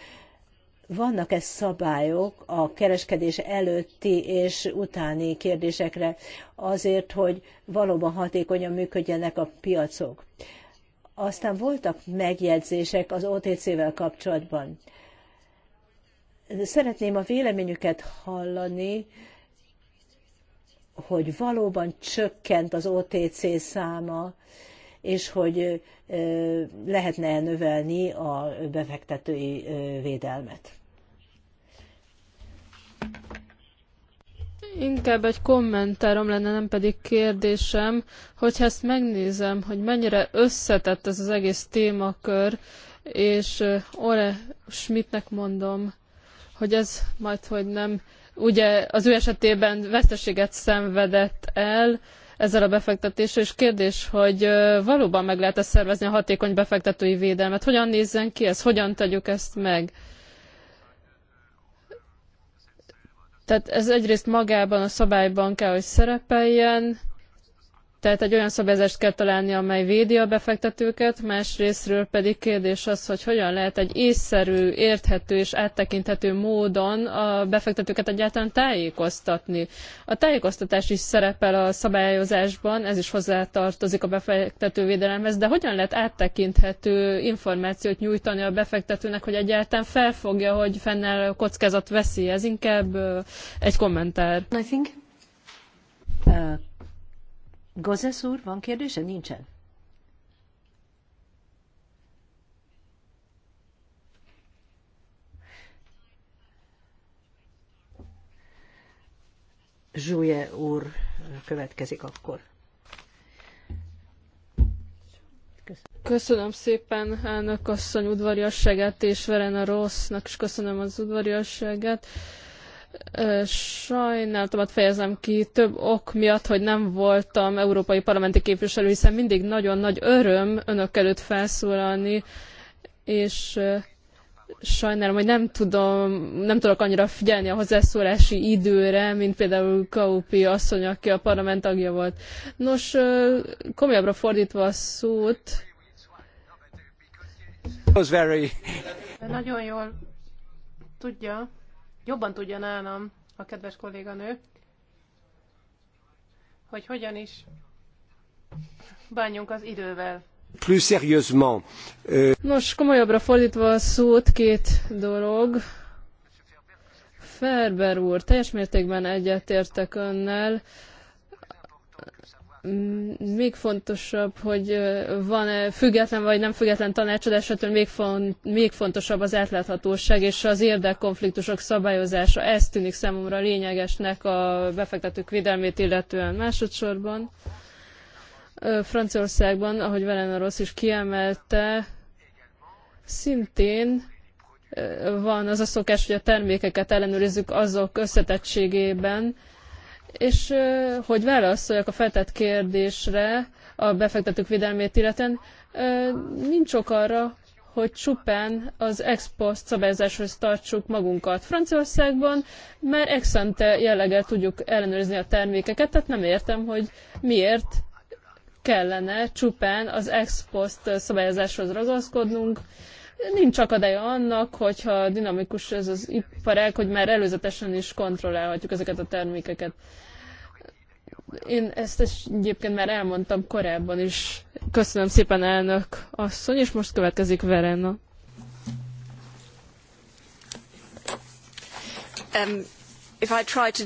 Vannak-e szabályok a kereskedés előtti és utáni kérdésekre azért, hogy valóban hatékonyan működjenek a piacok? Aztán voltak megjegyzések az OTC-vel kapcsolatban. Szeretném a véleményüket hallani, hogy valóban csökkent az OTC száma, és hogy lehetne növelni a befektetői védelmet. Inkább egy kommentárom lenne, nem pedig kérdésem, hogyha ezt megnézem, hogy mennyire összetett ez az egész témakör, és Ole Schmidtnek mondom, hogy ez majd, hogy nem, ugye az ő esetében veszteséget szenvedett el, ezzel a befektetéssel, és kérdés, hogy valóban meg lehet-e szervezni a hatékony befektetői védelmet? Hogyan nézzen ki ez? Hogyan tegyük ezt meg? Tehát ez egyrészt magában a szabályban kell, hogy szerepeljen, tehát egy olyan szabályzást kell találni, amely védi a befektetőket, másrésztről pedig kérdés az, hogy hogyan lehet egy észszerű, érthető és áttekinthető módon a befektetőket egyáltalán tájékoztatni. A tájékoztatás is szerepel a szabályozásban, ez is hozzátartozik a befektetővédelemhez, de hogyan lehet áttekinthető információt nyújtani a befektetőnek, hogy egyáltalán felfogja, hogy fennáll kockázat veszi? Ez inkább egy kommentár. I think. Uh, Gozesz úr, van kérdése? Nincsen. Zsúje úr következik akkor. Köszönöm. köszönöm szépen elnök asszony udvariasságát, és Verena Rossznak is köszönöm az udvariasságát. Sajnálatomat fejezem ki több ok miatt, hogy nem voltam európai parlamenti képviselő, hiszen mindig nagyon nagy öröm önök előtt felszólalni, és sajnálom, hogy nem tudom, nem tudok annyira figyelni a hozzászólási időre, mint például Kaupi asszony, aki a parlament tagja volt. Nos, komolyabbra fordítva a szót. Nagyon jól tudja, jobban tudja nálam a kedves kolléganő, hogy hogyan is bánjunk az idővel. Plus sérieusement. Euh, Nos, komolyabbra fordítva a szót, két dolog. Ferber úr, teljes mértékben egyetértek önnel. Mm, még fontosabb, hogy van -e független vagy nem független tanácsadás, ettől még, font, még fontosabb az átláthatóság és az érdekkonfliktusok szabályozása. Ez tűnik számomra lényegesnek a befektetők védelmét illetően másodszorban. Franciaországban, ahogy Velena Rossz is kiemelte, szintén van az a szokás, hogy a termékeket ellenőrizzük azok összetettségében, és hogy válaszoljak a feltett kérdésre a befektetők védelmét illetően, nincs ok arra, hogy csupán az ex post szabályozáshoz tartsuk magunkat. Franciaországban már ex ante jelleggel tudjuk ellenőrizni a termékeket, tehát nem értem, hogy miért kellene csupán az ex post szabályozáshoz ragaszkodnunk, Nincs akadálya annak, hogyha dinamikus ez az iparág, hogy már előzetesen is kontrollálhatjuk ezeket a termékeket. Én ezt egyébként már elmondtam korábban is. Köszönöm szépen, elnök asszony, és most következik Verena. Um, if I try to...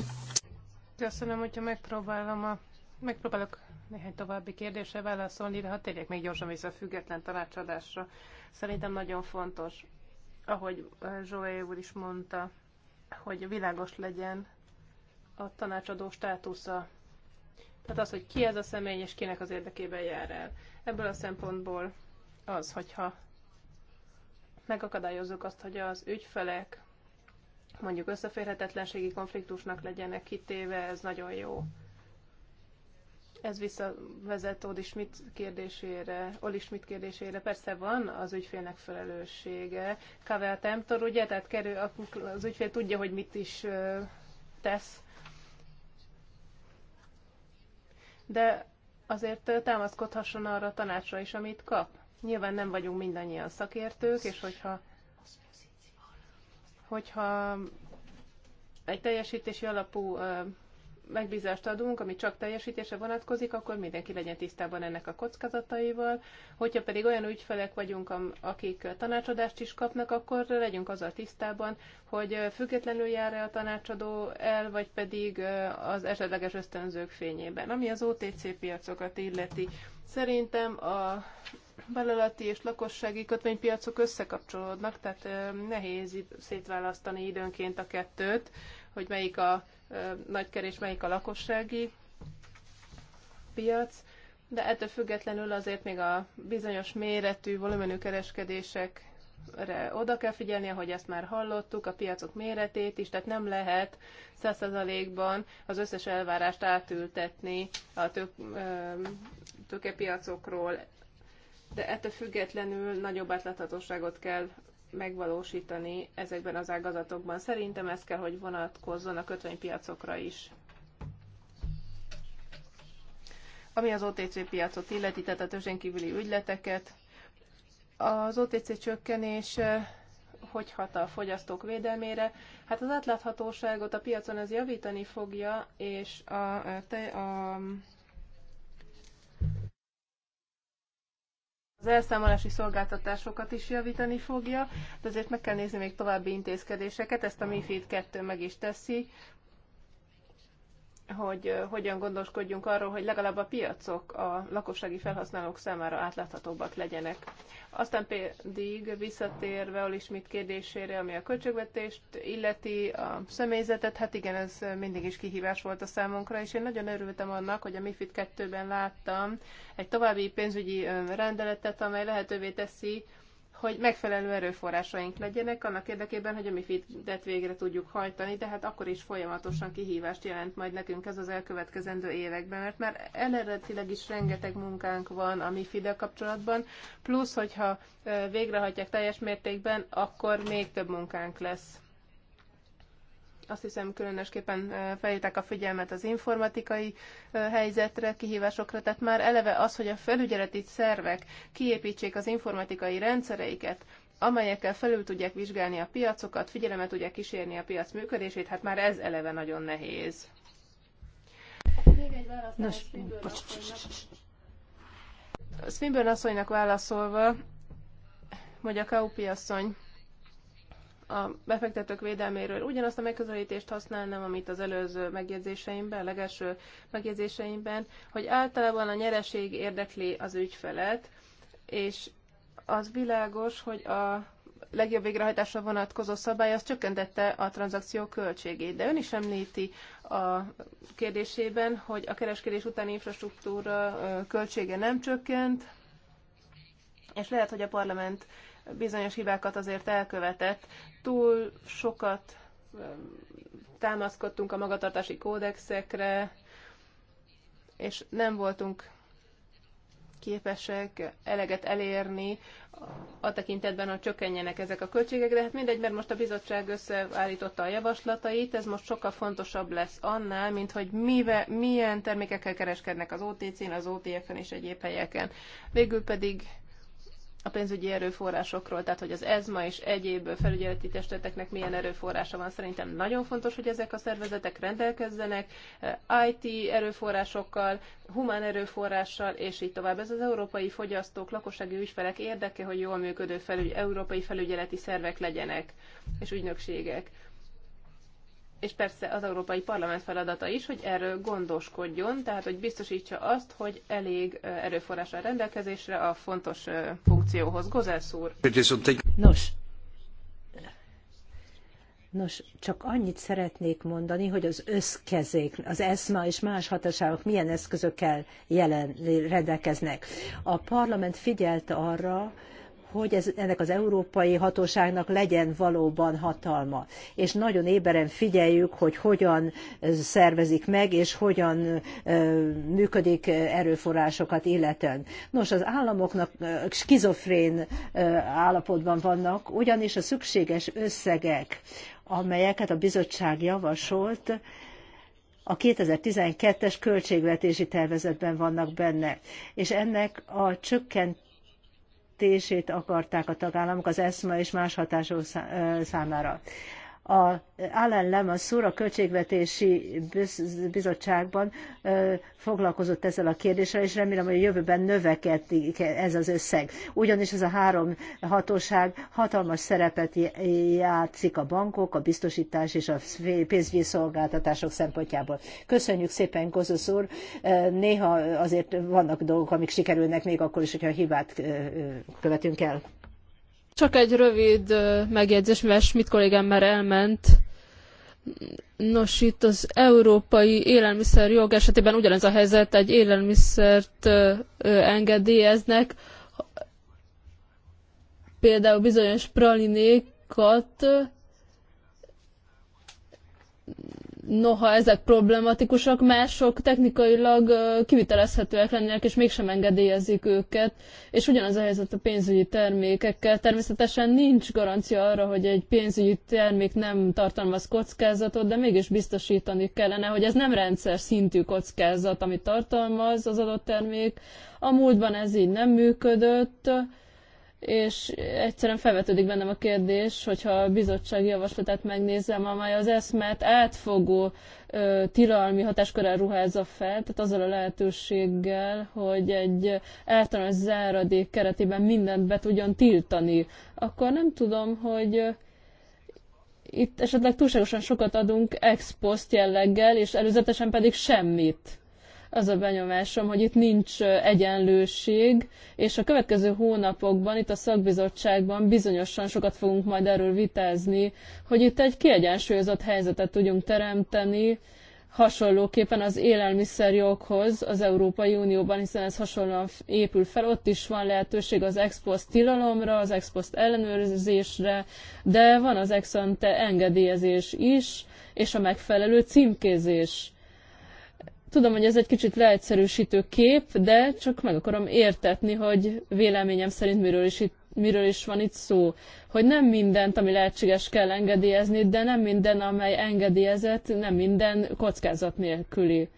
Köszönöm, hogyha megpróbálom a... megpróbálok néhány további kérdésre válaszolni, de ha térjek még gyorsan vissza a független tanácsadásra. Szerintem nagyon fontos, ahogy eh, Zsóé úr is mondta, hogy világos legyen a tanácsadó státusza. Tehát az, hogy ki ez a személy, és kinek az érdekében jár el. Ebből a szempontból az, hogyha megakadályozzuk azt, hogy az ügyfelek mondjuk összeférhetetlenségi konfliktusnak legyenek kitéve, ez nagyon jó. Ez visszavezet Oli Schmidt kérdésére. Oli Schmidt kérdésére persze van az ügyfélnek felelőssége. Kavel Temptor, ugye, tehát kerül, az ügyfél tudja, hogy mit is tesz. De azért támaszkodhasson arra a tanácsra is, amit kap. Nyilván nem vagyunk mindannyian szakértők, és hogyha, hogyha egy teljesítési alapú megbízást adunk, ami csak teljesítése vonatkozik, akkor mindenki legyen tisztában ennek a kockázataival. Hogyha pedig olyan ügyfelek vagyunk, akik tanácsadást is kapnak, akkor legyünk azzal tisztában, hogy függetlenül jár-e a tanácsadó el, vagy pedig az esetleges ösztönzők fényében. Ami az OTC piacokat illeti, szerintem a vállalati és lakossági kötvénypiacok összekapcsolódnak, tehát nehéz szétválasztani időnként a kettőt hogy melyik a nagyker és melyik a lakossági piac, de ettől függetlenül azért még a bizonyos méretű, volumenű kereskedések oda kell figyelni, ahogy ezt már hallottuk, a piacok méretét is, tehát nem lehet 100%-ban az összes elvárást átültetni a tök, tőkepiacokról, de ettől függetlenül nagyobb átláthatóságot kell megvalósítani ezekben az ágazatokban. Szerintem ez kell, hogy vonatkozzon a kötvénypiacokra is. Ami az OTC piacot illeti, tehát a tőzsén kívüli ügyleteket, az OTC csökkenés hogy hat a fogyasztók védelmére? Hát az átláthatóságot a piacon ez javítani fogja, és a, te, a az elszámolási szolgáltatásokat is javítani fogja, de azért meg kell nézni még további intézkedéseket, ezt a MIFID 2 meg is teszi, hogy hogyan gondoskodjunk arról, hogy legalább a piacok a lakossági felhasználók számára átláthatóbbak legyenek. Aztán pedig visszatérve a Ismit kérdésére, ami a költségvetést illeti, a személyzetet, hát igen, ez mindig is kihívás volt a számunkra, és én nagyon örültem annak, hogy a MIFID 2-ben láttam egy további pénzügyi rendeletet, amely lehetővé teszi, hogy megfelelő erőforrásaink legyenek annak érdekében, hogy a MIFID-et végre tudjuk hajtani, de hát akkor is folyamatosan kihívást jelent majd nekünk ez az elkövetkezendő években, mert már eredetileg is rengeteg munkánk van a mifid kapcsolatban, plusz, hogyha végrehajtják teljes mértékben, akkor még több munkánk lesz. Azt hiszem különösképpen felhívták a figyelmet az informatikai helyzetre, kihívásokra, tehát már eleve az, hogy a felügyeleti szervek kiépítsék az informatikai rendszereiket, amelyekkel felül tudják vizsgálni a piacokat, figyelemet tudják kísérni a piac működését, hát már ez eleve nagyon nehéz. Még egy választás Swinburne asszonynak. válaszolva, hogy a Kaupi asszony a befektetők védelméről ugyanazt a megközelítést használnám, amit az előző megjegyzéseimben, a legelső megjegyzéseimben, hogy általában a nyereség érdekli az ügyfelet, és az világos, hogy a legjobb végrehajtásra vonatkozó szabály az csökkentette a tranzakció költségét. De ön is említi a kérdésében, hogy a kereskedés utáni infrastruktúra költsége nem csökkent, és lehet, hogy a parlament bizonyos hibákat azért elkövetett. Túl sokat támaszkodtunk a magatartási kódexekre, és nem voltunk képesek eleget elérni a tekintetben, hogy csökkenjenek ezek a költségek, de hát mindegy, mert most a bizottság összeállította a javaslatait, ez most sokkal fontosabb lesz annál, mint hogy mive, milyen termékekkel kereskednek az OTC-n, az OTF-en és egyéb helyeken. Végül pedig a pénzügyi erőforrásokról, tehát hogy az ESMA és egyéb felügyeleti testületeknek milyen erőforrása van. Szerintem nagyon fontos, hogy ezek a szervezetek rendelkezzenek eh, IT erőforrásokkal, humán erőforrással, és így tovább. Ez az európai fogyasztók, lakossági ügyfelek érdeke, hogy jól működő felügy, európai felügyeleti szervek legyenek és ügynökségek és persze az Európai Parlament feladata is, hogy erről gondoskodjon, tehát hogy biztosítsa azt, hogy elég erőforrásra rendelkezésre a fontos funkcióhoz. Gozelsz úr. Nos, Nos, csak annyit szeretnék mondani, hogy az összkezék, az ESMA és más hatóságok milyen eszközökkel jelen, rendelkeznek. A parlament figyelt arra, hogy ez, ennek az európai hatóságnak legyen valóban hatalma. És nagyon éberen figyeljük, hogy hogyan szervezik meg, és hogyan működik erőforrásokat illetően. Nos, az államoknak skizofrén állapotban vannak, ugyanis a szükséges összegek, amelyeket a bizottság javasolt, a 2012-es költségvetési tervezetben vannak benne, és ennek a csökkent megszüntetését akarták a tagállamok az ESMA és más hatások számára a Allen Lemassur a Költségvetési Bizottságban foglalkozott ezzel a kérdéssel, és remélem, hogy a jövőben növekedik ez az összeg. Ugyanis ez a három hatóság hatalmas szerepet játszik a bankok, a biztosítás és a pénzügyi szolgáltatások szempontjából. Köszönjük szépen, Kozusz úr! Néha azért vannak dolgok, amik sikerülnek még akkor is, hogyha hibát követünk el. Csak egy rövid megjegyzés, mert Schmidt kollégám már elment. Nos, itt az európai élelmiszer jog esetében ugyanez a helyzet, egy élelmiszert engedélyeznek, például bizonyos pralinékat, noha ezek problematikusak, mások technikailag kivitelezhetőek lennének, és mégsem engedélyezik őket. És ugyanaz a helyzet a pénzügyi termékekkel. Természetesen nincs garancia arra, hogy egy pénzügyi termék nem tartalmaz kockázatot, de mégis biztosítani kellene, hogy ez nem rendszer szintű kockázat, amit tartalmaz az adott termék. A múltban ez így nem működött és egyszerűen felvetődik bennem a kérdés, hogyha a bizottság javaslatát megnézem, amely az eszmet átfogó ö, tilalmi hatáskorán ruházza fel, tehát azzal a lehetőséggel, hogy egy általános záradék keretében mindent be tudjon tiltani, akkor nem tudom, hogy itt esetleg túlságosan sokat adunk ex post jelleggel, és előzetesen pedig semmit. Az a benyomásom, hogy itt nincs egyenlőség, és a következő hónapokban itt a szakbizottságban bizonyosan sokat fogunk majd erről vitázni, hogy itt egy kiegyensúlyozott helyzetet tudjunk teremteni, hasonlóképpen az élelmiszerjoghoz az Európai Unióban, hiszen ez hasonlóan épül fel, ott is van lehetőség az expost tilalomra, az expost ellenőrzésre, de van az exante engedélyezés is, és a megfelelő címkézés. Tudom, hogy ez egy kicsit leegyszerűsítő kép, de csak meg akarom értetni, hogy véleményem szerint miről is, itt, miről is van itt szó. Hogy nem mindent, ami lehetséges kell engedélyezni, de nem minden, amely engedélyezett, nem minden kockázat nélküli.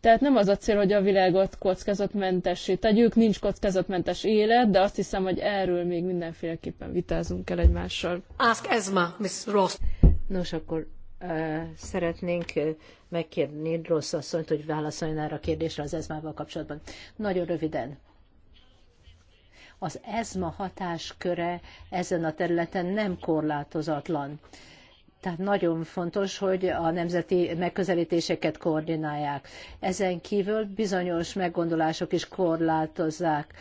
Tehát nem az a cél, hogy a világot kockázatmentessé tegyük, nincs kockázatmentes élet, de azt hiszem, hogy erről még mindenféleképpen vitázunk el egymással. Ask Esma, Miss Ross. Nos, akkor szeretnénk megkérni Rossz asszonyt, hogy válaszoljon erre a kérdésre az ezmával kapcsolatban. Nagyon röviden. Az ezma hatásköre ezen a területen nem korlátozatlan. Tehát nagyon fontos, hogy a nemzeti megközelítéseket koordinálják. Ezen kívül bizonyos meggondolások is korlátozzák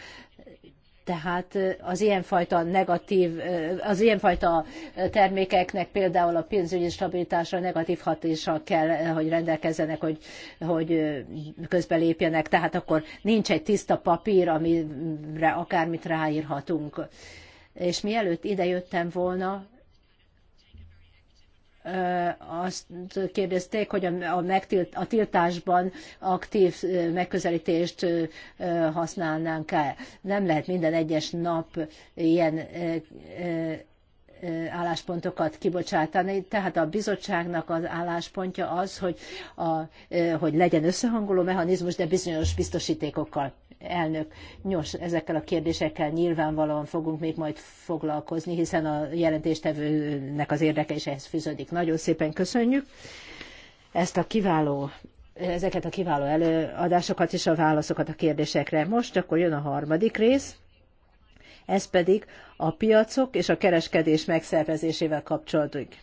tehát az ilyenfajta negatív, az ilyenfajta termékeknek például a pénzügyi stabilitásra negatív hatással kell, eh, hogy rendelkezzenek, hogy, hogy közbelépjenek. Tehát akkor nincs egy tiszta papír, amire akármit ráírhatunk. És mielőtt idejöttem volna, azt kérdezték, hogy a, megtilt, a tiltásban aktív megközelítést használnánk-e. Nem lehet minden egyes nap ilyen álláspontokat kibocsátani. Tehát a bizottságnak az álláspontja az, hogy, a, hogy legyen összehangoló mechanizmus, de bizonyos biztosítékokkal elnök. nyos, ezekkel a kérdésekkel nyilvánvalóan fogunk még majd foglalkozni, hiszen a jelentéstevőnek az érdeke is ehhez fűződik. Nagyon szépen köszönjük ezt a kiváló ezeket a kiváló előadásokat és a válaszokat a kérdésekre. Most akkor jön a harmadik rész, ez pedig a piacok és a kereskedés megszervezésével kapcsolódik.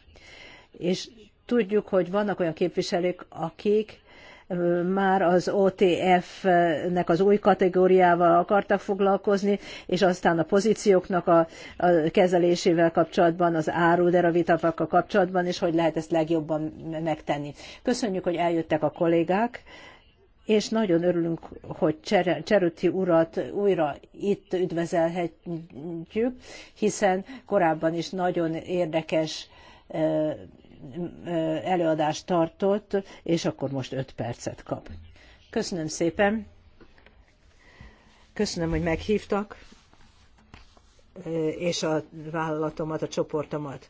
És tudjuk, hogy vannak olyan képviselők, akik már az OTF-nek az új kategóriával akartak foglalkozni, és aztán a pozícióknak a, a kezelésével kapcsolatban, az áru deravitapakkal kapcsolatban, és hogy lehet ezt legjobban megtenni. Köszönjük, hogy eljöttek a kollégák és nagyon örülünk, hogy Cser Cserüti urat újra itt üdvezelhetjük, hiszen korábban is nagyon érdekes előadást tartott, és akkor most öt percet kap. Köszönöm szépen. Köszönöm, hogy meghívtak, eh, és a vállalatomat, a csoportomat.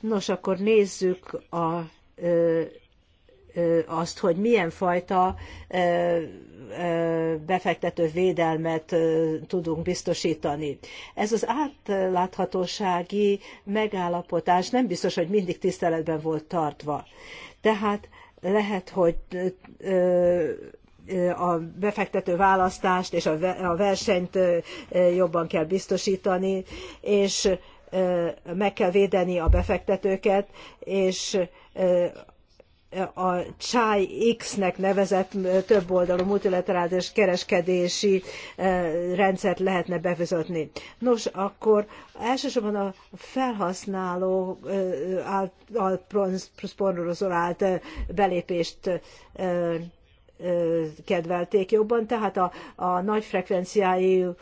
Nos, akkor nézzük a eh, azt, hogy milyen fajta befektető védelmet tudunk biztosítani. Ez az átláthatósági megállapotás nem biztos, hogy mindig tiszteletben volt tartva. Tehát lehet, hogy a befektető választást és a versenyt jobban kell biztosítani, és meg kell védeni a befektetőket, és a Chai X-nek nevezett többoldalú multilaterális kereskedési rendszert lehetne bevezetni. Nos, akkor elsősorban a felhasználó által szponzorált belépést kedvelték jobban, tehát a, a nagy frekvenciájú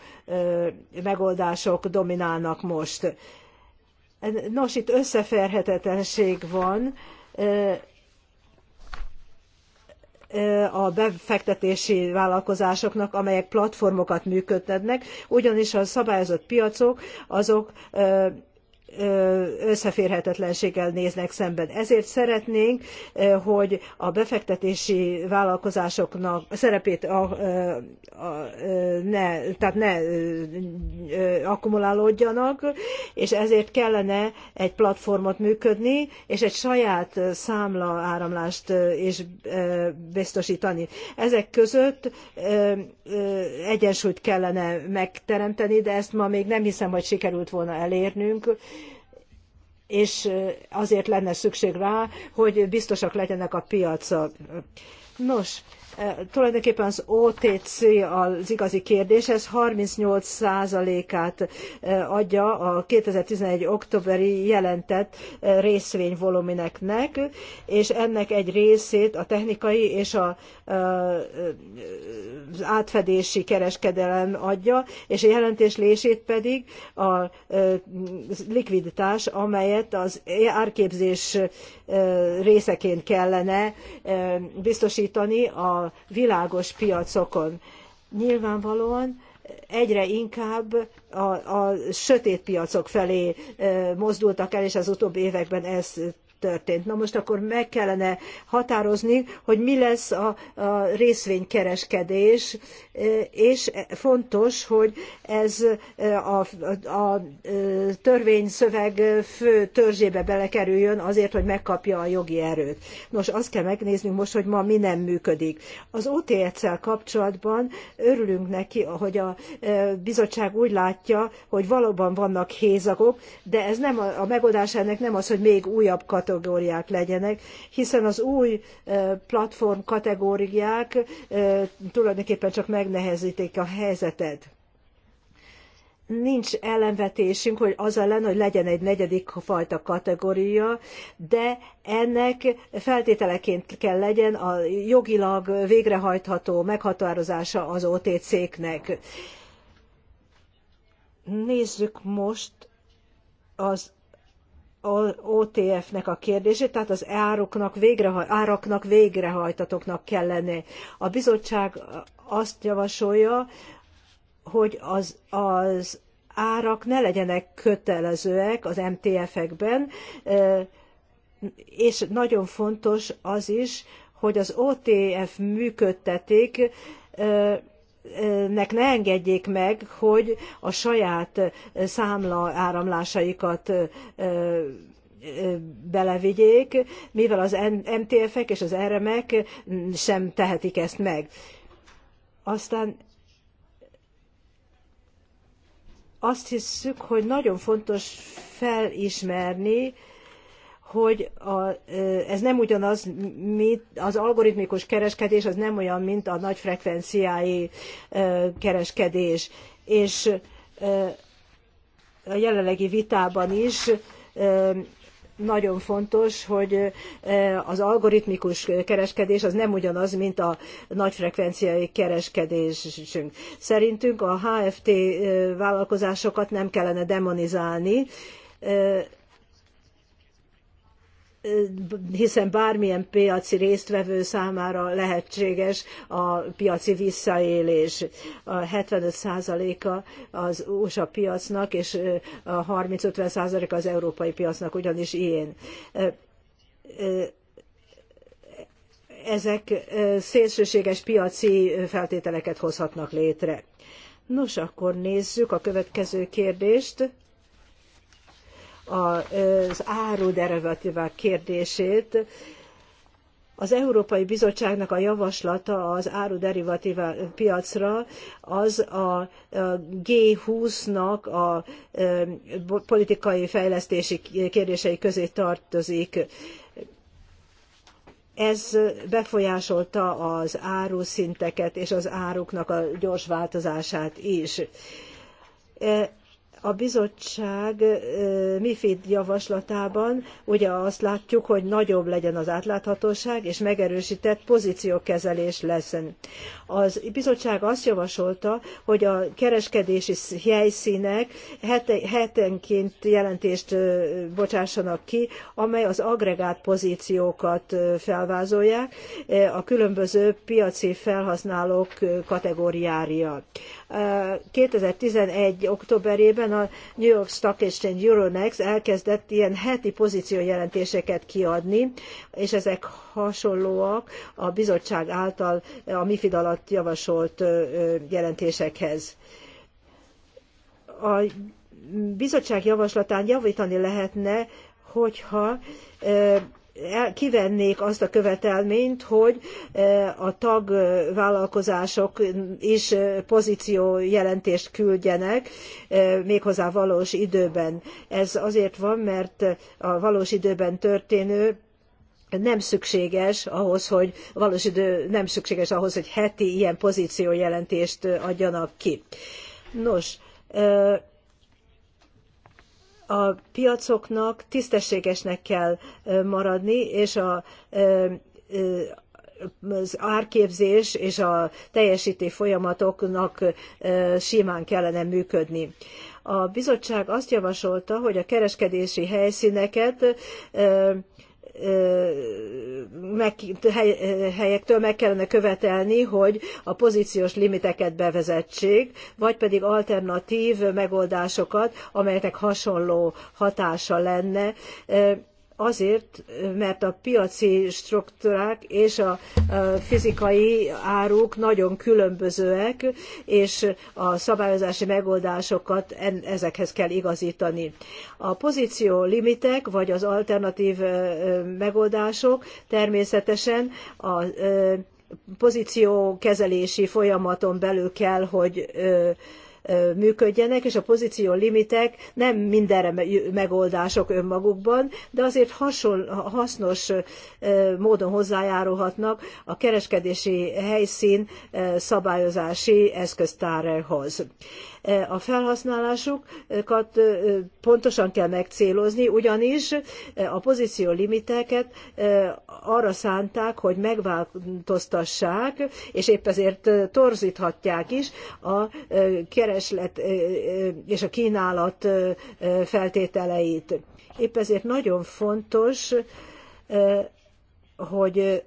megoldások dominálnak most. Nos, itt összeférhetetlenség van, a befektetési vállalkozásoknak, amelyek platformokat működtetnek, ugyanis a szabályozott piacok azok összeférhetetlenséggel néznek szemben. Ezért szeretnénk, hogy a befektetési vállalkozásoknak szerepét a, a, a, ne, tehát ne akkumulálódjanak, és ezért kellene egy platformot működni, és egy saját számla áramlást is biztosítani. Ezek között egyensúlyt kellene megteremteni, de ezt ma még nem hiszem, hogy sikerült volna elérnünk és azért lenne szükség rá, hogy biztosak legyenek a piacok. Nos, Eh, tulajdonképpen az OTC az igazi kérdés, ez 38%-át eh, adja a 2011. októberi jelentett eh, részvényvolumineknek, és ennek egy részét a technikai és a, az átfedési kereskedelem adja, és a jelentés lését pedig a likviditás, amelyet az árképzés részeként kellene biztosítani a világos piacokon. Nyilvánvalóan egyre inkább a, a sötét piacok felé mozdultak el, és az utóbbi években ez történt. Na most akkor meg kellene határozni, hogy mi lesz a, a részvénykereskedés, eh, és fontos, hogy ez eh, a, a, a törvényszöveg fő törzsébe belekerüljön azért, hogy megkapja a jogi erőt. Nos, azt kell megnéznünk most, hogy ma mi nem működik. Az OTS-szel kapcsolatban örülünk neki, hogy a eh, bizottság úgy látja, hogy valóban vannak hézagok, de ez nem a, a megoldás ennek nem az, hogy még újabb kategóriák legyenek, hiszen az új platform kategóriák tulajdonképpen csak megnehezítik a helyzetet nincs ellenvetésünk hogy az ellen, hogy legyen egy negyedik fajta kategória, de ennek feltételeként kell legyen a jogilag végrehajtható meghatározása az OTC-knek. Nézzük most az OTF-nek a kérdését, tehát az áruknak végreha áraknak végrehajtatóknak kellene. A bizottság azt javasolja, hogy az, az árak ne legyenek kötelezőek az MTF-ekben, és nagyon fontos az is, hogy az OTF működtetik nek ne engedjék meg, hogy a saját számla áramlásaikat belevigyék, mivel az MTF-ek és az RM-ek sem tehetik ezt meg. Aztán azt hiszük, hogy nagyon fontos felismerni, hogy a, ez nem ugyanaz, mint az algoritmikus kereskedés, az nem olyan, mint a nagy frekvenciái kereskedés. És a jelenlegi vitában is nagyon fontos, hogy az algoritmikus kereskedés az nem ugyanaz, mint a nagyfrekvenciai kereskedésünk. Szerintünk a HFT vállalkozásokat nem kellene demonizálni, hiszen bármilyen piaci résztvevő számára lehetséges a piaci visszaélés. A 75%-a az USA piacnak, és a 30-50%-a az európai piacnak ugyanis ilyen ezek szélsőséges piaci feltételeket hozhatnak létre. Nos, akkor nézzük a következő kérdést az áru derivatívák kérdését. Az Európai Bizottságnak a javaslata az áru derivatívák piacra az a G20-nak a politikai fejlesztési kérdései közé tartozik. Ez befolyásolta az áruszinteket és az áruknak a gyors változását is a bizottság MIFID javaslatában ugye azt látjuk, hogy nagyobb legyen az átláthatóság, és megerősített pozíciókezelés lesz. A bizottság azt javasolta, hogy a kereskedési helyszínek hetenként jelentést bocsássanak ki, amely az agregált pozíciókat felvázolják a különböző piaci felhasználók kategóriája. 2011. októberében aztán a New York Stock Exchange Euronext elkezdett ilyen heti pozíciójelentéseket kiadni, és ezek hasonlóak a bizottság által a MIFID alatt javasolt jelentésekhez. A bizottság javaslatán javítani lehetne, hogyha kivennék azt a követelményt, hogy e, a tagvállalkozások is e, jelentést küldjenek, e, méghozzá valós időben. Ez azért van, mert a valós időben történő nem szükséges ahhoz, hogy valós idő nem szükséges ahhoz, hogy heti ilyen jelentést adjanak ki. Nos, a piacoknak tisztességesnek kell maradni, és a, az árképzés és a teljesítő folyamatoknak simán kellene működni. A bizottság azt javasolta, hogy a kereskedési helyszíneket meg, helyektől meg kellene követelni, hogy a pozíciós limiteket bevezetsék, vagy pedig alternatív megoldásokat, amelyeknek hasonló hatása lenne, azért, mert a piaci struktúrák és a fizikai áruk nagyon különbözőek, és a szabályozási megoldásokat ezekhez kell igazítani. A pozíció limitek, vagy az alternatív megoldások természetesen a kezelési folyamaton belül kell, hogy működjenek, és a pozíció limitek nem mindenre megoldások önmagukban, de azért hasonl, hasznos módon hozzájárulhatnak a kereskedési helyszín szabályozási eszköztárhoz. A felhasználásukat pontosan kell megcélozni, ugyanis a pozíció limiteket arra szánták, hogy megváltoztassák, és épp ezért torzíthatják is a kereslet és a kínálat feltételeit. Épp ezért nagyon fontos, hogy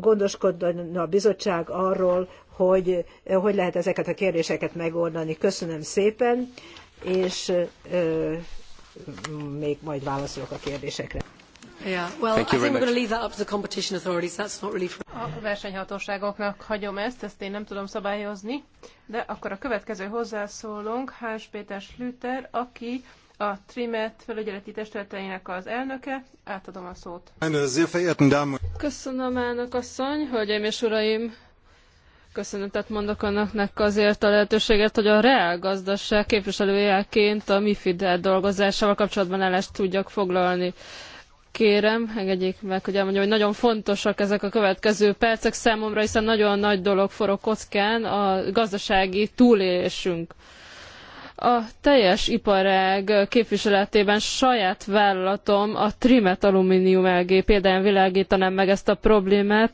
gondoskodna a bizottság arról, hogy hogy lehet ezeket a kérdéseket megoldani. Köszönöm szépen, és még majd válaszolok a kérdésekre. Yeah, well, I think we're going to leave that up to the competition authorities. That's not really for... A versenyhatóságoknak hagyom ezt, ezt én nem tudom szabályozni, de akkor a következő hozzászólónk Hans Péter Schlüter, aki a Trimet felügyeleti testületeinek az elnöke. Átadom a szót. Köszönöm, elnök asszony, hölgyeim és uraim! Köszönetet mondok önöknek azért a lehetőséget, hogy a reál gazdaság képviselőjeként a MIFID dolgozásával kapcsolatban állást tudjak foglalni. Kérem, engedjék meg, hogy elmondjam, hogy nagyon fontosak ezek a következő percek számomra, hiszen nagyon nagy dolog forog kockán a gazdasági túlélésünk a teljes iparág képviseletében saját vállalatom, a Trimet alumínium LG példáján világítanám meg ezt a problémát,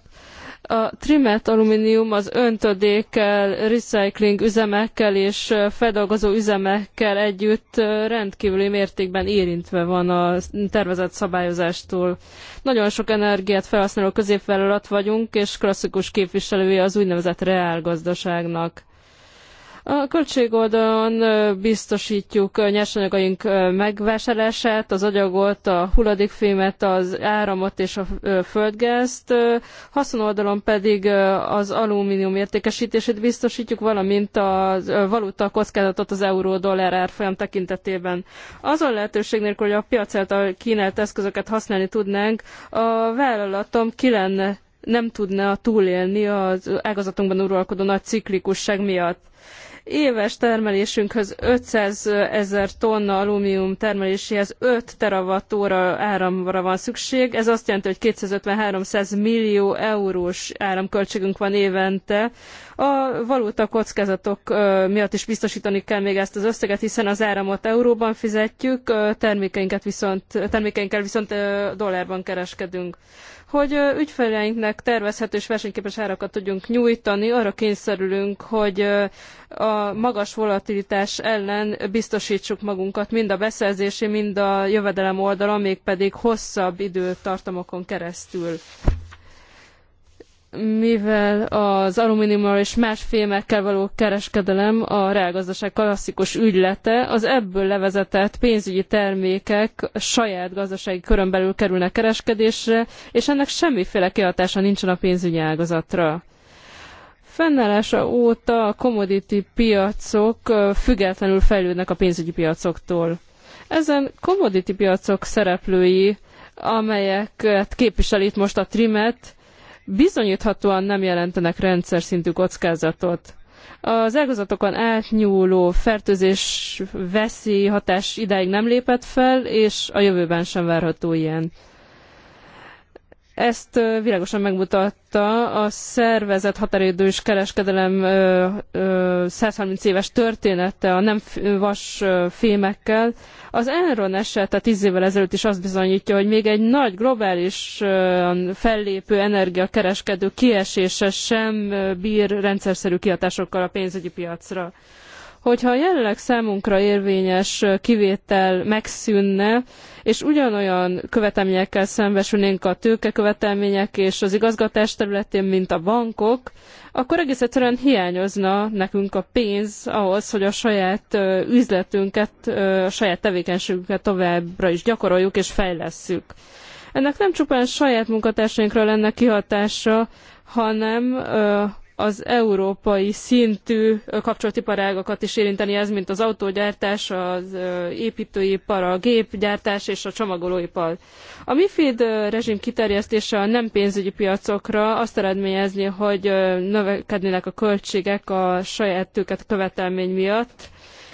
a trimet alumínium az öntödékkel, recycling üzemekkel és feldolgozó üzemekkel együtt rendkívüli mértékben érintve van a tervezett szabályozástól. Nagyon sok energiát felhasználó középvállalat vagyunk, és klasszikus képviselője az úgynevezett reálgazdaságnak. A költségoldalon biztosítjuk nyersanyagaink megvásárlását, az anyagot, a hulladékfémet, az áramot és a földgázt, haszonoldalon pedig az alumínium értékesítését biztosítjuk, valamint a valuta kockázatot az euró-dollár árfolyam tekintetében. Azon lehetőség nélkül, hogy a piac által kínált eszközöket használni tudnánk, a vállalatom ki lenne nem tudna túlélni az ágazatunkban uralkodó nagy ciklikusság miatt. Éves termelésünkhöz 500 ezer tonna alumínium termeléséhez 5 terawattóra áramra van szükség. Ez azt jelenti, hogy 250-300 millió eurós áramköltségünk van évente. A valuta kockázatok miatt is biztosítani kell még ezt az összeget, hiszen az áramot euróban fizetjük, termékeinket viszont, termékeinkkel viszont dollárban kereskedünk hogy ügyfeleinknek tervezhető és versenyképes árakat tudjunk nyújtani, arra kényszerülünk, hogy a magas volatilitás ellen biztosítsuk magunkat mind a beszerzési, mind a jövedelem oldalon, mégpedig hosszabb időtartamokon keresztül mivel az alumíniummal és más fémekkel való kereskedelem a reálgazdaság klasszikus ügylete, az ebből levezetett pénzügyi termékek saját gazdasági körön belül kerülnek kereskedésre, és ennek semmiféle kihatása nincsen a pénzügyi ágazatra. Fennállása óta a commodity piacok függetlenül fejlődnek a pénzügyi piacoktól. Ezen commodity piacok szereplői, amelyeket képvisel itt most a trimet, bizonyíthatóan nem jelentenek rendszer szintű kockázatot. Az ágazatokon átnyúló fertőzés veszély hatás idáig nem lépett fel, és a jövőben sem várható ilyen. Ezt világosan megmutatta a szervezet határidős kereskedelem 130 éves története a nem vas fémekkel. Az Enron esete 10 évvel ezelőtt is azt bizonyítja, hogy még egy nagy globális fellépő energiakereskedő kiesése sem bír rendszerszerű kihatásokkal a pénzügyi piacra. Hogyha a jelenleg számunkra érvényes kivétel megszűnne, és ugyanolyan követelményekkel szembesülnénk a tőkekövetelmények és az igazgatás területén, mint a bankok, akkor egész egyszerűen hiányozna nekünk a pénz ahhoz, hogy a saját üzletünket, a saját tevékenységünket továbbra is gyakoroljuk és fejlesszük. Ennek nem csupán saját munkatársainkra lenne kihatása, hanem az európai szintű kapcsolatiparágakat is érinteni ez, mint az autógyártás, az építőipar, a gépgyártás és a csomagolóipar. A MIFID rezsim kiterjesztése a nem pénzügyi piacokra azt eredményezni, hogy növekednének a költségek a saját tőket követelmény miatt,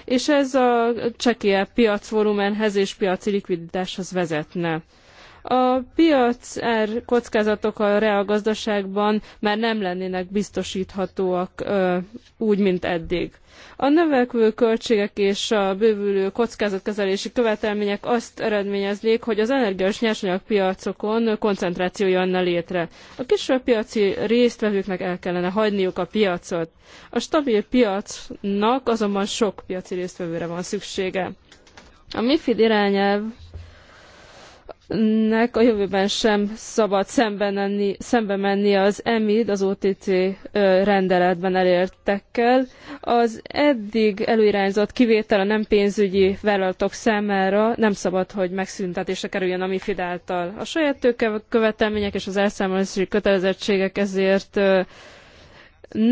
és ez a csekélyebb piacvolumenhez és piaci likviditáshoz vezetne. A piac er kockázatok a reálgazdaságban már nem lennének biztosíthatóak ö, úgy, mint eddig. A növekvő költségek és a bővülő kockázatkezelési követelmények azt eredményeznék, hogy az energiás nyersanyagpiacokon koncentráció jönne létre. A kisebb piaci résztvevőknek el kellene hagyniuk a piacot. A stabil piacnak azonban sok piaci résztvevőre van szüksége. A MIFID irányelv nek a jövőben sem szabad szembe menni, szembe menni az EMID, az OTT rendeletben elértekkel. Az eddig előirányzott kivétel a nem pénzügyi vállalatok számára nem szabad, hogy megszüntetésre kerüljön a MIFID által. A saját tőkekövetelmények és az elszámolási kötelezettségek ezért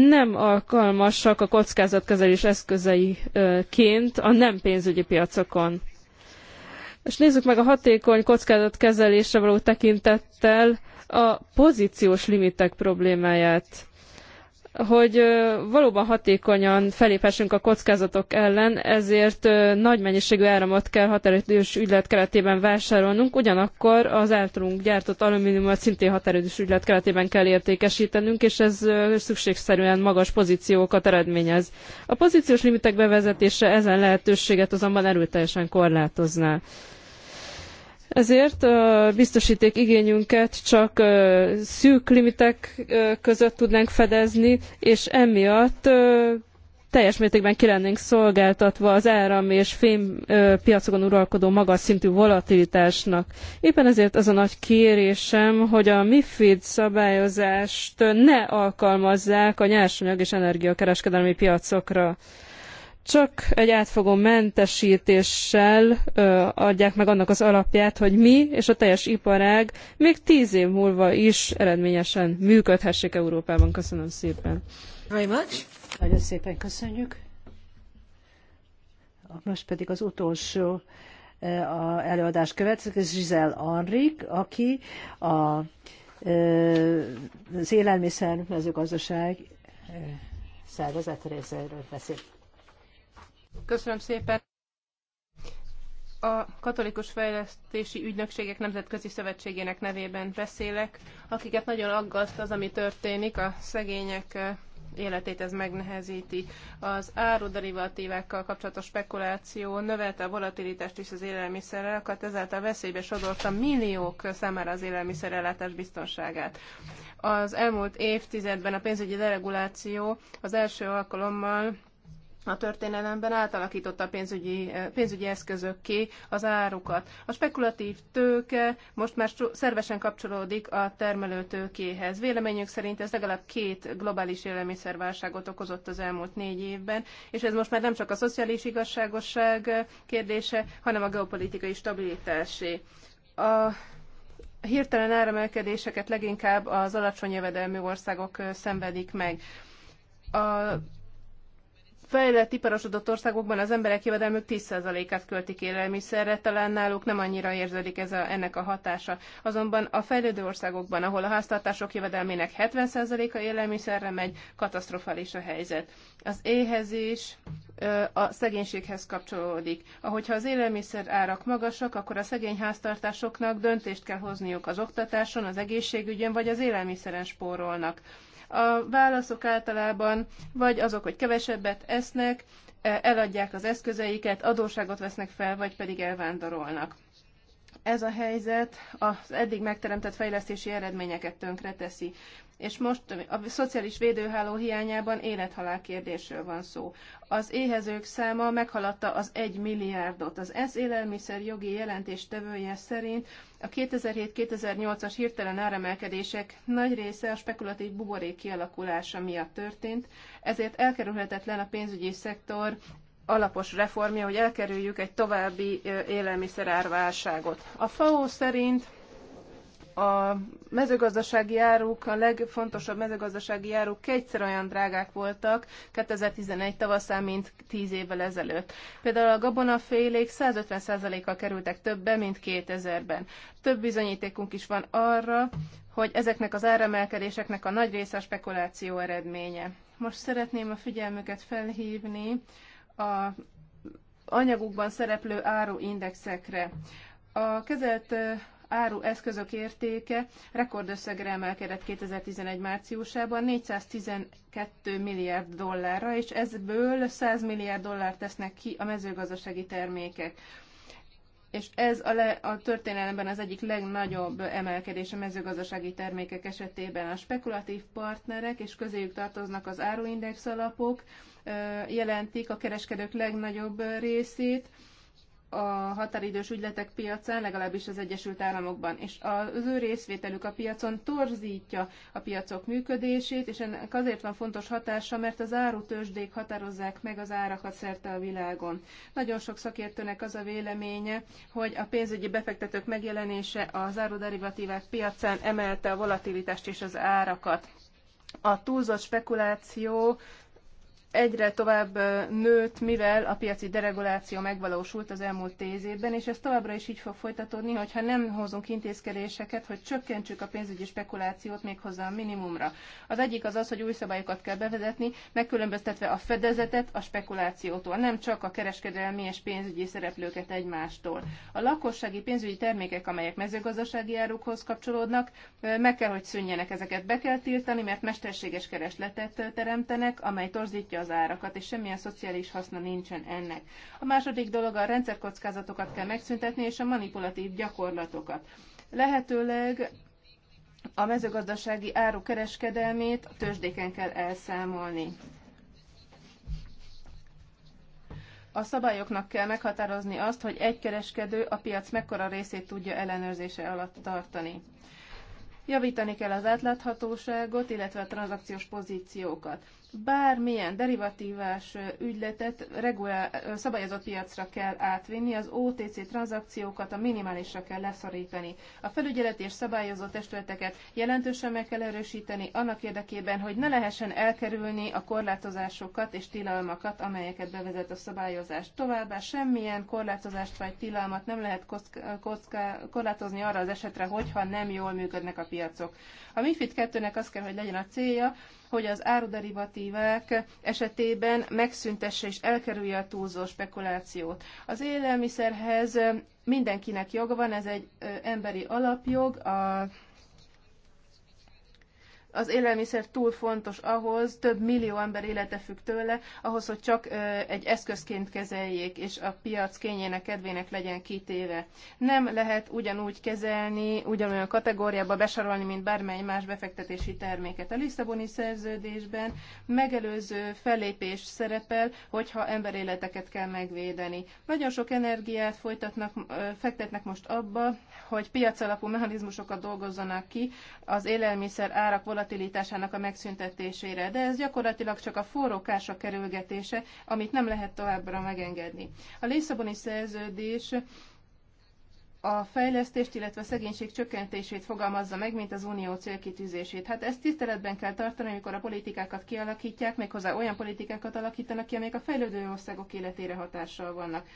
nem alkalmasak a kockázatkezelés eszközeiként a nem pénzügyi piacokon. És nézzük meg a hatékony kockázatkezelésre való tekintettel a pozíciós limitek problémáját hogy valóban hatékonyan feléphessünk a kockázatok ellen, ezért nagy mennyiségű áramot kell határidős ügylet keretében vásárolnunk, ugyanakkor az általunk gyártott alumíniumot szintén határidős ügylet keretében kell értékesítenünk, és ez szükségszerűen magas pozíciókat eredményez. A pozíciós limitek bevezetése ezen lehetőséget azonban erőteljesen korlátozná. Ezért a biztosíték igényünket csak szűk limitek között tudnánk fedezni, és emiatt teljes mértékben ki lennénk szolgáltatva az áram és fém piacokon uralkodó magas szintű volatilitásnak. Éppen ezért az a nagy kérésem, hogy a MIFID szabályozást ne alkalmazzák a nyersanyag és energiakereskedelmi piacokra csak egy átfogó mentesítéssel ö, adják meg annak az alapját, hogy mi és a teljes iparág még tíz év múlva is eredményesen működhessék Európában. Köszönöm szépen. Very much. Nagyon szépen köszönjük. Most pedig az utolsó a előadás következik, Giselle Anrik, aki a, az élelmiszer mezőgazdaság szervezet részéről beszél. Köszönöm szépen. A Katolikus Fejlesztési Ügynökségek Nemzetközi Szövetségének nevében beszélek, akiket nagyon aggaszt az, ami történik, a szegények eh, életét ez megnehezíti. Az áruderivatívákkal kapcsolatos spekuláció növelte a volatilitást is az élelmiszerelkat, ezáltal veszélybe sodorta milliók számára az élelmiszerellátás biztonságát. Az elmúlt évtizedben a pénzügyi dereguláció az első alkalommal a történelemben átalakította a pénzügyi, eh, pénzügyi eszközökké az árukat. A spekulatív tőke most már szervesen kapcsolódik a termelőtőkéhez. Véleményük szerint ez legalább két globális élelmiszerválságot okozott az elmúlt négy évben, és ez most már nem csak a szociális igazságosság eh, kérdése, hanem a geopolitikai stabilitásé. A hirtelen áremelkedéseket leginkább az alacsony jövedelmű országok eh, szenvedik meg. A fejlett, iparosodott országokban az emberek jövedelmük 10%-át költik élelmiszerre, talán náluk nem annyira érződik ez a, ennek a hatása. Azonban a fejlődő országokban, ahol a háztartások jövedelmének 70%-a élelmiszerre megy, katasztrofális a helyzet. Az éhezés a szegénységhez kapcsolódik. Ahogyha az élelmiszer árak magasak, akkor a szegény háztartásoknak döntést kell hozniuk az oktatáson, az egészségügyön vagy az élelmiszeren spórolnak. A válaszok általában vagy azok, hogy kevesebbet esznek, e, eladják az eszközeiket, adósságot vesznek fel, vagy pedig elvándorolnak ez a helyzet az eddig megteremtett fejlesztési eredményeket tönkreteszi. És most a szociális védőháló hiányában élethalál kérdésről van szó. Az éhezők száma meghaladta az 1 milliárdot. Az ENSZ élelmiszer jogi jelentés tevője szerint a 2007-2008-as hirtelen áremelkedések nagy része a spekulatív buborék kialakulása miatt történt, ezért elkerülhetetlen a pénzügyi szektor alapos reformja, hogy elkerüljük egy további élelmiszerárválságot. A FAO szerint a mezőgazdasági áruk, a legfontosabb mezőgazdasági áruk kétszer olyan drágák voltak 2011 tavaszán, mint 10 évvel ezelőtt. Például a gabonafélék 150%-kal kerültek többe, mint 2000-ben. Több bizonyítékunk is van arra, hogy ezeknek az áremelkedéseknek a nagy része a spekuláció eredménye. Most szeretném a figyelmüket felhívni a anyagukban szereplő áruindexekre. A kezelt áru eszközök értéke rekordösszegre emelkedett 2011 márciusában 412 milliárd dollárra, és ezből 100 milliárd dollár tesznek ki a mezőgazdasági termékek. És ez a, le, a történelemben az egyik legnagyobb emelkedés a mezőgazdasági termékek esetében. A spekulatív partnerek, és közéjük tartoznak az áruindex alapok, jelentik a kereskedők legnagyobb részét a határidős ügyletek piacán, legalábbis az Egyesült Államokban. És az ő részvételük a piacon torzítja a piacok működését, és ennek azért van fontos hatása, mert az árutősdék határozzák meg az árakat szerte a világon. Nagyon sok szakértőnek az a véleménye, hogy a pénzügyi befektetők megjelenése az áruderivatívák piacán emelte a volatilitást és az árakat. A túlzott spekuláció egyre tovább nőtt, mivel a piaci dereguláció megvalósult az elmúlt tíz évben, és ez továbbra is így fog folytatódni, hogyha nem hozunk intézkedéseket, hogy csökkentsük a pénzügyi spekulációt méghozzá a minimumra. Az egyik az az, hogy új szabályokat kell bevezetni, megkülönböztetve a fedezetet a spekulációtól, nem csak a kereskedelmi és pénzügyi szereplőket egymástól. A lakossági pénzügyi termékek, amelyek mezőgazdasági árukhoz kapcsolódnak, meg kell, hogy szűnjenek ezeket. Be kell tiltani, mert mesterséges keresletet teremtenek, amely torzítja az az árakat, és semmilyen szociális haszna nincsen ennek. A második dolog a rendszerkockázatokat kell megszüntetni, és a manipulatív gyakorlatokat. Lehetőleg a mezőgazdasági áru kereskedelmét a tőzsdéken kell elszámolni. A szabályoknak kell meghatározni azt, hogy egy kereskedő a piac mekkora részét tudja ellenőrzése alatt tartani. Javítani kell az átláthatóságot, illetve a tranzakciós pozíciókat bármilyen derivatívás ügyletet regulá- szabályozott piacra kell átvinni, az OTC tranzakciókat a minimálisra kell leszorítani. A felügyeleti és szabályozó testületeket jelentősen meg kell erősíteni annak érdekében, hogy ne lehessen elkerülni a korlátozásokat és tilalmakat, amelyeket bevezet a szabályozás. Továbbá semmilyen korlátozást vagy tilalmat nem lehet kocká- korlátozni arra az esetre, hogyha nem jól működnek a piacok. A MIFID 2-nek az kell, hogy legyen a célja, hogy az áruderivatívák esetében megszüntesse és elkerülje a túlzó spekulációt. Az élelmiszerhez mindenkinek joga van, ez egy emberi alapjog, a az élelmiszer túl fontos ahhoz, több millió ember élete függ tőle, ahhoz, hogy csak egy eszközként kezeljék, és a piac kényének, kedvének legyen kitéve. Nem lehet ugyanúgy kezelni, ugyanolyan kategóriába besorolni, mint bármely más befektetési terméket. A Lisszaboni szerződésben megelőző fellépés szerepel, hogyha emberéleteket kell megvédeni. Nagyon sok energiát folytatnak, fektetnek most abba, hogy piacalapú mechanizmusokat dolgozzanak ki az élelmiszer árak volatilitásának a megszüntetésére, de ez gyakorlatilag csak a forró kása kerülgetése, amit nem lehet továbbra megengedni. A Lisszaboni szerződés a fejlesztést, illetve a szegénység csökkentését fogalmazza meg, mint az unió célkitűzését. Hát ezt tiszteletben kell tartani, amikor a politikákat kialakítják, méghozzá olyan politikákat alakítanak ki, amelyek a fejlődő országok életére hatással vannak.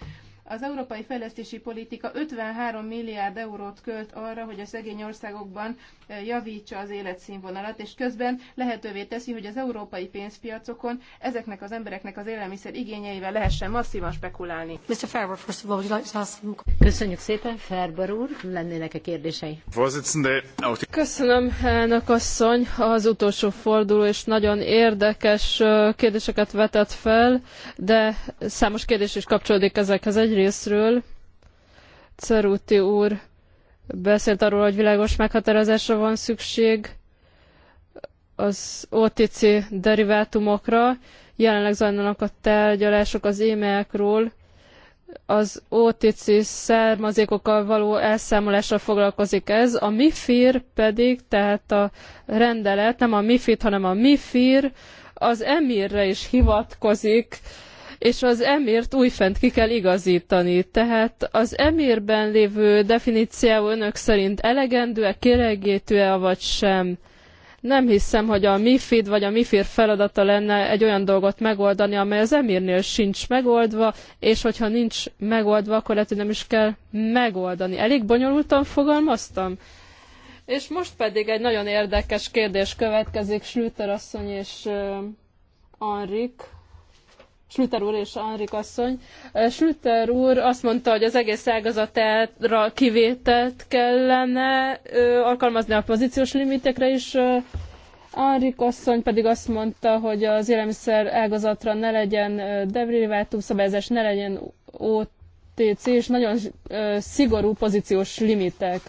Az európai fejlesztési politika 53 milliárd eurót költ arra, hogy a szegény országokban eh, javítsa az életszínvonalat, és közben lehetővé teszi, hogy az európai pénzpiacokon ezeknek az embereknek az élelmiszer igényeivel lehessen masszívan spekulálni. Mr. Ferber, first of all, would like to ask Köszönjük szépen, Ferber úr, lennének-e kérdései? Köszönöm, elnök asszony, az utolsó forduló, és nagyon érdekes eh, kérdéseket vetett fel, de számos kérdés is kapcsolódik ezekhez. Egy egyrésztről Ceruti úr beszélt arról, hogy világos meghatározásra van szükség az OTC derivátumokra. Jelenleg zajlanak a tárgyalások az émeekről, az OTC származékokkal való elszámolással foglalkozik ez, a MIFIR pedig, tehát a rendelet, nem a MIFID, hanem a MIFIR, az EMIR-re is hivatkozik, és az emírt újfent ki kell igazítani. Tehát az emírben lévő definíció önök szerint elegendő-e, kiregítő-e, vagy sem? Nem hiszem, hogy a MIFID vagy a MIFIR feladata lenne egy olyan dolgot megoldani, amely az emírnél sincs megoldva, és hogyha nincs megoldva, akkor lehet, hogy nem is kell megoldani. Elég bonyolultan fogalmaztam? És most pedig egy nagyon érdekes kérdés következik Schlüter asszony és uh, Anrik Schlüter úr és Anrik asszony. Eh, Schlüter úr azt mondta, hogy az egész ágazatára kivételt kellene alkalmazni a pozíciós limitekre is. Anrik asszony pedig azt mondta, hogy az élelmiszer ágazatra ne legyen derivátum szabályozás, ne legyen OTC, és nagyon szigorú pozíciós limitek.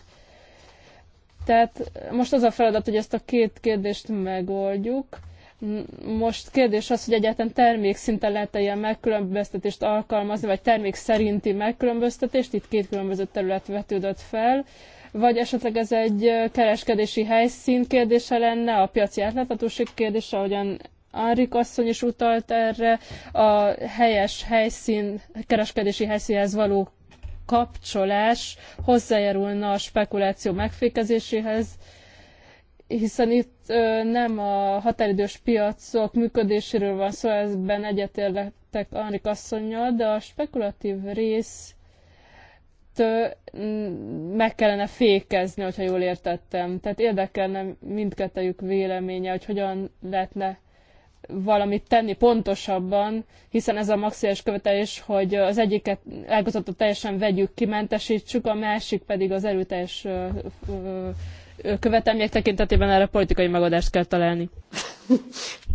Tehát most az a feladat, hogy ezt a két kérdést megoldjuk most kérdés az, hogy egyáltalán termékszinten lehet-e ilyen megkülönböztetést alkalmazni, vagy termék szerinti megkülönböztetést, itt két különböző terület vetődött fel, vagy esetleg ez egy kereskedési helyszín kérdése lenne, a piaci átláthatóság kérdése, ahogyan Anrik asszony is utalt erre, a helyes helyszín, kereskedési helyszínhez való kapcsolás hozzájárulna a spekuláció megfékezéséhez, hiszen itt nem a határidős piacok működéséről van szó, szóval ezben egyetértek Anrik asszonynal, de a spekulatív rész meg kellene fékezni, hogyha jól értettem. Tehát érdekelne mindkettőjük véleménye, hogy hogyan lehetne valamit tenni pontosabban, hiszen ez a maximális követelés, hogy az egyiket ágazatot teljesen vegyük, kimentesítsük, a másik pedig az erőteljes követelmények tekintetében erre politikai megoldást kell találni.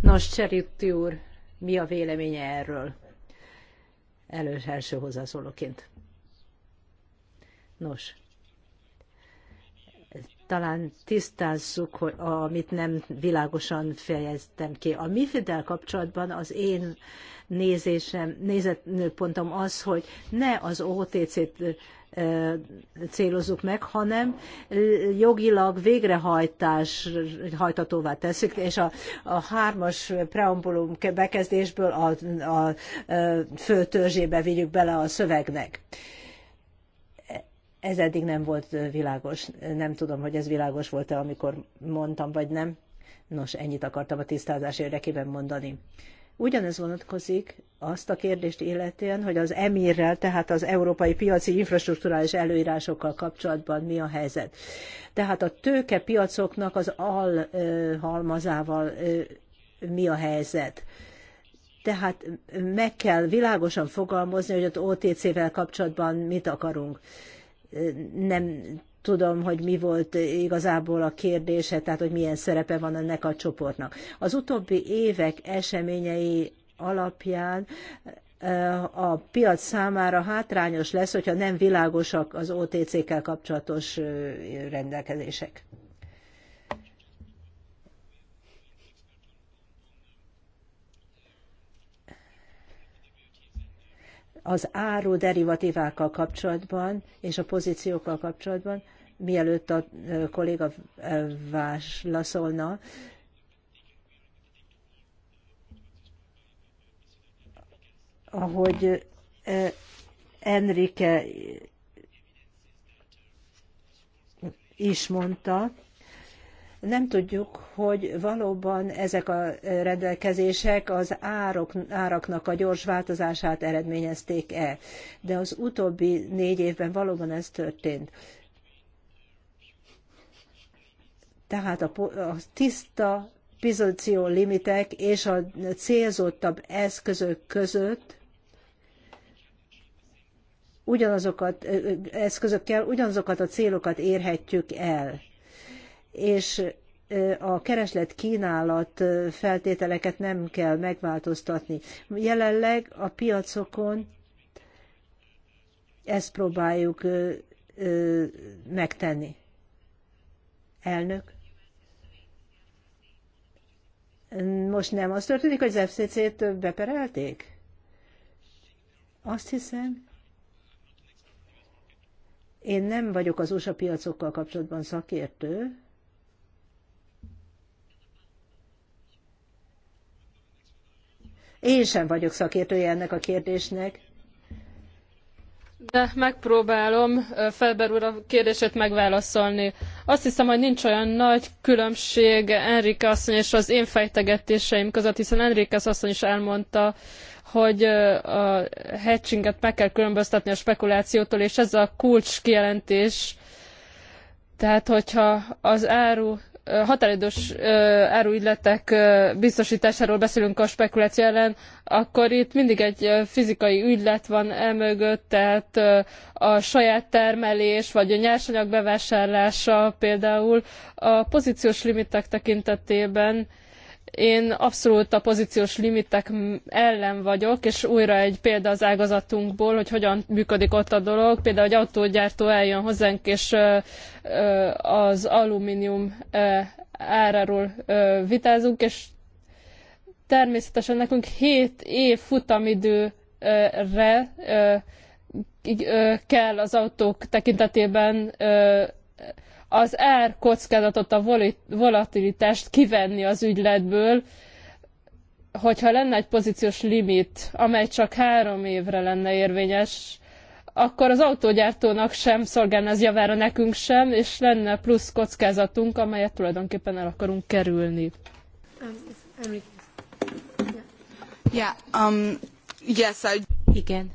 Nos, Cseriti úr, mi a véleménye erről? Először első hozzászólóként. Nos, talán tisztázzuk, hogy amit nem világosan fejeztem ki. A mifid kapcsolatban az én nézésem, nézetpontom az, hogy ne az OTC-t célozzuk meg, hanem jogilag végrehajtás hajtatóvá tesszük, és a, a hármas preambulum bekezdésből a, a, a fő törzsébe vigyük bele a szövegnek. Ez eddig nem volt világos. Nem tudom, hogy ez világos volt-e, amikor mondtam, vagy nem. Nos, ennyit akartam a tisztázás érdekében mondani. Ugyanez vonatkozik azt a kérdést illetően, hogy az emírrel, tehát az európai piaci infrastruktúrális előírásokkal kapcsolatban mi a helyzet. Tehát a piacoknak az alhalmazával mi a helyzet. Tehát meg kell világosan fogalmazni, hogy az OTC-vel kapcsolatban mit akarunk. Nem tudom, hogy mi volt igazából a kérdése, tehát hogy milyen szerepe van ennek a csoportnak. Az utóbbi évek eseményei alapján a piac számára hátrányos lesz, hogyha nem világosak az OTC-kkel kapcsolatos rendelkezések. Az áru derivatívákkal kapcsolatban és a pozíciókkal kapcsolatban mielőtt a kolléga válaszolna. Ahogy Enrique is mondta, nem tudjuk, hogy valóban ezek a rendelkezések az árok, áraknak a gyors változását eredményezték-e, de az utóbbi négy évben valóban ez történt. Tehát a, a tiszta bizonyció limitek és a célzottabb eszközök között ugyanazokat eszközökkel ugyanazokat a célokat érhetjük el. És a kereslet kínálat feltételeket nem kell megváltoztatni. Jelenleg a piacokon ezt próbáljuk megtenni. Elnök. Most nem az történik, hogy az FCC-t beperelték? Azt hiszem, én nem vagyok az USA piacokkal kapcsolatban szakértő, Én sem vagyok szakértője ennek a kérdésnek, de megpróbálom Felber úr a kérdését megválaszolni. Azt hiszem, hogy nincs olyan nagy különbség Enrique asszony és az én fejtegetéseim között, hiszen Enrique asszony is elmondta, hogy a hedginget meg kell különböztetni a spekulációtól, és ez a kulcs kijelentés. Tehát, hogyha az áru határidős áruügyletek biztosításáról beszélünk a spekuláció ellen, akkor itt mindig egy fizikai ügylet van elmögött, tehát a saját termelés, vagy a nyersanyag bevásárlása például a pozíciós limitek tekintetében én abszolút a pozíciós limitek ellen vagyok, és újra egy példa az ágazatunkból, hogy hogyan működik ott a dolog. Például egy autógyártó eljön hozzánk, és az alumínium áráról vitázunk, és természetesen nekünk 7 év futamidőre kell az autók tekintetében az ár kockázatot, a volatilitást kivenni az ügyletből, hogyha lenne egy pozíciós limit, amely csak három évre lenne érvényes, akkor az autógyártónak sem szolgálna ez javára nekünk sem, és lenne plusz kockázatunk, amelyet tulajdonképpen el akarunk kerülni. Um, Igen.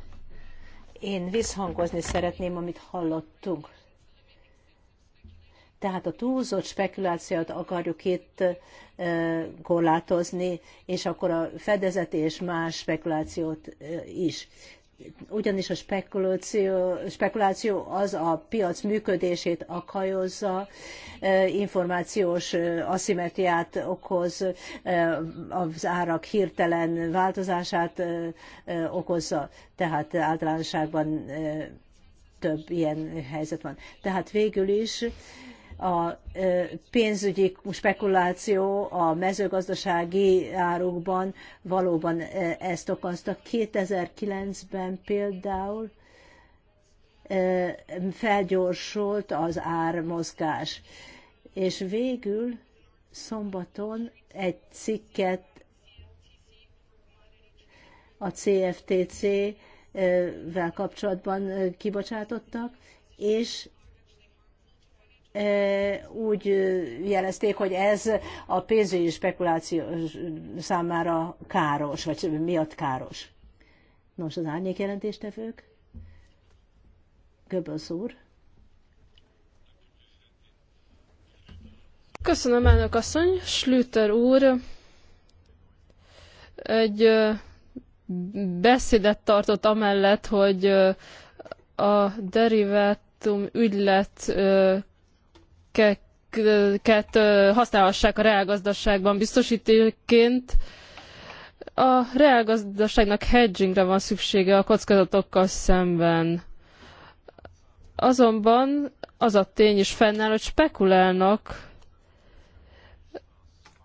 Én visszhangozni szeretném, amit hallottunk tehát a túlzott spekulációt akarjuk itt korlátozni, és akkor a fedezet és más spekulációt is. Ugyanis a spekuláció, spekuláció az a piac működését akajozza, információs aszimetriát okoz, az árak hirtelen változását okozza, tehát általánosságban több ilyen helyzet van. Tehát végül is a pénzügyi spekuláció a mezőgazdasági árukban valóban ezt okozta. 2009-ben például felgyorsult az ármozgás. És végül szombaton egy cikket a CFTC-vel kapcsolatban kibocsátottak, és E, úgy e, jelezték, hogy ez a pénzügyi spekuláció számára káros, vagy miatt káros. Nos, az árnyék jelentéstevők? Göbbelsz úr. Köszönöm, elnök asszony. Schlüter úr egy beszédet tartott amellett, hogy a derivátum ügylet termékeket használhassák a reálgazdaságban biztosítéként. A reálgazdaságnak hedgingre van szüksége a kockázatokkal szemben. Azonban az a tény is fennáll, hogy spekulálnak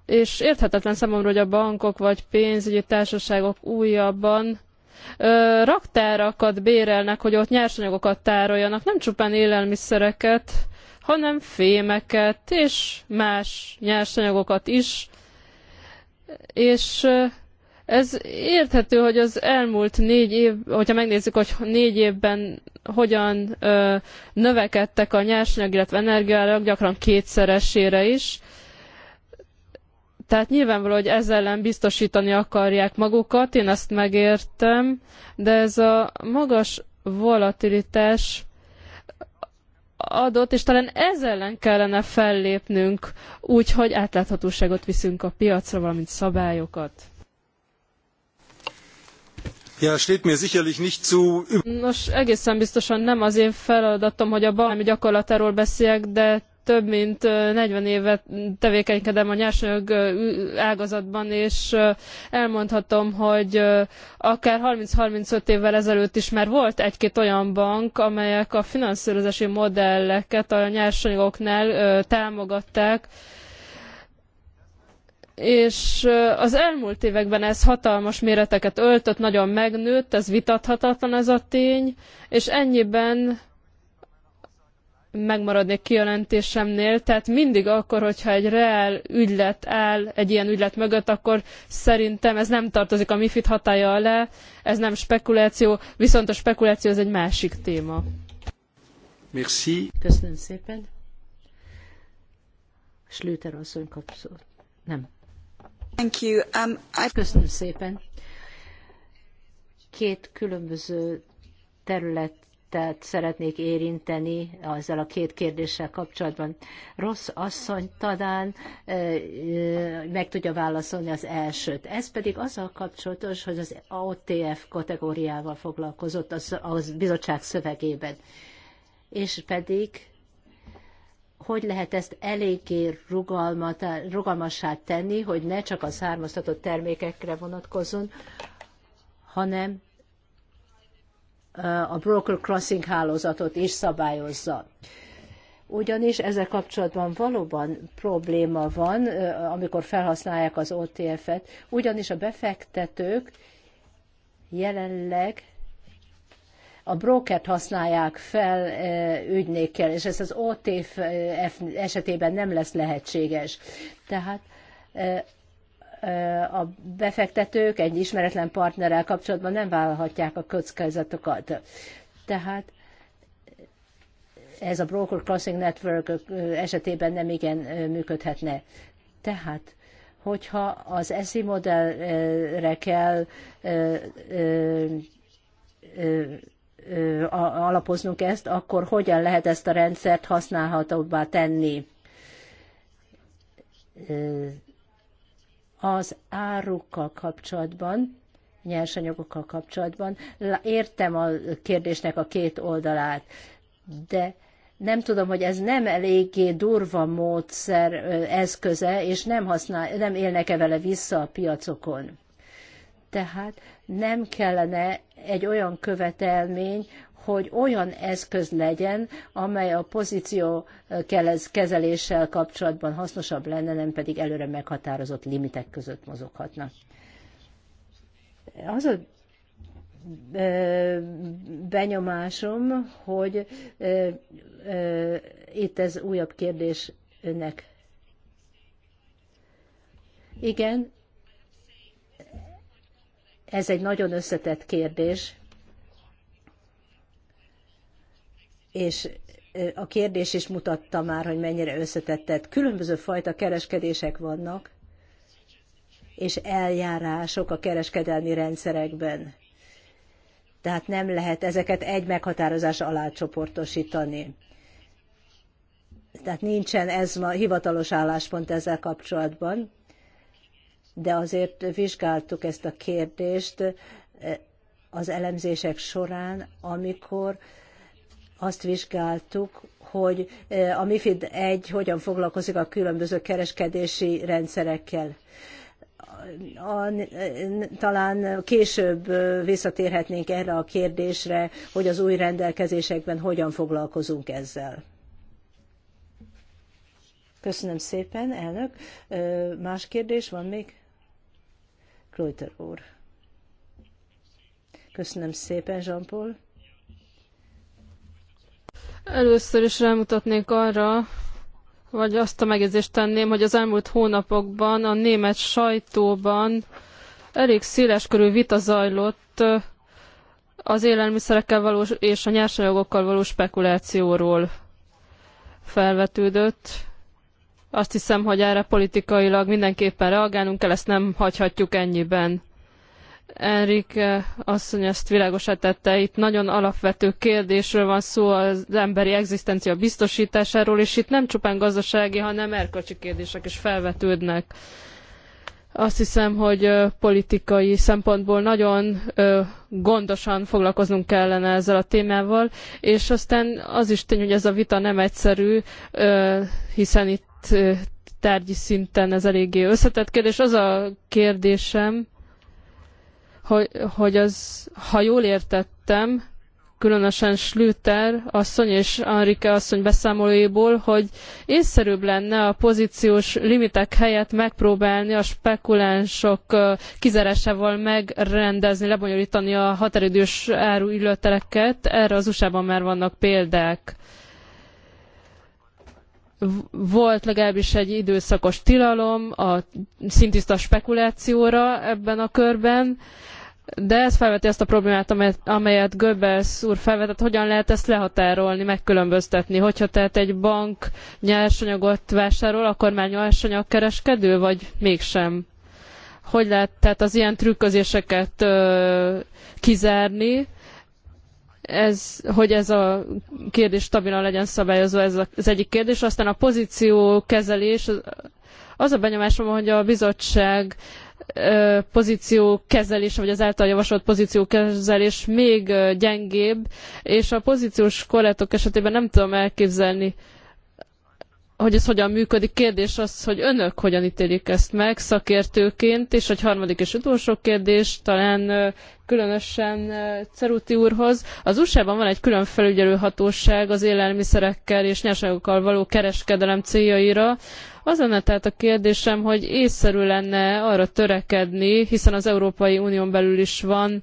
és érthetetlen számomra, hogy a bankok vagy pénzügyi társaságok újabban ö, raktárakat bérelnek, hogy ott nyersanyagokat tároljanak, nem csupán élelmiszereket, hanem fémeket és más nyersanyagokat is, és ez érthető, hogy az elmúlt négy év, hogyha megnézzük, hogy négy évben hogyan ö, növekedtek a nyersanyag, illetve energiárak gyakran kétszeresére is. Tehát nyilvánvaló, hogy ezzel ellen biztosítani akarják magukat, én ezt megértem, de ez a magas volatilitás adott, és talán ez ellen kellene fellépnünk, úgy, hogy átláthatóságot viszünk a piacra, valamint szabályokat. Ja, steht mir sicherlich nicht zu. Nos, egészen biztosan nem az én feladatom, hogy a balmi gyakorlatáról beszéljek, de több mint 40 évet tevékenykedem a nyersanyag ágazatban, és elmondhatom, hogy akár 30-35 évvel ezelőtt is már volt egy-két olyan bank, amelyek a finanszírozási modelleket a nyersanyagoknál támogatták, és az elmúlt években ez hatalmas méreteket öltött, nagyon megnőtt, ez vitathatatlan ez a tény, és ennyiben megmaradnék kijelentésemnél, tehát mindig akkor, hogyha egy reál ügylet áll egy ilyen ügylet mögött, akkor szerintem ez nem tartozik a MIFID hatája alá, ez nem spekuláció, viszont a spekuláció az egy másik téma. Merci. Köszönöm szépen. Slüter asszony kapszót. Nem. Thank you. Um, I... Köszönöm szépen. Két különböző terület részletelt szeretnék érinteni ezzel a két kérdéssel kapcsolatban. Rossz asszony talán meg tudja válaszolni az elsőt. Ez pedig azzal kapcsolatos, hogy az OTF kategóriával foglalkozott az, az bizottság szövegében. És pedig hogy lehet ezt eléggé rugalmassá tenni, hogy ne csak a származtatott termékekre vonatkozzon, hanem a broker crossing hálózatot is szabályozza. Ugyanis ezzel kapcsolatban valóban probléma van, amikor felhasználják az OTF-et, ugyanis a befektetők jelenleg a brokert használják fel ügynékkel, és ez az OTF esetében nem lesz lehetséges. Tehát a befektetők egy ismeretlen partnerrel kapcsolatban nem vállalhatják a kockázatokat. Tehát ez a Broker Crossing Network esetében nem igen működhetne. Tehát hogyha az ESZI modellre kell alapoznunk ezt, akkor hogyan lehet ezt a rendszert használhatóbbá tenni? az árukkal kapcsolatban, nyersanyagokkal kapcsolatban. Értem a kérdésnek a két oldalát, de nem tudom, hogy ez nem eléggé durva módszer, eszköze, és nem, használ, nem élnek-e vele vissza a piacokon. Tehát nem kellene egy olyan követelmény, hogy olyan eszköz legyen, amely a pozíció eh, kezeléssel kapcsolatban hasznosabb lenne, nem pedig előre meghatározott limitek között mozoghatna. Az a eh, benyomásom, hogy eh, itt ez újabb kérdés önnek. Igen, ez egy nagyon összetett kérdés, és a kérdés is mutatta már, hogy mennyire összetettet. Különböző fajta kereskedések vannak, és eljárások a kereskedelmi rendszerekben. Tehát nem lehet ezeket egy meghatározás alá csoportosítani. Tehát nincsen ez ma hivatalos álláspont ezzel kapcsolatban, de azért vizsgáltuk ezt a kérdést az elemzések során, amikor azt vizsgáltuk, hogy e, a MIFID 1 hogyan foglalkozik a különböző kereskedési rendszerekkel. A, talán később e, visszatérhetnénk erre a kérdésre, hogy az új rendelkezésekben hogyan foglalkozunk ezzel. Köszönöm szépen, elnök. E, más kérdés van még? Kreuter úr. Köszönöm szépen, Jean-Paul. Először is rámutatnék arra, vagy azt a megjegyzést tenném, hogy az elmúlt hónapokban a német sajtóban elég széles körű vita zajlott az élelmiszerekkel való és a nyersanyagokkal való spekulációról felvetődött. Azt hiszem, hogy erre politikailag mindenképpen reagálnunk kell, ezt nem hagyhatjuk ennyiben. Enrique asszony ezt világosá tette, itt nagyon alapvető kérdésről van szó az emberi egzisztencia biztosításáról, és itt nem csupán gazdasági, hanem erkölcsi kérdések is felvetődnek. Azt hiszem, hogy politikai szempontból nagyon gondosan foglalkoznunk kellene ezzel a témával, és aztán az is tény, hogy ez a vita nem egyszerű, hiszen itt tárgyi szinten ez eléggé összetett kérdés. Az a kérdésem, hogy, hogy az, ha jól értettem, különösen Schlüter asszony és Enrique asszony beszámolóiból, hogy észszerűbb lenne a pozíciós limitek helyett megpróbálni a spekulánsok kizárásával megrendezni, lebonyolítani a határidős áruügyleteleket. Erre az USA-ban már vannak példák. Volt legalábbis egy időszakos tilalom a szintiszta spekulációra ebben a körben, de ez felveti azt a problémát, amelyet, amelyet Goebbels úr felvetett, hogyan lehet ezt lehatárolni, megkülönböztetni. Hogyha tehát egy bank nyersanyagot vásárol, akkor már nyersanyagkereskedő, vagy mégsem? Hogy lehet tehát az ilyen trükközéseket ö, kizárni, ez, hogy ez a kérdés stabilan legyen szabályozva, ez az egyik kérdés. Aztán a pozíció kezelés, az a benyomásom, hogy a bizottság pozíció kezelése, vagy az által javasolt pozíció kezelés még gyengébb, és a pozíciós korlátok esetében nem tudom elképzelni hogy ez hogyan működik. Kérdés az, hogy önök hogyan ítélik ezt meg szakértőként, és egy harmadik és utolsó kérdés, talán különösen Ceruti úrhoz. Az USA-ban van egy külön felügyelőhatóság az élelmiszerekkel és nyersanyagokkal való kereskedelem céljaira. Az lenne tehát a kérdésem, hogy észszerű lenne arra törekedni, hiszen az Európai Unión belül is van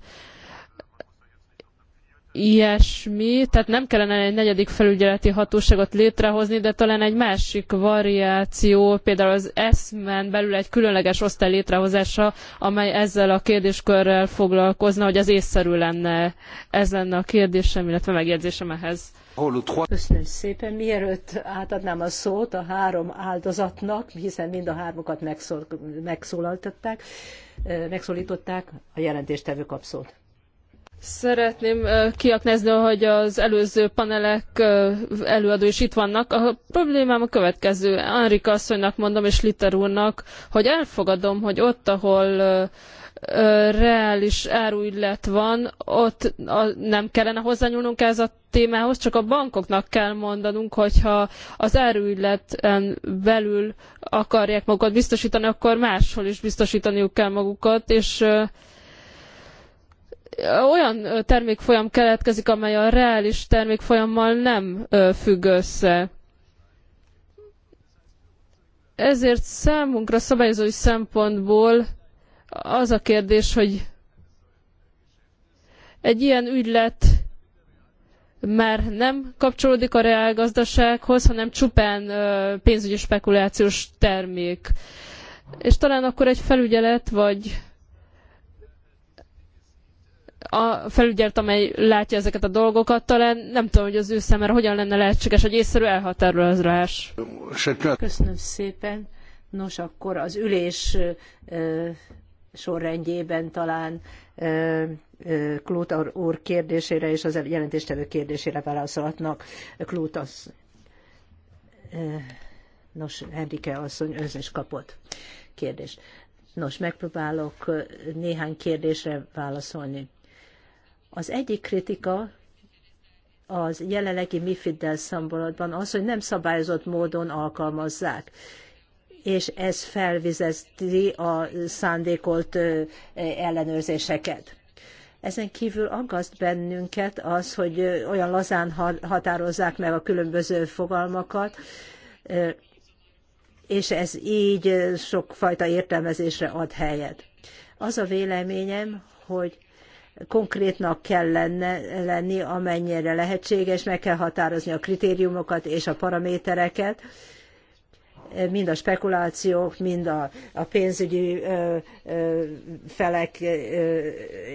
ilyesmi, tehát nem kellene egy negyedik felügyeleti hatóságot létrehozni, de talán egy másik variáció, például az ESZMEN belül egy különleges osztály létrehozása, amely ezzel a kérdéskörrel foglalkozna, hogy az észszerű lenne. Ez lenne a kérdésem, illetve megjegyzésem ehhez. Köszönöm szépen. Mielőtt átadnám a szót a három áldozatnak, hiszen mind a hármukat megszólaltatták, eh, megszólították, a jelentéstevő kap szót. Szeretném kiaknázni, hogy az előző panelek előadó is itt vannak. A problémám a következő. Enrika asszonynak mondom, és Liter úrnak, hogy elfogadom, hogy ott, ahol reális áruügylet van, ott nem kellene hozzányúlnunk ez a témához, csak a bankoknak kell mondanunk, hogyha az áruügyleten belül akarják magukat biztosítani, akkor máshol is biztosítaniuk kell magukat, és olyan termékfolyam keletkezik, amely a reális termékfolyammal nem függ össze. Ezért számunkra szabályozói szempontból az a kérdés, hogy egy ilyen ügylet már nem kapcsolódik a reálgazdasághoz, hanem csupán pénzügyi spekulációs termék. És talán akkor egy felügyelet vagy a felügyelet, amely látja ezeket a dolgokat, talán nem tudom, hogy az ő számára hogyan lenne lehetséges, hogy észszerű elhatárolás. Köszönöm szépen. Nos, akkor az ülés ö, sorrendjében talán ö, ö, úr kérdésére és az jelentéstevő kérdésére válaszolhatnak. Klót nos, Henrike asszony ön is kapott kérdést. Nos, megpróbálok néhány kérdésre válaszolni. Az egyik kritika az jelenlegi MIFID-del szempontban az, hogy nem szabályozott módon alkalmazzák és ez felvizezti a szándékolt ellenőrzéseket. Ezen kívül aggaszt bennünket az, hogy olyan lazán határozzák meg a különböző fogalmakat, és ez így sokfajta értelmezésre ad helyet. Az a véleményem, hogy konkrétnak kell lenne, lenni, amennyire lehetséges, meg kell határozni a kritériumokat és a paramétereket, mind a spekulációk, mind a, a pénzügyi ö, ö, felek ö,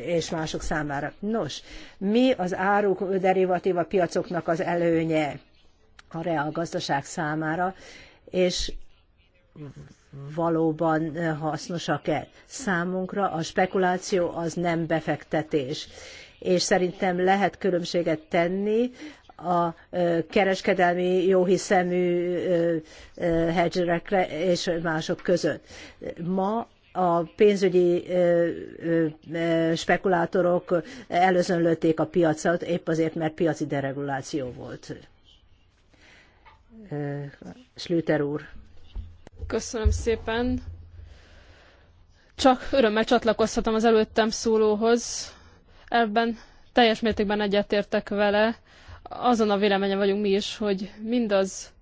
és mások számára. Nos, mi az áruk derivatíva piacoknak az előnye a reálgazdaság számára, és valóban eh, hasznosak-e. Számunkra a spekuláció az nem befektetés. És szerintem lehet különbséget tenni a eh, kereskedelmi jóhiszemű eh, hedgerekre és mások között. Ma a pénzügyi spekulátorok előzönlötték a piacot, épp azért, mert piaci dereguláció volt. Slüter úr. Köszönöm szépen. Csak örömmel csatlakozhatom az előttem szólóhoz. Ebben teljes mértékben egyetértek vele. Azon a véleményen vagyunk mi is, hogy mindaz,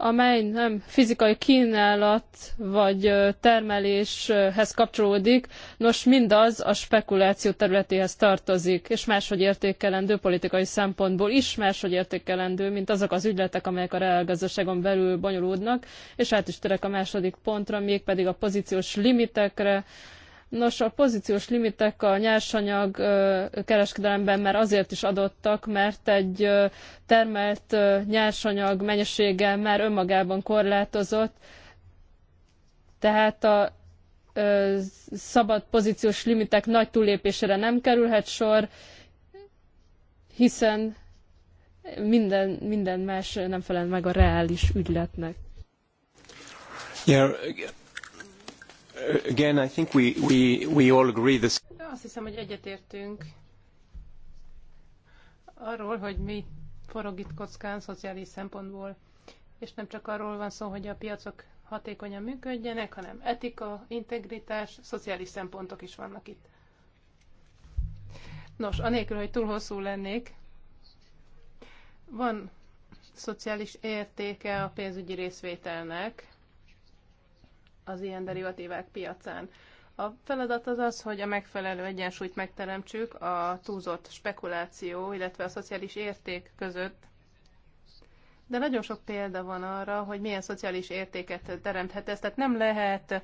amely nem fizikai kínálat vagy termeléshez kapcsolódik, nos mindaz a spekuláció területéhez tartozik, és máshogy értékelendő politikai szempontból is máshogy értékelendő, mint azok az ügyletek, amelyek a reálgazdaságon belül bonyolódnak, és át is terek a második pontra, mégpedig a pozíciós limitekre, Nos, a pozíciós limitek a nyersanyag kereskedelemben már azért is adottak, mert egy termelt nyersanyag mennyisége már önmagában korlátozott, tehát a szabad pozíciós limitek nagy túlépésére nem kerülhet sor, hiszen minden, minden más nem felel meg a reális ügyletnek. Yeah, again, I think we, we, we all agree this. Azt hiszem, hogy egyetértünk arról, hogy mi forog itt kockán szociális szempontból. És nem csak arról van szó, hogy a piacok hatékonyan működjenek, hanem etika, integritás, szociális szempontok is vannak itt. Nos, anélkül, hogy túl hosszú lennék, van szociális értéke a pénzügyi részvételnek, az ilyen derivatívák piacán. A feladat az az, hogy a megfelelő egyensúlyt megteremtsük a túlzott spekuláció, illetve a szociális érték között, de nagyon sok példa van arra, hogy milyen szociális értéket teremthet ez. Tehát nem lehet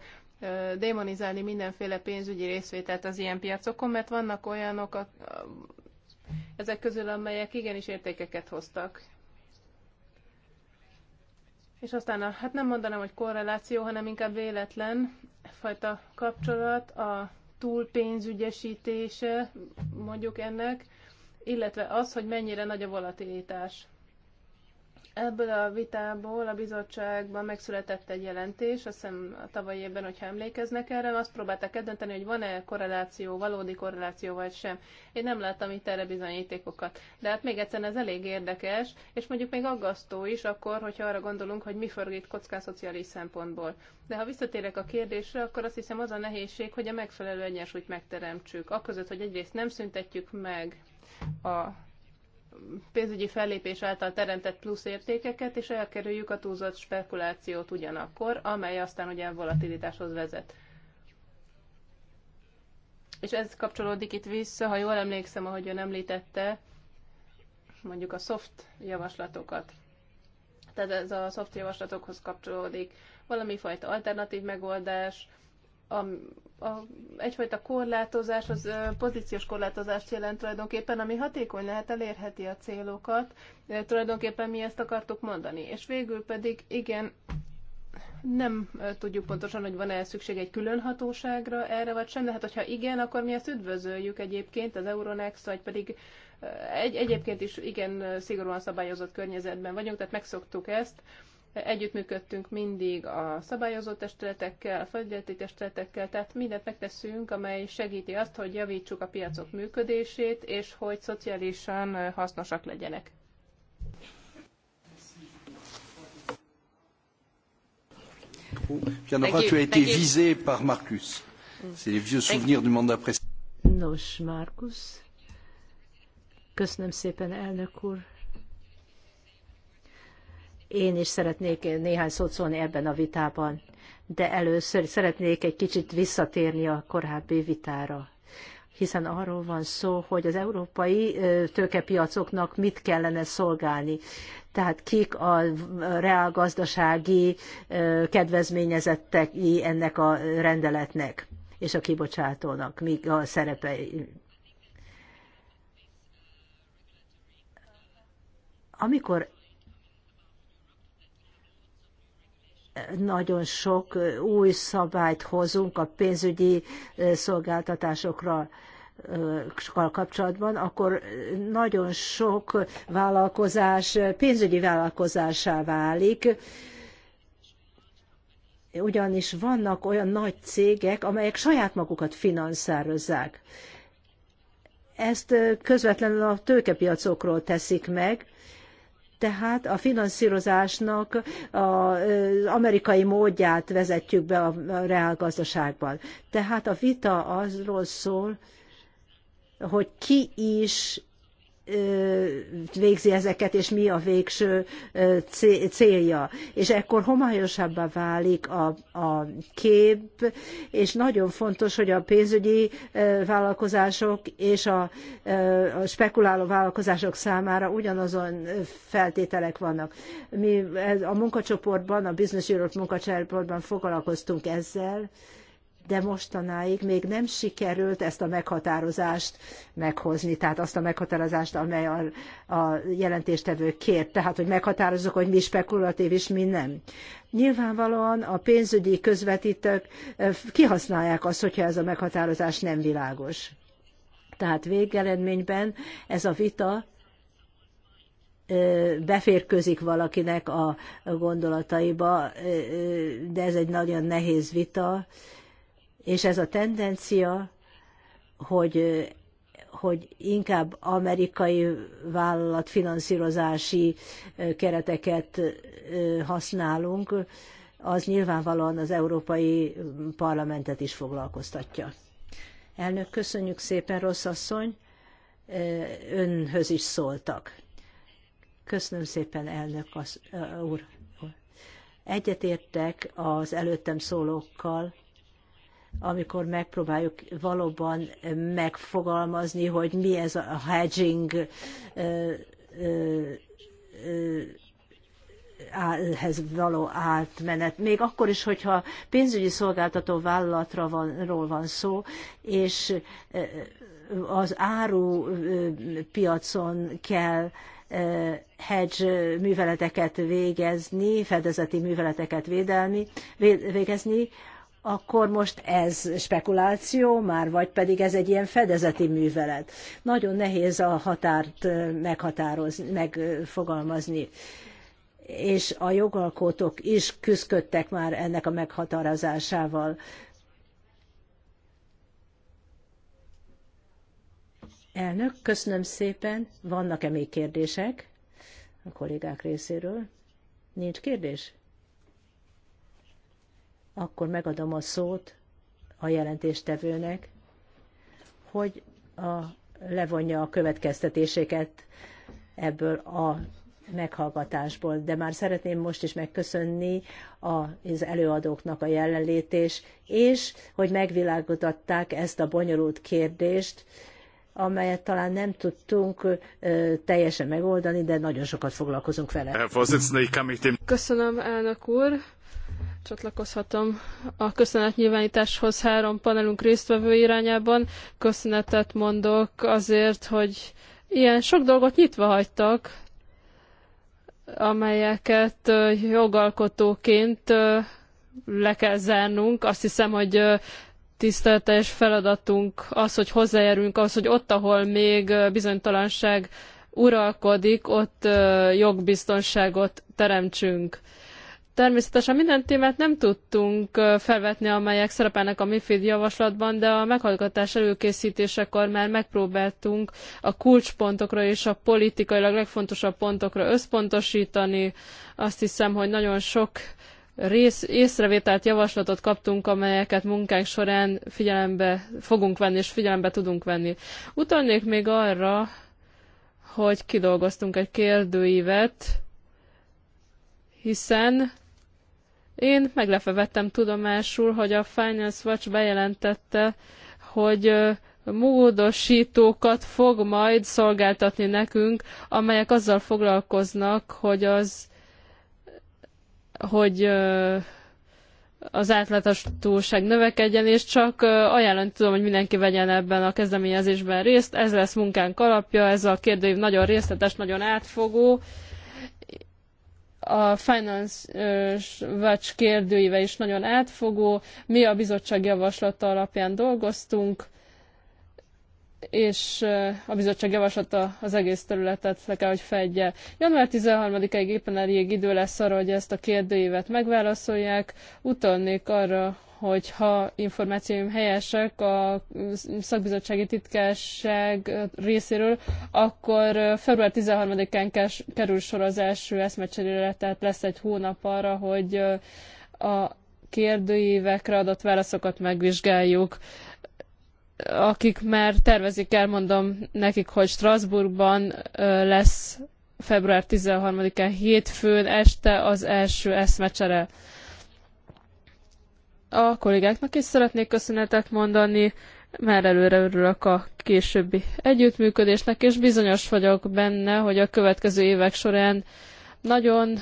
démonizálni mindenféle pénzügyi részvételt az ilyen piacokon, mert vannak olyanok a, a, ezek közül, amelyek igenis értékeket hoztak és aztán a, hát nem mondanám, hogy korreláció, hanem inkább véletlen fajta kapcsolat, a túlpénzügyesítése mondjuk ennek, illetve az, hogy mennyire nagy a volatilitás. Ebből a vitából a bizottságban megszületett egy jelentés, azt hiszem a tavalyi évben, hogyha emlékeznek erre, azt próbálták eldönteni, hogy van-e korreláció, valódi korreláció vagy sem. Én nem láttam itt erre bizonyítékokat. De hát még egyszer ez elég érdekes, és mondjuk még aggasztó is akkor, hogyha arra gondolunk, hogy mi forog itt kockán szociális szempontból. De ha visszatérek a kérdésre, akkor azt hiszem az a nehézség, hogy a megfelelő egyensúlyt megteremtsük. Aközött, hogy egyrészt nem szüntetjük meg a pénzügyi fellépés által teremtett plusz értékeket, és elkerüljük a túlzott spekulációt ugyanakkor, amely aztán ugye volatilitáshoz vezet. És ez kapcsolódik itt vissza, ha jól emlékszem, ahogy ön említette, mondjuk a soft javaslatokat. Tehát ez a soft javaslatokhoz kapcsolódik. Valami fajta alternatív megoldás, a, a, egyfajta korlátozás, az pozíciós korlátozást jelent tulajdonképpen, ami hatékony lehet, elérheti a célokat. De tulajdonképpen mi ezt akartuk mondani. És végül pedig, igen, nem tudjuk pontosan, hogy van-e szükség egy külön hatóságra erre, vagy sem, de hát hogyha igen, akkor mi ezt üdvözöljük egyébként az Euronex, vagy pedig egy, egyébként is igen szigorúan szabályozott környezetben vagyunk, tehát megszoktuk ezt Együttműködtünk mindig a szabályozó testületekkel, a felügyeleti testületekkel, tehát mindent megteszünk, amely segíti azt, hogy javítsuk a piacok működését, és hogy szociálisan hasznosak legyenek. Marcus. Nos, Marcus. Köszönöm szépen, elnök úr. Én is szeretnék néhány szót szólni ebben a vitában, de először szeretnék egy kicsit visszatérni a korábbi vitára hiszen arról van szó, hogy az európai tőkepiacoknak mit kellene szolgálni. Tehát kik a reálgazdasági kedvezményezettei ennek a rendeletnek és a kibocsátónak, míg a szerepei. Amikor nagyon sok új szabályt hozunk a pénzügyi szolgáltatásokra kapcsolatban, akkor nagyon sok vállalkozás pénzügyi vállalkozásá válik, ugyanis vannak olyan nagy cégek, amelyek saját magukat finanszározzák. Ezt közvetlenül a tőkepiacokról teszik meg, tehát a finanszírozásnak az amerikai módját vezetjük be a reálgazdaságban. Tehát a vita azról szól, hogy ki is végzi ezeket, és mi a végső célja. És ekkor homályosabbá válik a, a kép, és nagyon fontos, hogy a pénzügyi vállalkozások és a, a spekuláló vállalkozások számára ugyanazon feltételek vannak. Mi a munkacsoportban, a Business Europe munkacsoportban foglalkoztunk ezzel, de mostanáig még nem sikerült ezt a meghatározást meghozni, tehát azt a meghatározást, amely a, a jelentéstevő kért, tehát hogy meghatározzuk, hogy mi spekulatív és mi nem. Nyilvánvalóan a pénzügyi közvetítők eh, kihasználják azt, hogyha ez a meghatározás nem világos. Tehát végeredményben ez a vita eh, beférközik valakinek a gondolataiba, eh, de ez egy nagyon nehéz vita, és ez a tendencia, hogy, hogy inkább amerikai finanszírozási kereteket használunk, az nyilvánvalóan az Európai Parlamentet is foglalkoztatja. Elnök, köszönjük szépen, rossz asszony, önhöz is szóltak. Köszönöm szépen, elnök az, úr. Egyetértek az előttem szólókkal, amikor megpróbáljuk valóban megfogalmazni, hogy mi ez a hedging hez való átmenet. Még akkor is, hogyha pénzügyi szolgáltató vállalatra van, van szó, és az áru piacon kell hedge műveleteket végezni, fedezeti műveleteket védelmi, végezni, akkor most ez spekuláció már, vagy pedig ez egy ilyen fedezeti művelet. Nagyon nehéz a határt meghatározni, megfogalmazni. És a jogalkotók is küzdködtek már ennek a meghatározásával. Elnök, köszönöm szépen. Vannak-e még kérdések a kollégák részéről? Nincs kérdés? akkor megadom a szót a jelentéstevőnek, hogy a, levonja a következtetéseket ebből a meghallgatásból. De már szeretném most is megköszönni az előadóknak a jelenlétés, és hogy megvilágították ezt a bonyolult kérdést, amelyet talán nem tudtunk teljesen megoldani, de nagyon sokat foglalkozunk vele. Köszönöm, elnök úr csatlakozhatom a köszönetnyilvánításhoz három panelunk résztvevő irányában. Köszönetet mondok azért, hogy ilyen sok dolgot nyitva hagytak, amelyeket jogalkotóként le kell zárnunk. Azt hiszem, hogy tiszteletes feladatunk az, hogy hozzájárulunk ahhoz, hogy ott, ahol még bizonytalanság uralkodik, ott jogbiztonságot teremtsünk. Természetesen minden témát nem tudtunk felvetni, amelyek szerepelnek a MIFID javaslatban, de a meghallgatás előkészítésekor már megpróbáltunk a kulcspontokra és a politikailag legfontosabb pontokra összpontosítani. Azt hiszem, hogy nagyon sok rész, észrevételt, javaslatot kaptunk, amelyeket munkánk során figyelembe fogunk venni, és figyelembe tudunk venni. Utalnék még arra, hogy kidolgoztunk egy kérdőívet, hiszen én meglepve vettem tudomásul, hogy a Finance Watch bejelentette, hogy módosítókat fog majd szolgáltatni nekünk, amelyek azzal foglalkoznak, hogy az hogy az átlátos növekedjen, és csak ajánlani tudom, hogy mindenki vegyen ebben a kezdeményezésben részt. Ez lesz munkánk alapja, ez a kérdőív nagyon részletes, nagyon átfogó, a Finance Watch kérdőíve is nagyon átfogó. Mi a bizottság javaslata alapján dolgoztunk, és a bizottság javaslata az egész területet le kell, hogy fedje. Január 13-ig éppen elég idő lesz arra, hogy ezt a kérdőívet megválaszolják. Utalnék arra, hogy ha információim helyesek a szakbizottsági titkárság részéről, akkor február 13-án kerül sor az első eszmecserére, tehát lesz egy hónap arra, hogy a kérdőívekre adott válaszokat megvizsgáljuk akik már tervezik, elmondom nekik, hogy Strasbourgban lesz február 13-án hétfőn este az első eszmecsere. A kollégáknak is szeretnék köszönetet mondani, már előre örülök a későbbi együttműködésnek, és bizonyos vagyok benne, hogy a következő évek során nagyon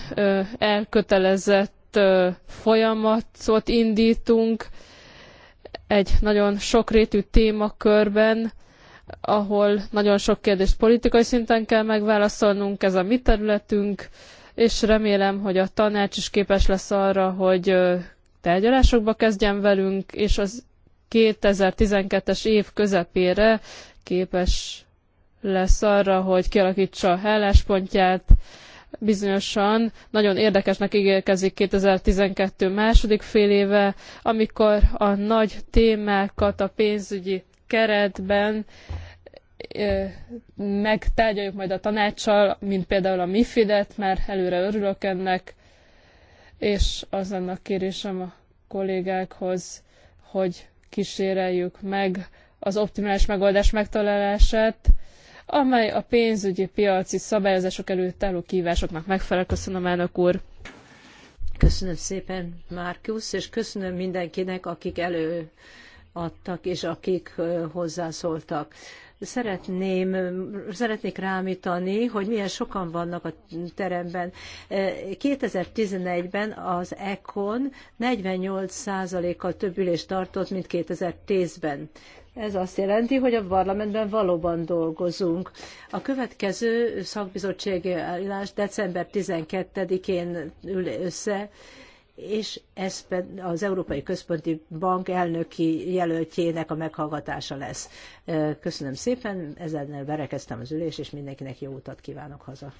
elkötelezett folyamatot indítunk, egy nagyon sokrétű témakörben, ahol nagyon sok kérdést politikai szinten kell megválaszolnunk, ez a mi területünk, és remélem, hogy a tanács is képes lesz arra, hogy tárgyalásokba kezdjen velünk, és az 2012-es év közepére képes lesz arra, hogy kialakítsa a álláspontját, bizonyosan nagyon érdekesnek ígérkezik 2012 második fél éve, amikor a nagy témákat a pénzügyi keretben megtárgyaljuk majd a tanácssal, mint például a MIFID-et, már előre örülök ennek, és az lenne a kérésem a kollégákhoz, hogy kíséreljük meg az optimális megoldás megtalálását, amely a pénzügyi piaci szabályozások előtt álló kívásoknak megfelel. Köszönöm, elnök úr! Köszönöm szépen, Márkusz, és köszönöm mindenkinek, akik előadtak és akik hozzászóltak. Szeretném, szeretnék rámítani, hogy milyen sokan vannak a teremben. 2011-ben az ECON 48%-kal több ülést tartott, mint 2010-ben. Ez azt jelenti, hogy a parlamentben valóban dolgozunk. A következő szakbizottsági állás december 12-én ül össze, és ez az Európai Központi Bank elnöki jelöltjének a meghallgatása lesz. Köszönöm szépen, ezzel berekeztem az ülés, és mindenkinek jó utat kívánok haza.